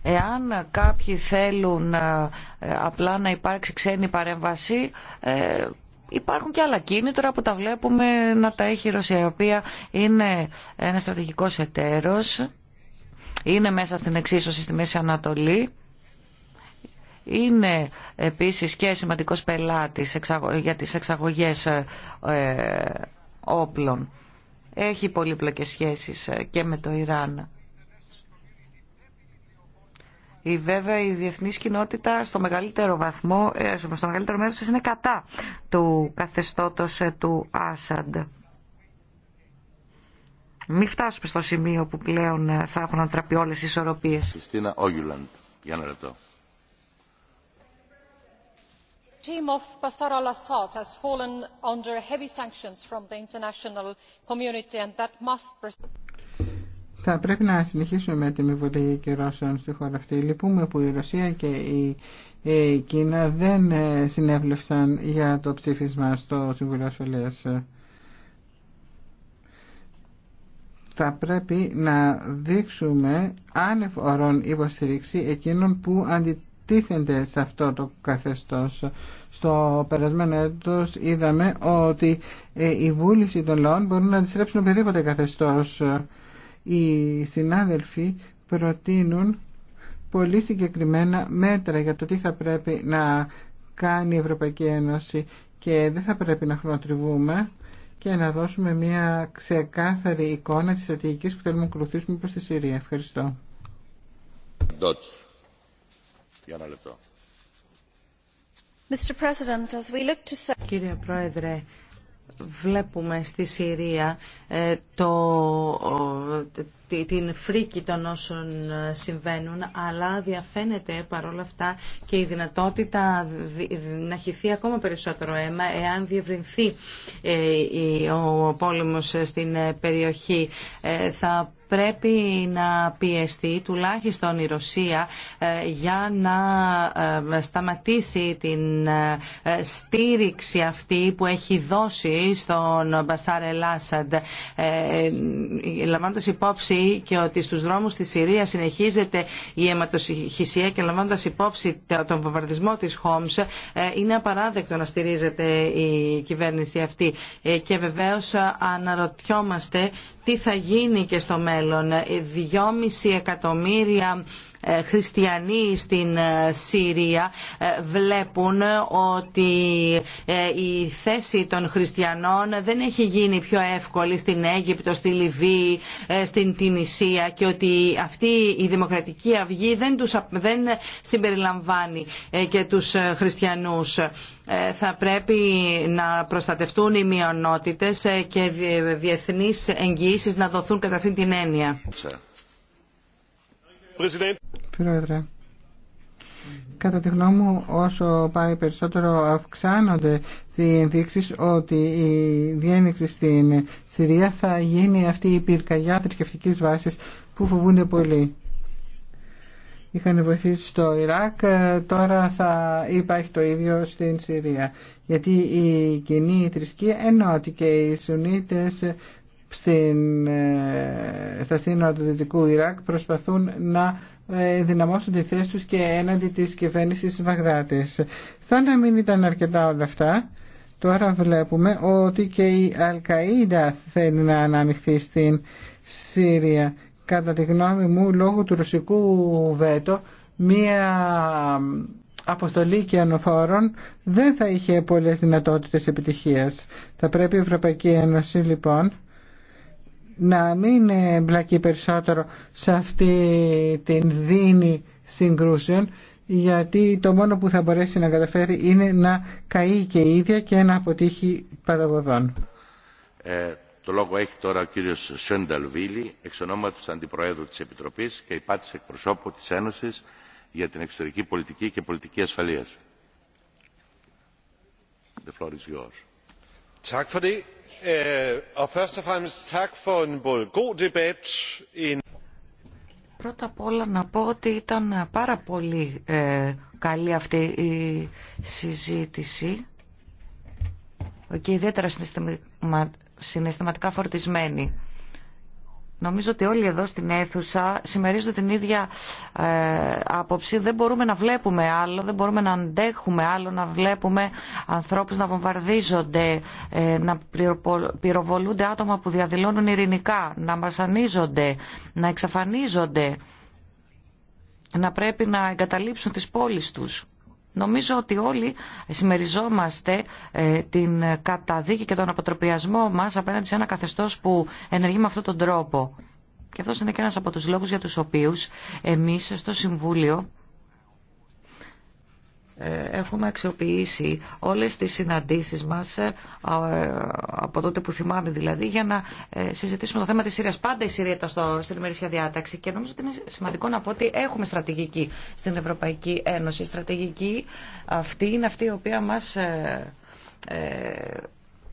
Εάν κάποιοι θέλουν ε, απλά να υπάρξει ξένη παρέμβαση, ε, υπάρχουν και άλλα κίνητρα που τα βλέπουμε να τα έχει η Ρωσία, η οποία είναι ένα στρατηγικό εταίρο, είναι μέσα στην εξίσωση στη Μέση Ανατολή, είναι επίσης και σημαντικός πελάτης για τις εξαγωγές ε, όπλων. Έχει πολύπλοκες σχέσεις και με το Ιράν. Η βέβαια η διεθνή κοινότητα στο μεγαλύτερο βαθμό, ε, στο μεγαλύτερο μέρος είναι κατά του καθεστώτο ε, του Άσαντ. Μην φτάσουμε στο σημείο που πλέον ε, θα έχουν αντραπεί όλες οι ισορροπίε. Χριστίνα Όγιουλαντ, για ένα λεπτό. Θα πρέπει να συνεχίσουμε με την και κυρώσεων στη χώρα αυτή. Λυπούμε που η Ρωσία και η, Κίνα δεν ε, συνέβλεψαν για το ψήφισμα στο Συμβουλίο Ασφαλείας. Θα πρέπει να δείξουμε άνευ ορών υποστηρίξη εκείνων που αντιτίθενται σε αυτό το καθεστώς. Στο περασμένο έτος είδαμε ότι ε, η βούληση των λαών μπορεί να αντιστρέψουν οποιοδήποτε καθεστώς οι συνάδελφοι προτείνουν πολύ συγκεκριμένα μέτρα για το τι θα πρέπει να κάνει η Ευρωπαϊκή Ένωση και δεν θα πρέπει να χρονοτριβούμε και να δώσουμε μια ξεκάθαρη εικόνα της στρατηγικής που θέλουμε να ακολουθήσουμε προς τη Συρία. Ευχαριστώ. Κύριε Πρόεδρε, βλέπουμε στη Συρία ε, το, την φρίκη των όσων συμβαίνουν, αλλά διαφαίνεται παρόλα αυτά και η δυνατότητα να χυθεί ακόμα περισσότερο αίμα εάν διευρυνθεί ε, ο πόλεμος στην περιοχή. Ε, θα πρέπει να πιεστεί τουλάχιστον η Ρωσία ε, για να ε, σταματήσει την ε, στήριξη αυτή που έχει δώσει στον Μπασάρ Ελάσαντ λαμβάνοντας υπόψη και ότι στους δρόμους της Συρίας συνεχίζεται η αιματοσυχησία και λαμβάνοντας υπόψη τον βομβαρδισμό της Χόμς είναι απαράδεκτο να στηρίζεται η κυβέρνηση αυτή και βεβαίως αναρωτιόμαστε τι θα γίνει και στο μέλλον μέλλον. 2,5 ε, εκατομμύρια ε, χριστιανοί στην ε, Σύρια ε, βλέπουν ότι η θέση των χριστιανών δεν έχει γίνει πιο εύκολη στην Αίγυπτο, στη Λιβύη, στην Τινησία και ότι αυτή η Δημοκρατική Αυγή δεν, τους, δεν συμπεριλαμβάνει και τους χριστιανούς θα πρέπει να προστατευτούν οι μειονότητες και διεθνείς εγγυήσεις να δοθούν κατά αυτήν την έννοια. Πρόεδρε. Κατά τη γνώμη μου, όσο πάει περισσότερο αυξάνονται οι ενδείξεις ότι η διένεξη στην Συρία θα γίνει αυτή η πυρκαγιά θρησκευτική βάσης που φοβούνται πολύ. Είχαν βοηθήσει στο Ιράκ, τώρα θα υπάρχει το ίδιο στην Συρία. Γιατί η κοινή θρησκεία ότι και οι Σουνίτες στην, ε, στα σύνορα του Δυτικού Ιράκ προσπαθούν να ε, δυναμώσουν τη θέση τους και έναντι της κυβέρνηση της Βαγδάτης. Σαν να μην ήταν αρκετά όλα αυτά, τώρα βλέπουμε ότι και η Αλκαΐδα θέλει να αναμειχθεί στην Σύρια. Κατά τη γνώμη μου, λόγω του ρωσικού βέτο, μία αποστολή και ανοφόρων δεν θα είχε πολλές δυνατότητες επιτυχίας. Θα πρέπει η Ευρωπαϊκή Ένωση λοιπόν να μην εμπλακεί περισσότερο σε αυτή την δίνη συγκρούσεων γιατί το μόνο που θα μπορέσει να καταφέρει είναι να καεί και η ίδια και να αποτύχει παραγωγών. Ε, το λόγο έχει τώρα ο κύριος Βίλη, εξ ονόματος Αντιπροέδρου της Επιτροπής και υπάτης εκπροσώπου της Ένωσης για την εξωτερική πολιτική και πολιτική ασφαλείας. The floor is yours. Øh, Πρώτα απ' όλα να πω ότι ήταν πάρα πολύ ε, καλή αυτή η συζήτηση και ιδιαίτερα συναισθηματικά φορτισμένη. Νομίζω ότι όλοι εδώ στην αίθουσα συμμερίζονται την ίδια ε, άποψη. Δεν μπορούμε να βλέπουμε άλλο, δεν μπορούμε να αντέχουμε άλλο, να βλέπουμε ανθρώπους να βομβαρδίζονται, ε, να πυροβολούνται άτομα που διαδηλώνουν ειρηνικά, να μασανίζονται, να εξαφανίζονται, να πρέπει να εγκαταλείψουν τις πόλεις τους. Νομίζω ότι όλοι συμμεριζόμαστε ε, την καταδίκη και τον αποτροπιασμό μας απέναντι σε ένα καθεστώς που ενεργεί με αυτόν τον τρόπο. Και αυτός είναι και ένας από τους λόγους για τους οποίους εμείς στο Συμβούλιο έχουμε αξιοποιήσει όλες τις συναντήσεις μας ε, από τότε που θυμάμαι δηλαδή για να ε, συζητήσουμε το θέμα της Συρίας. Πάντα η Συρία ήταν στο, στην ημερήσια διάταξη και νομίζω ότι είναι σημαντικό να πω ότι έχουμε στρατηγική στην Ευρωπαϊκή Ένωση. Η στρατηγική αυτή είναι αυτή η οποία μας ε,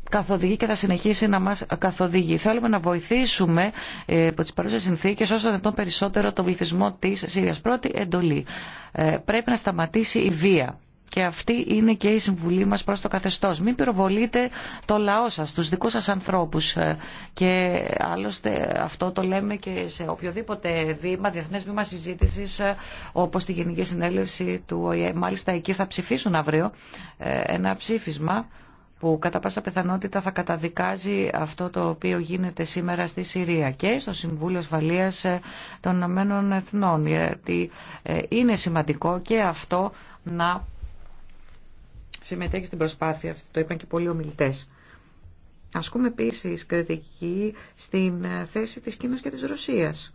καθοδηγεί και θα συνεχίσει να μας καθοδηγεί. Θέλουμε να βοηθήσουμε ε, από τις παρούσες συνθήκες όσο δυνατόν περισσότερο τον πληθυσμό της Συρίας. Πρώτη εντολή. Ε, πρέπει να σταματήσει η βία. Και αυτή είναι και η συμβουλή μας προς το καθεστώς. Μην πυροβολείτε το λαό σας, τους δικούς σας ανθρώπους. Ε, και άλλωστε αυτό το λέμε και σε οποιοδήποτε βήμα, διεθνές βήμα συζήτησης, ε, όπως τη Γενική Συνέλευση του ΟΗΕ. Μάλιστα εκεί θα ψηφίσουν αύριο ένα ψήφισμα που κατά πάσα πιθανότητα θα καταδικάζει αυτό το οποίο γίνεται σήμερα στη Συρία και στο Συμβούλιο Ασφαλείας των Ηνωμένων Εθνών γιατί ε, είναι σημαντικό και αυτό να συμμετέχει στην προσπάθεια αυτό το είπαν και πολλοί ομιλητές. Ασκούμε επίσης κριτική στην ε, θέση της Κίνας και της Ρωσίας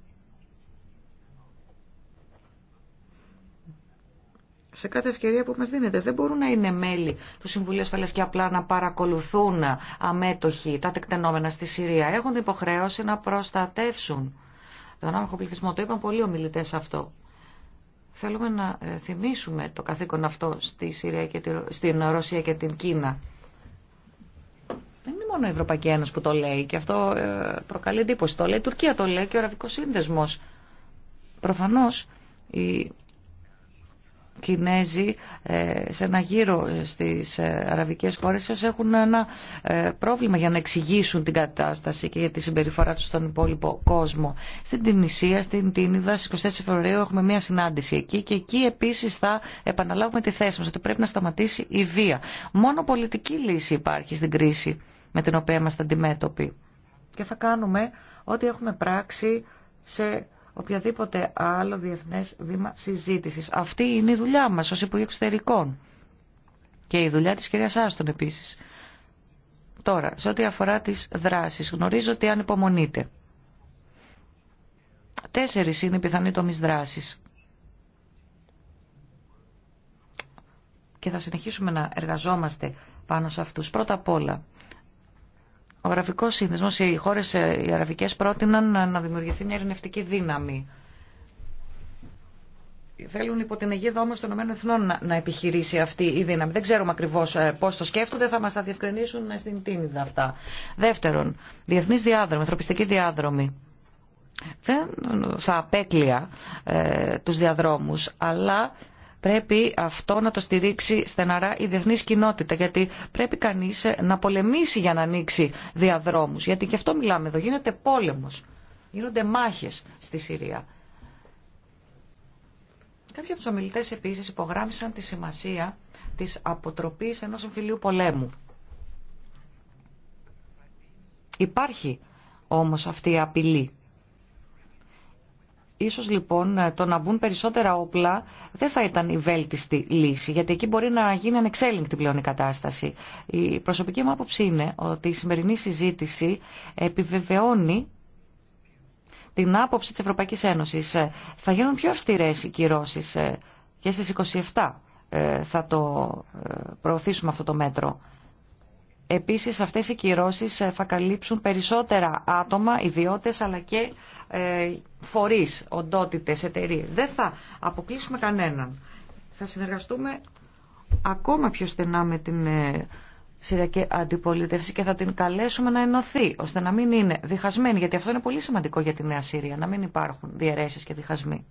σε κάθε ευκαιρία που μας δίνεται. Δεν μπορούν να είναι μέλη του Συμβουλίου Ασφαλείας και απλά να παρακολουθούν αμέτωχοι τα τεκτενόμενα στη Συρία. Έχουν την υποχρέωση να προστατεύσουν τον άμαχο πληθυσμό. Το είπαν πολλοί ομιλητές αυτό. Θέλουμε να ε, θυμίσουμε το καθήκον αυτό στη Συρία και τη, στην Ρωσία και την Κίνα. Δεν είναι μόνο η Ευρωπαϊκή Ένωση που το λέει και αυτό ε, προκαλεί εντύπωση. Το λέει η Τουρκία, το λέει και ο Αραβικός Σύνδεσμος. Κινέζοι ε, σε ένα γύρο ε, στις ε, αραβικές χώρες έχουν ένα πρόβλημα για να εξηγήσουν την κατάσταση και για τη συμπεριφορά τους στον υπόλοιπο κόσμο. Στην Τινησία, στην Τίνιδα, στις 24 Φεβρουαρίου έχουμε μια συνάντηση εκεί και εκεί επίσης θα επαναλάβουμε τη θέση μας ότι πρέπει να σταματήσει η βία. Μόνο πολιτική λύση υπάρχει στην κρίση με την οποία είμαστε αντιμέτωποι. Και θα κάνουμε ό,τι έχουμε πράξει σε οποιαδήποτε άλλο διεθνές βήμα συζήτησης. Αυτή είναι η δουλειά μας ως Υπουργείο Εξωτερικών και η δουλειά της κυρίας Άστον επίσης. Τώρα, σε ό,τι αφορά τις δράσεις, γνωρίζω ότι αν υπομονείτε. Τέσσερις είναι οι πιθανοί τομείς δράσης. Και θα συνεχίσουμε να εργαζόμαστε πάνω σε αυτούς. Πρώτα απ' όλα, ο Αραβικό Σύνδεσμο, οι χώρε ε, οι αραβικέ πρότειναν να δημιουργηθεί μια ειρηνευτική δύναμη. Θέλουν υπό την αιγίδα όμω των ΗΠΑ να επιχειρήσει αυτή η δύναμη. Δεν ξέρουμε ακριβώ ε, πώ το σκέφτονται, θα μα τα διευκρινίσουν ε, στην τίνιδα αυτά. Δεύτερον, διεθνή διάδρομη, ανθρωπιστική διάδρομη. Δεν θα απέκλεια ε, τους αλλά πρέπει αυτό να το στηρίξει στεναρά η διεθνή κοινότητα. Γιατί πρέπει κανεί να πολεμήσει για να ανοίξει διαδρόμου. Γιατί και αυτό μιλάμε εδώ. Γίνεται πόλεμο. Γίνονται μάχε στη Συρία. Κάποιοι από του ομιλητέ επίση υπογράμμισαν τη σημασία τη αποτροπή ενό εμφυλίου πολέμου. Υπάρχει όμως αυτή η απειλή Ίσως λοιπόν το να μπουν περισσότερα όπλα δεν θα ήταν η βέλτιστη λύση, γιατί εκεί μπορεί να γίνει ανεξέλιγκτη πλέον η κατάσταση. Η προσωπική μου άποψη είναι ότι η σημερινή συζήτηση επιβεβαιώνει την άποψη της Ευρωπαϊκής Ένωσης. Θα γίνουν πιο αυστηρές οι κυρώσεις ε, και στις 27 ε, θα το ε, προωθήσουμε αυτό το μέτρο. Επίσης αυτές οι κυρώσεις ε, θα καλύψουν περισσότερα άτομα, ιδιώτες αλλά και ε, φορείς, οντότητες, εταιρείες. Δεν θα αποκλείσουμε κανέναν. Θα συνεργαστούμε ακόμα πιο στενά με την ε, Συριακή Αντιπολίτευση και θα την καλέσουμε να ενωθεί, ώστε να μην είναι διχασμένη, γιατί αυτό είναι πολύ σημαντικό για τη Νέα Σύρια, να μην υπάρχουν διαιρέσεις και διχασμοί.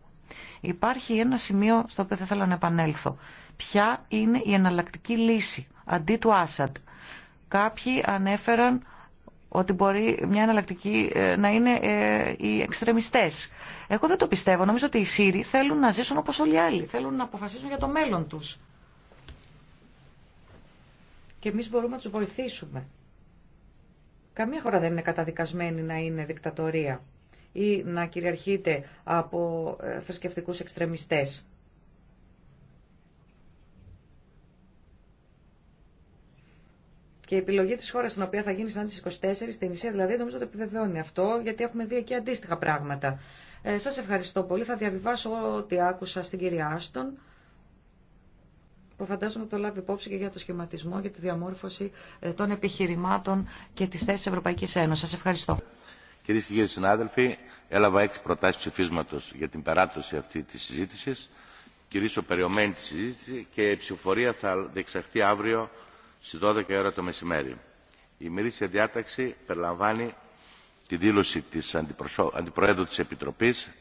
Υπάρχει ένα σημείο στο οποίο θα ήθελα να επανέλθω. Ποια είναι η εναλλακτική λύση αντί του Άσαντ. Κάποιοι ανέφεραν ότι μπορεί μια εναλλακτική ε, να είναι ε, οι εξτρεμιστέ. Εγώ δεν το πιστεύω. Νομίζω ότι οι Σύριοι θέλουν να ζήσουν όπως όλοι οι άλλοι. Θέλουν να αποφασίσουν για το μέλλον τους. Και εμείς μπορούμε να τους βοηθήσουμε. Καμία χώρα δεν είναι καταδικασμένη να είναι δικτατορία ή να κυριαρχείται από ε, θρησκευτικούς εξτρεμιστές. Και η επιλογή τη χώρα στην οποία θα γίνει συνάντηση 24 στην Ισία, δηλαδή, νομίζω το επιβεβαιώνει αυτό, γιατί έχουμε δει εκεί αντίστοιχα πράγματα. Ε, Σα ευχαριστώ πολύ. Θα διαβιβάσω ό,τι άκουσα στην κυρία Άστον, που φαντάζομαι το λάβει υπόψη και για το σχηματισμό, για τη διαμόρφωση ε, των επιχειρημάτων και τη θέση Ευρωπαϊκή Ένωση. Σα ευχαριστώ. Κυρίε και κύριοι συνάδελφοι, έλαβα έξι προτάσει ψηφίσματο για την περάτωση αυτή τη συζήτηση. κυρίω περιομένη τη συζήτηση και η ψηφοφορία θα διεξαχθεί αύριο στις 12 ώρα το μεσημέρι. Η ημερήσια διάταξη περιλαμβάνει τη δήλωση της Αντιπροέδρου της Επιτροπής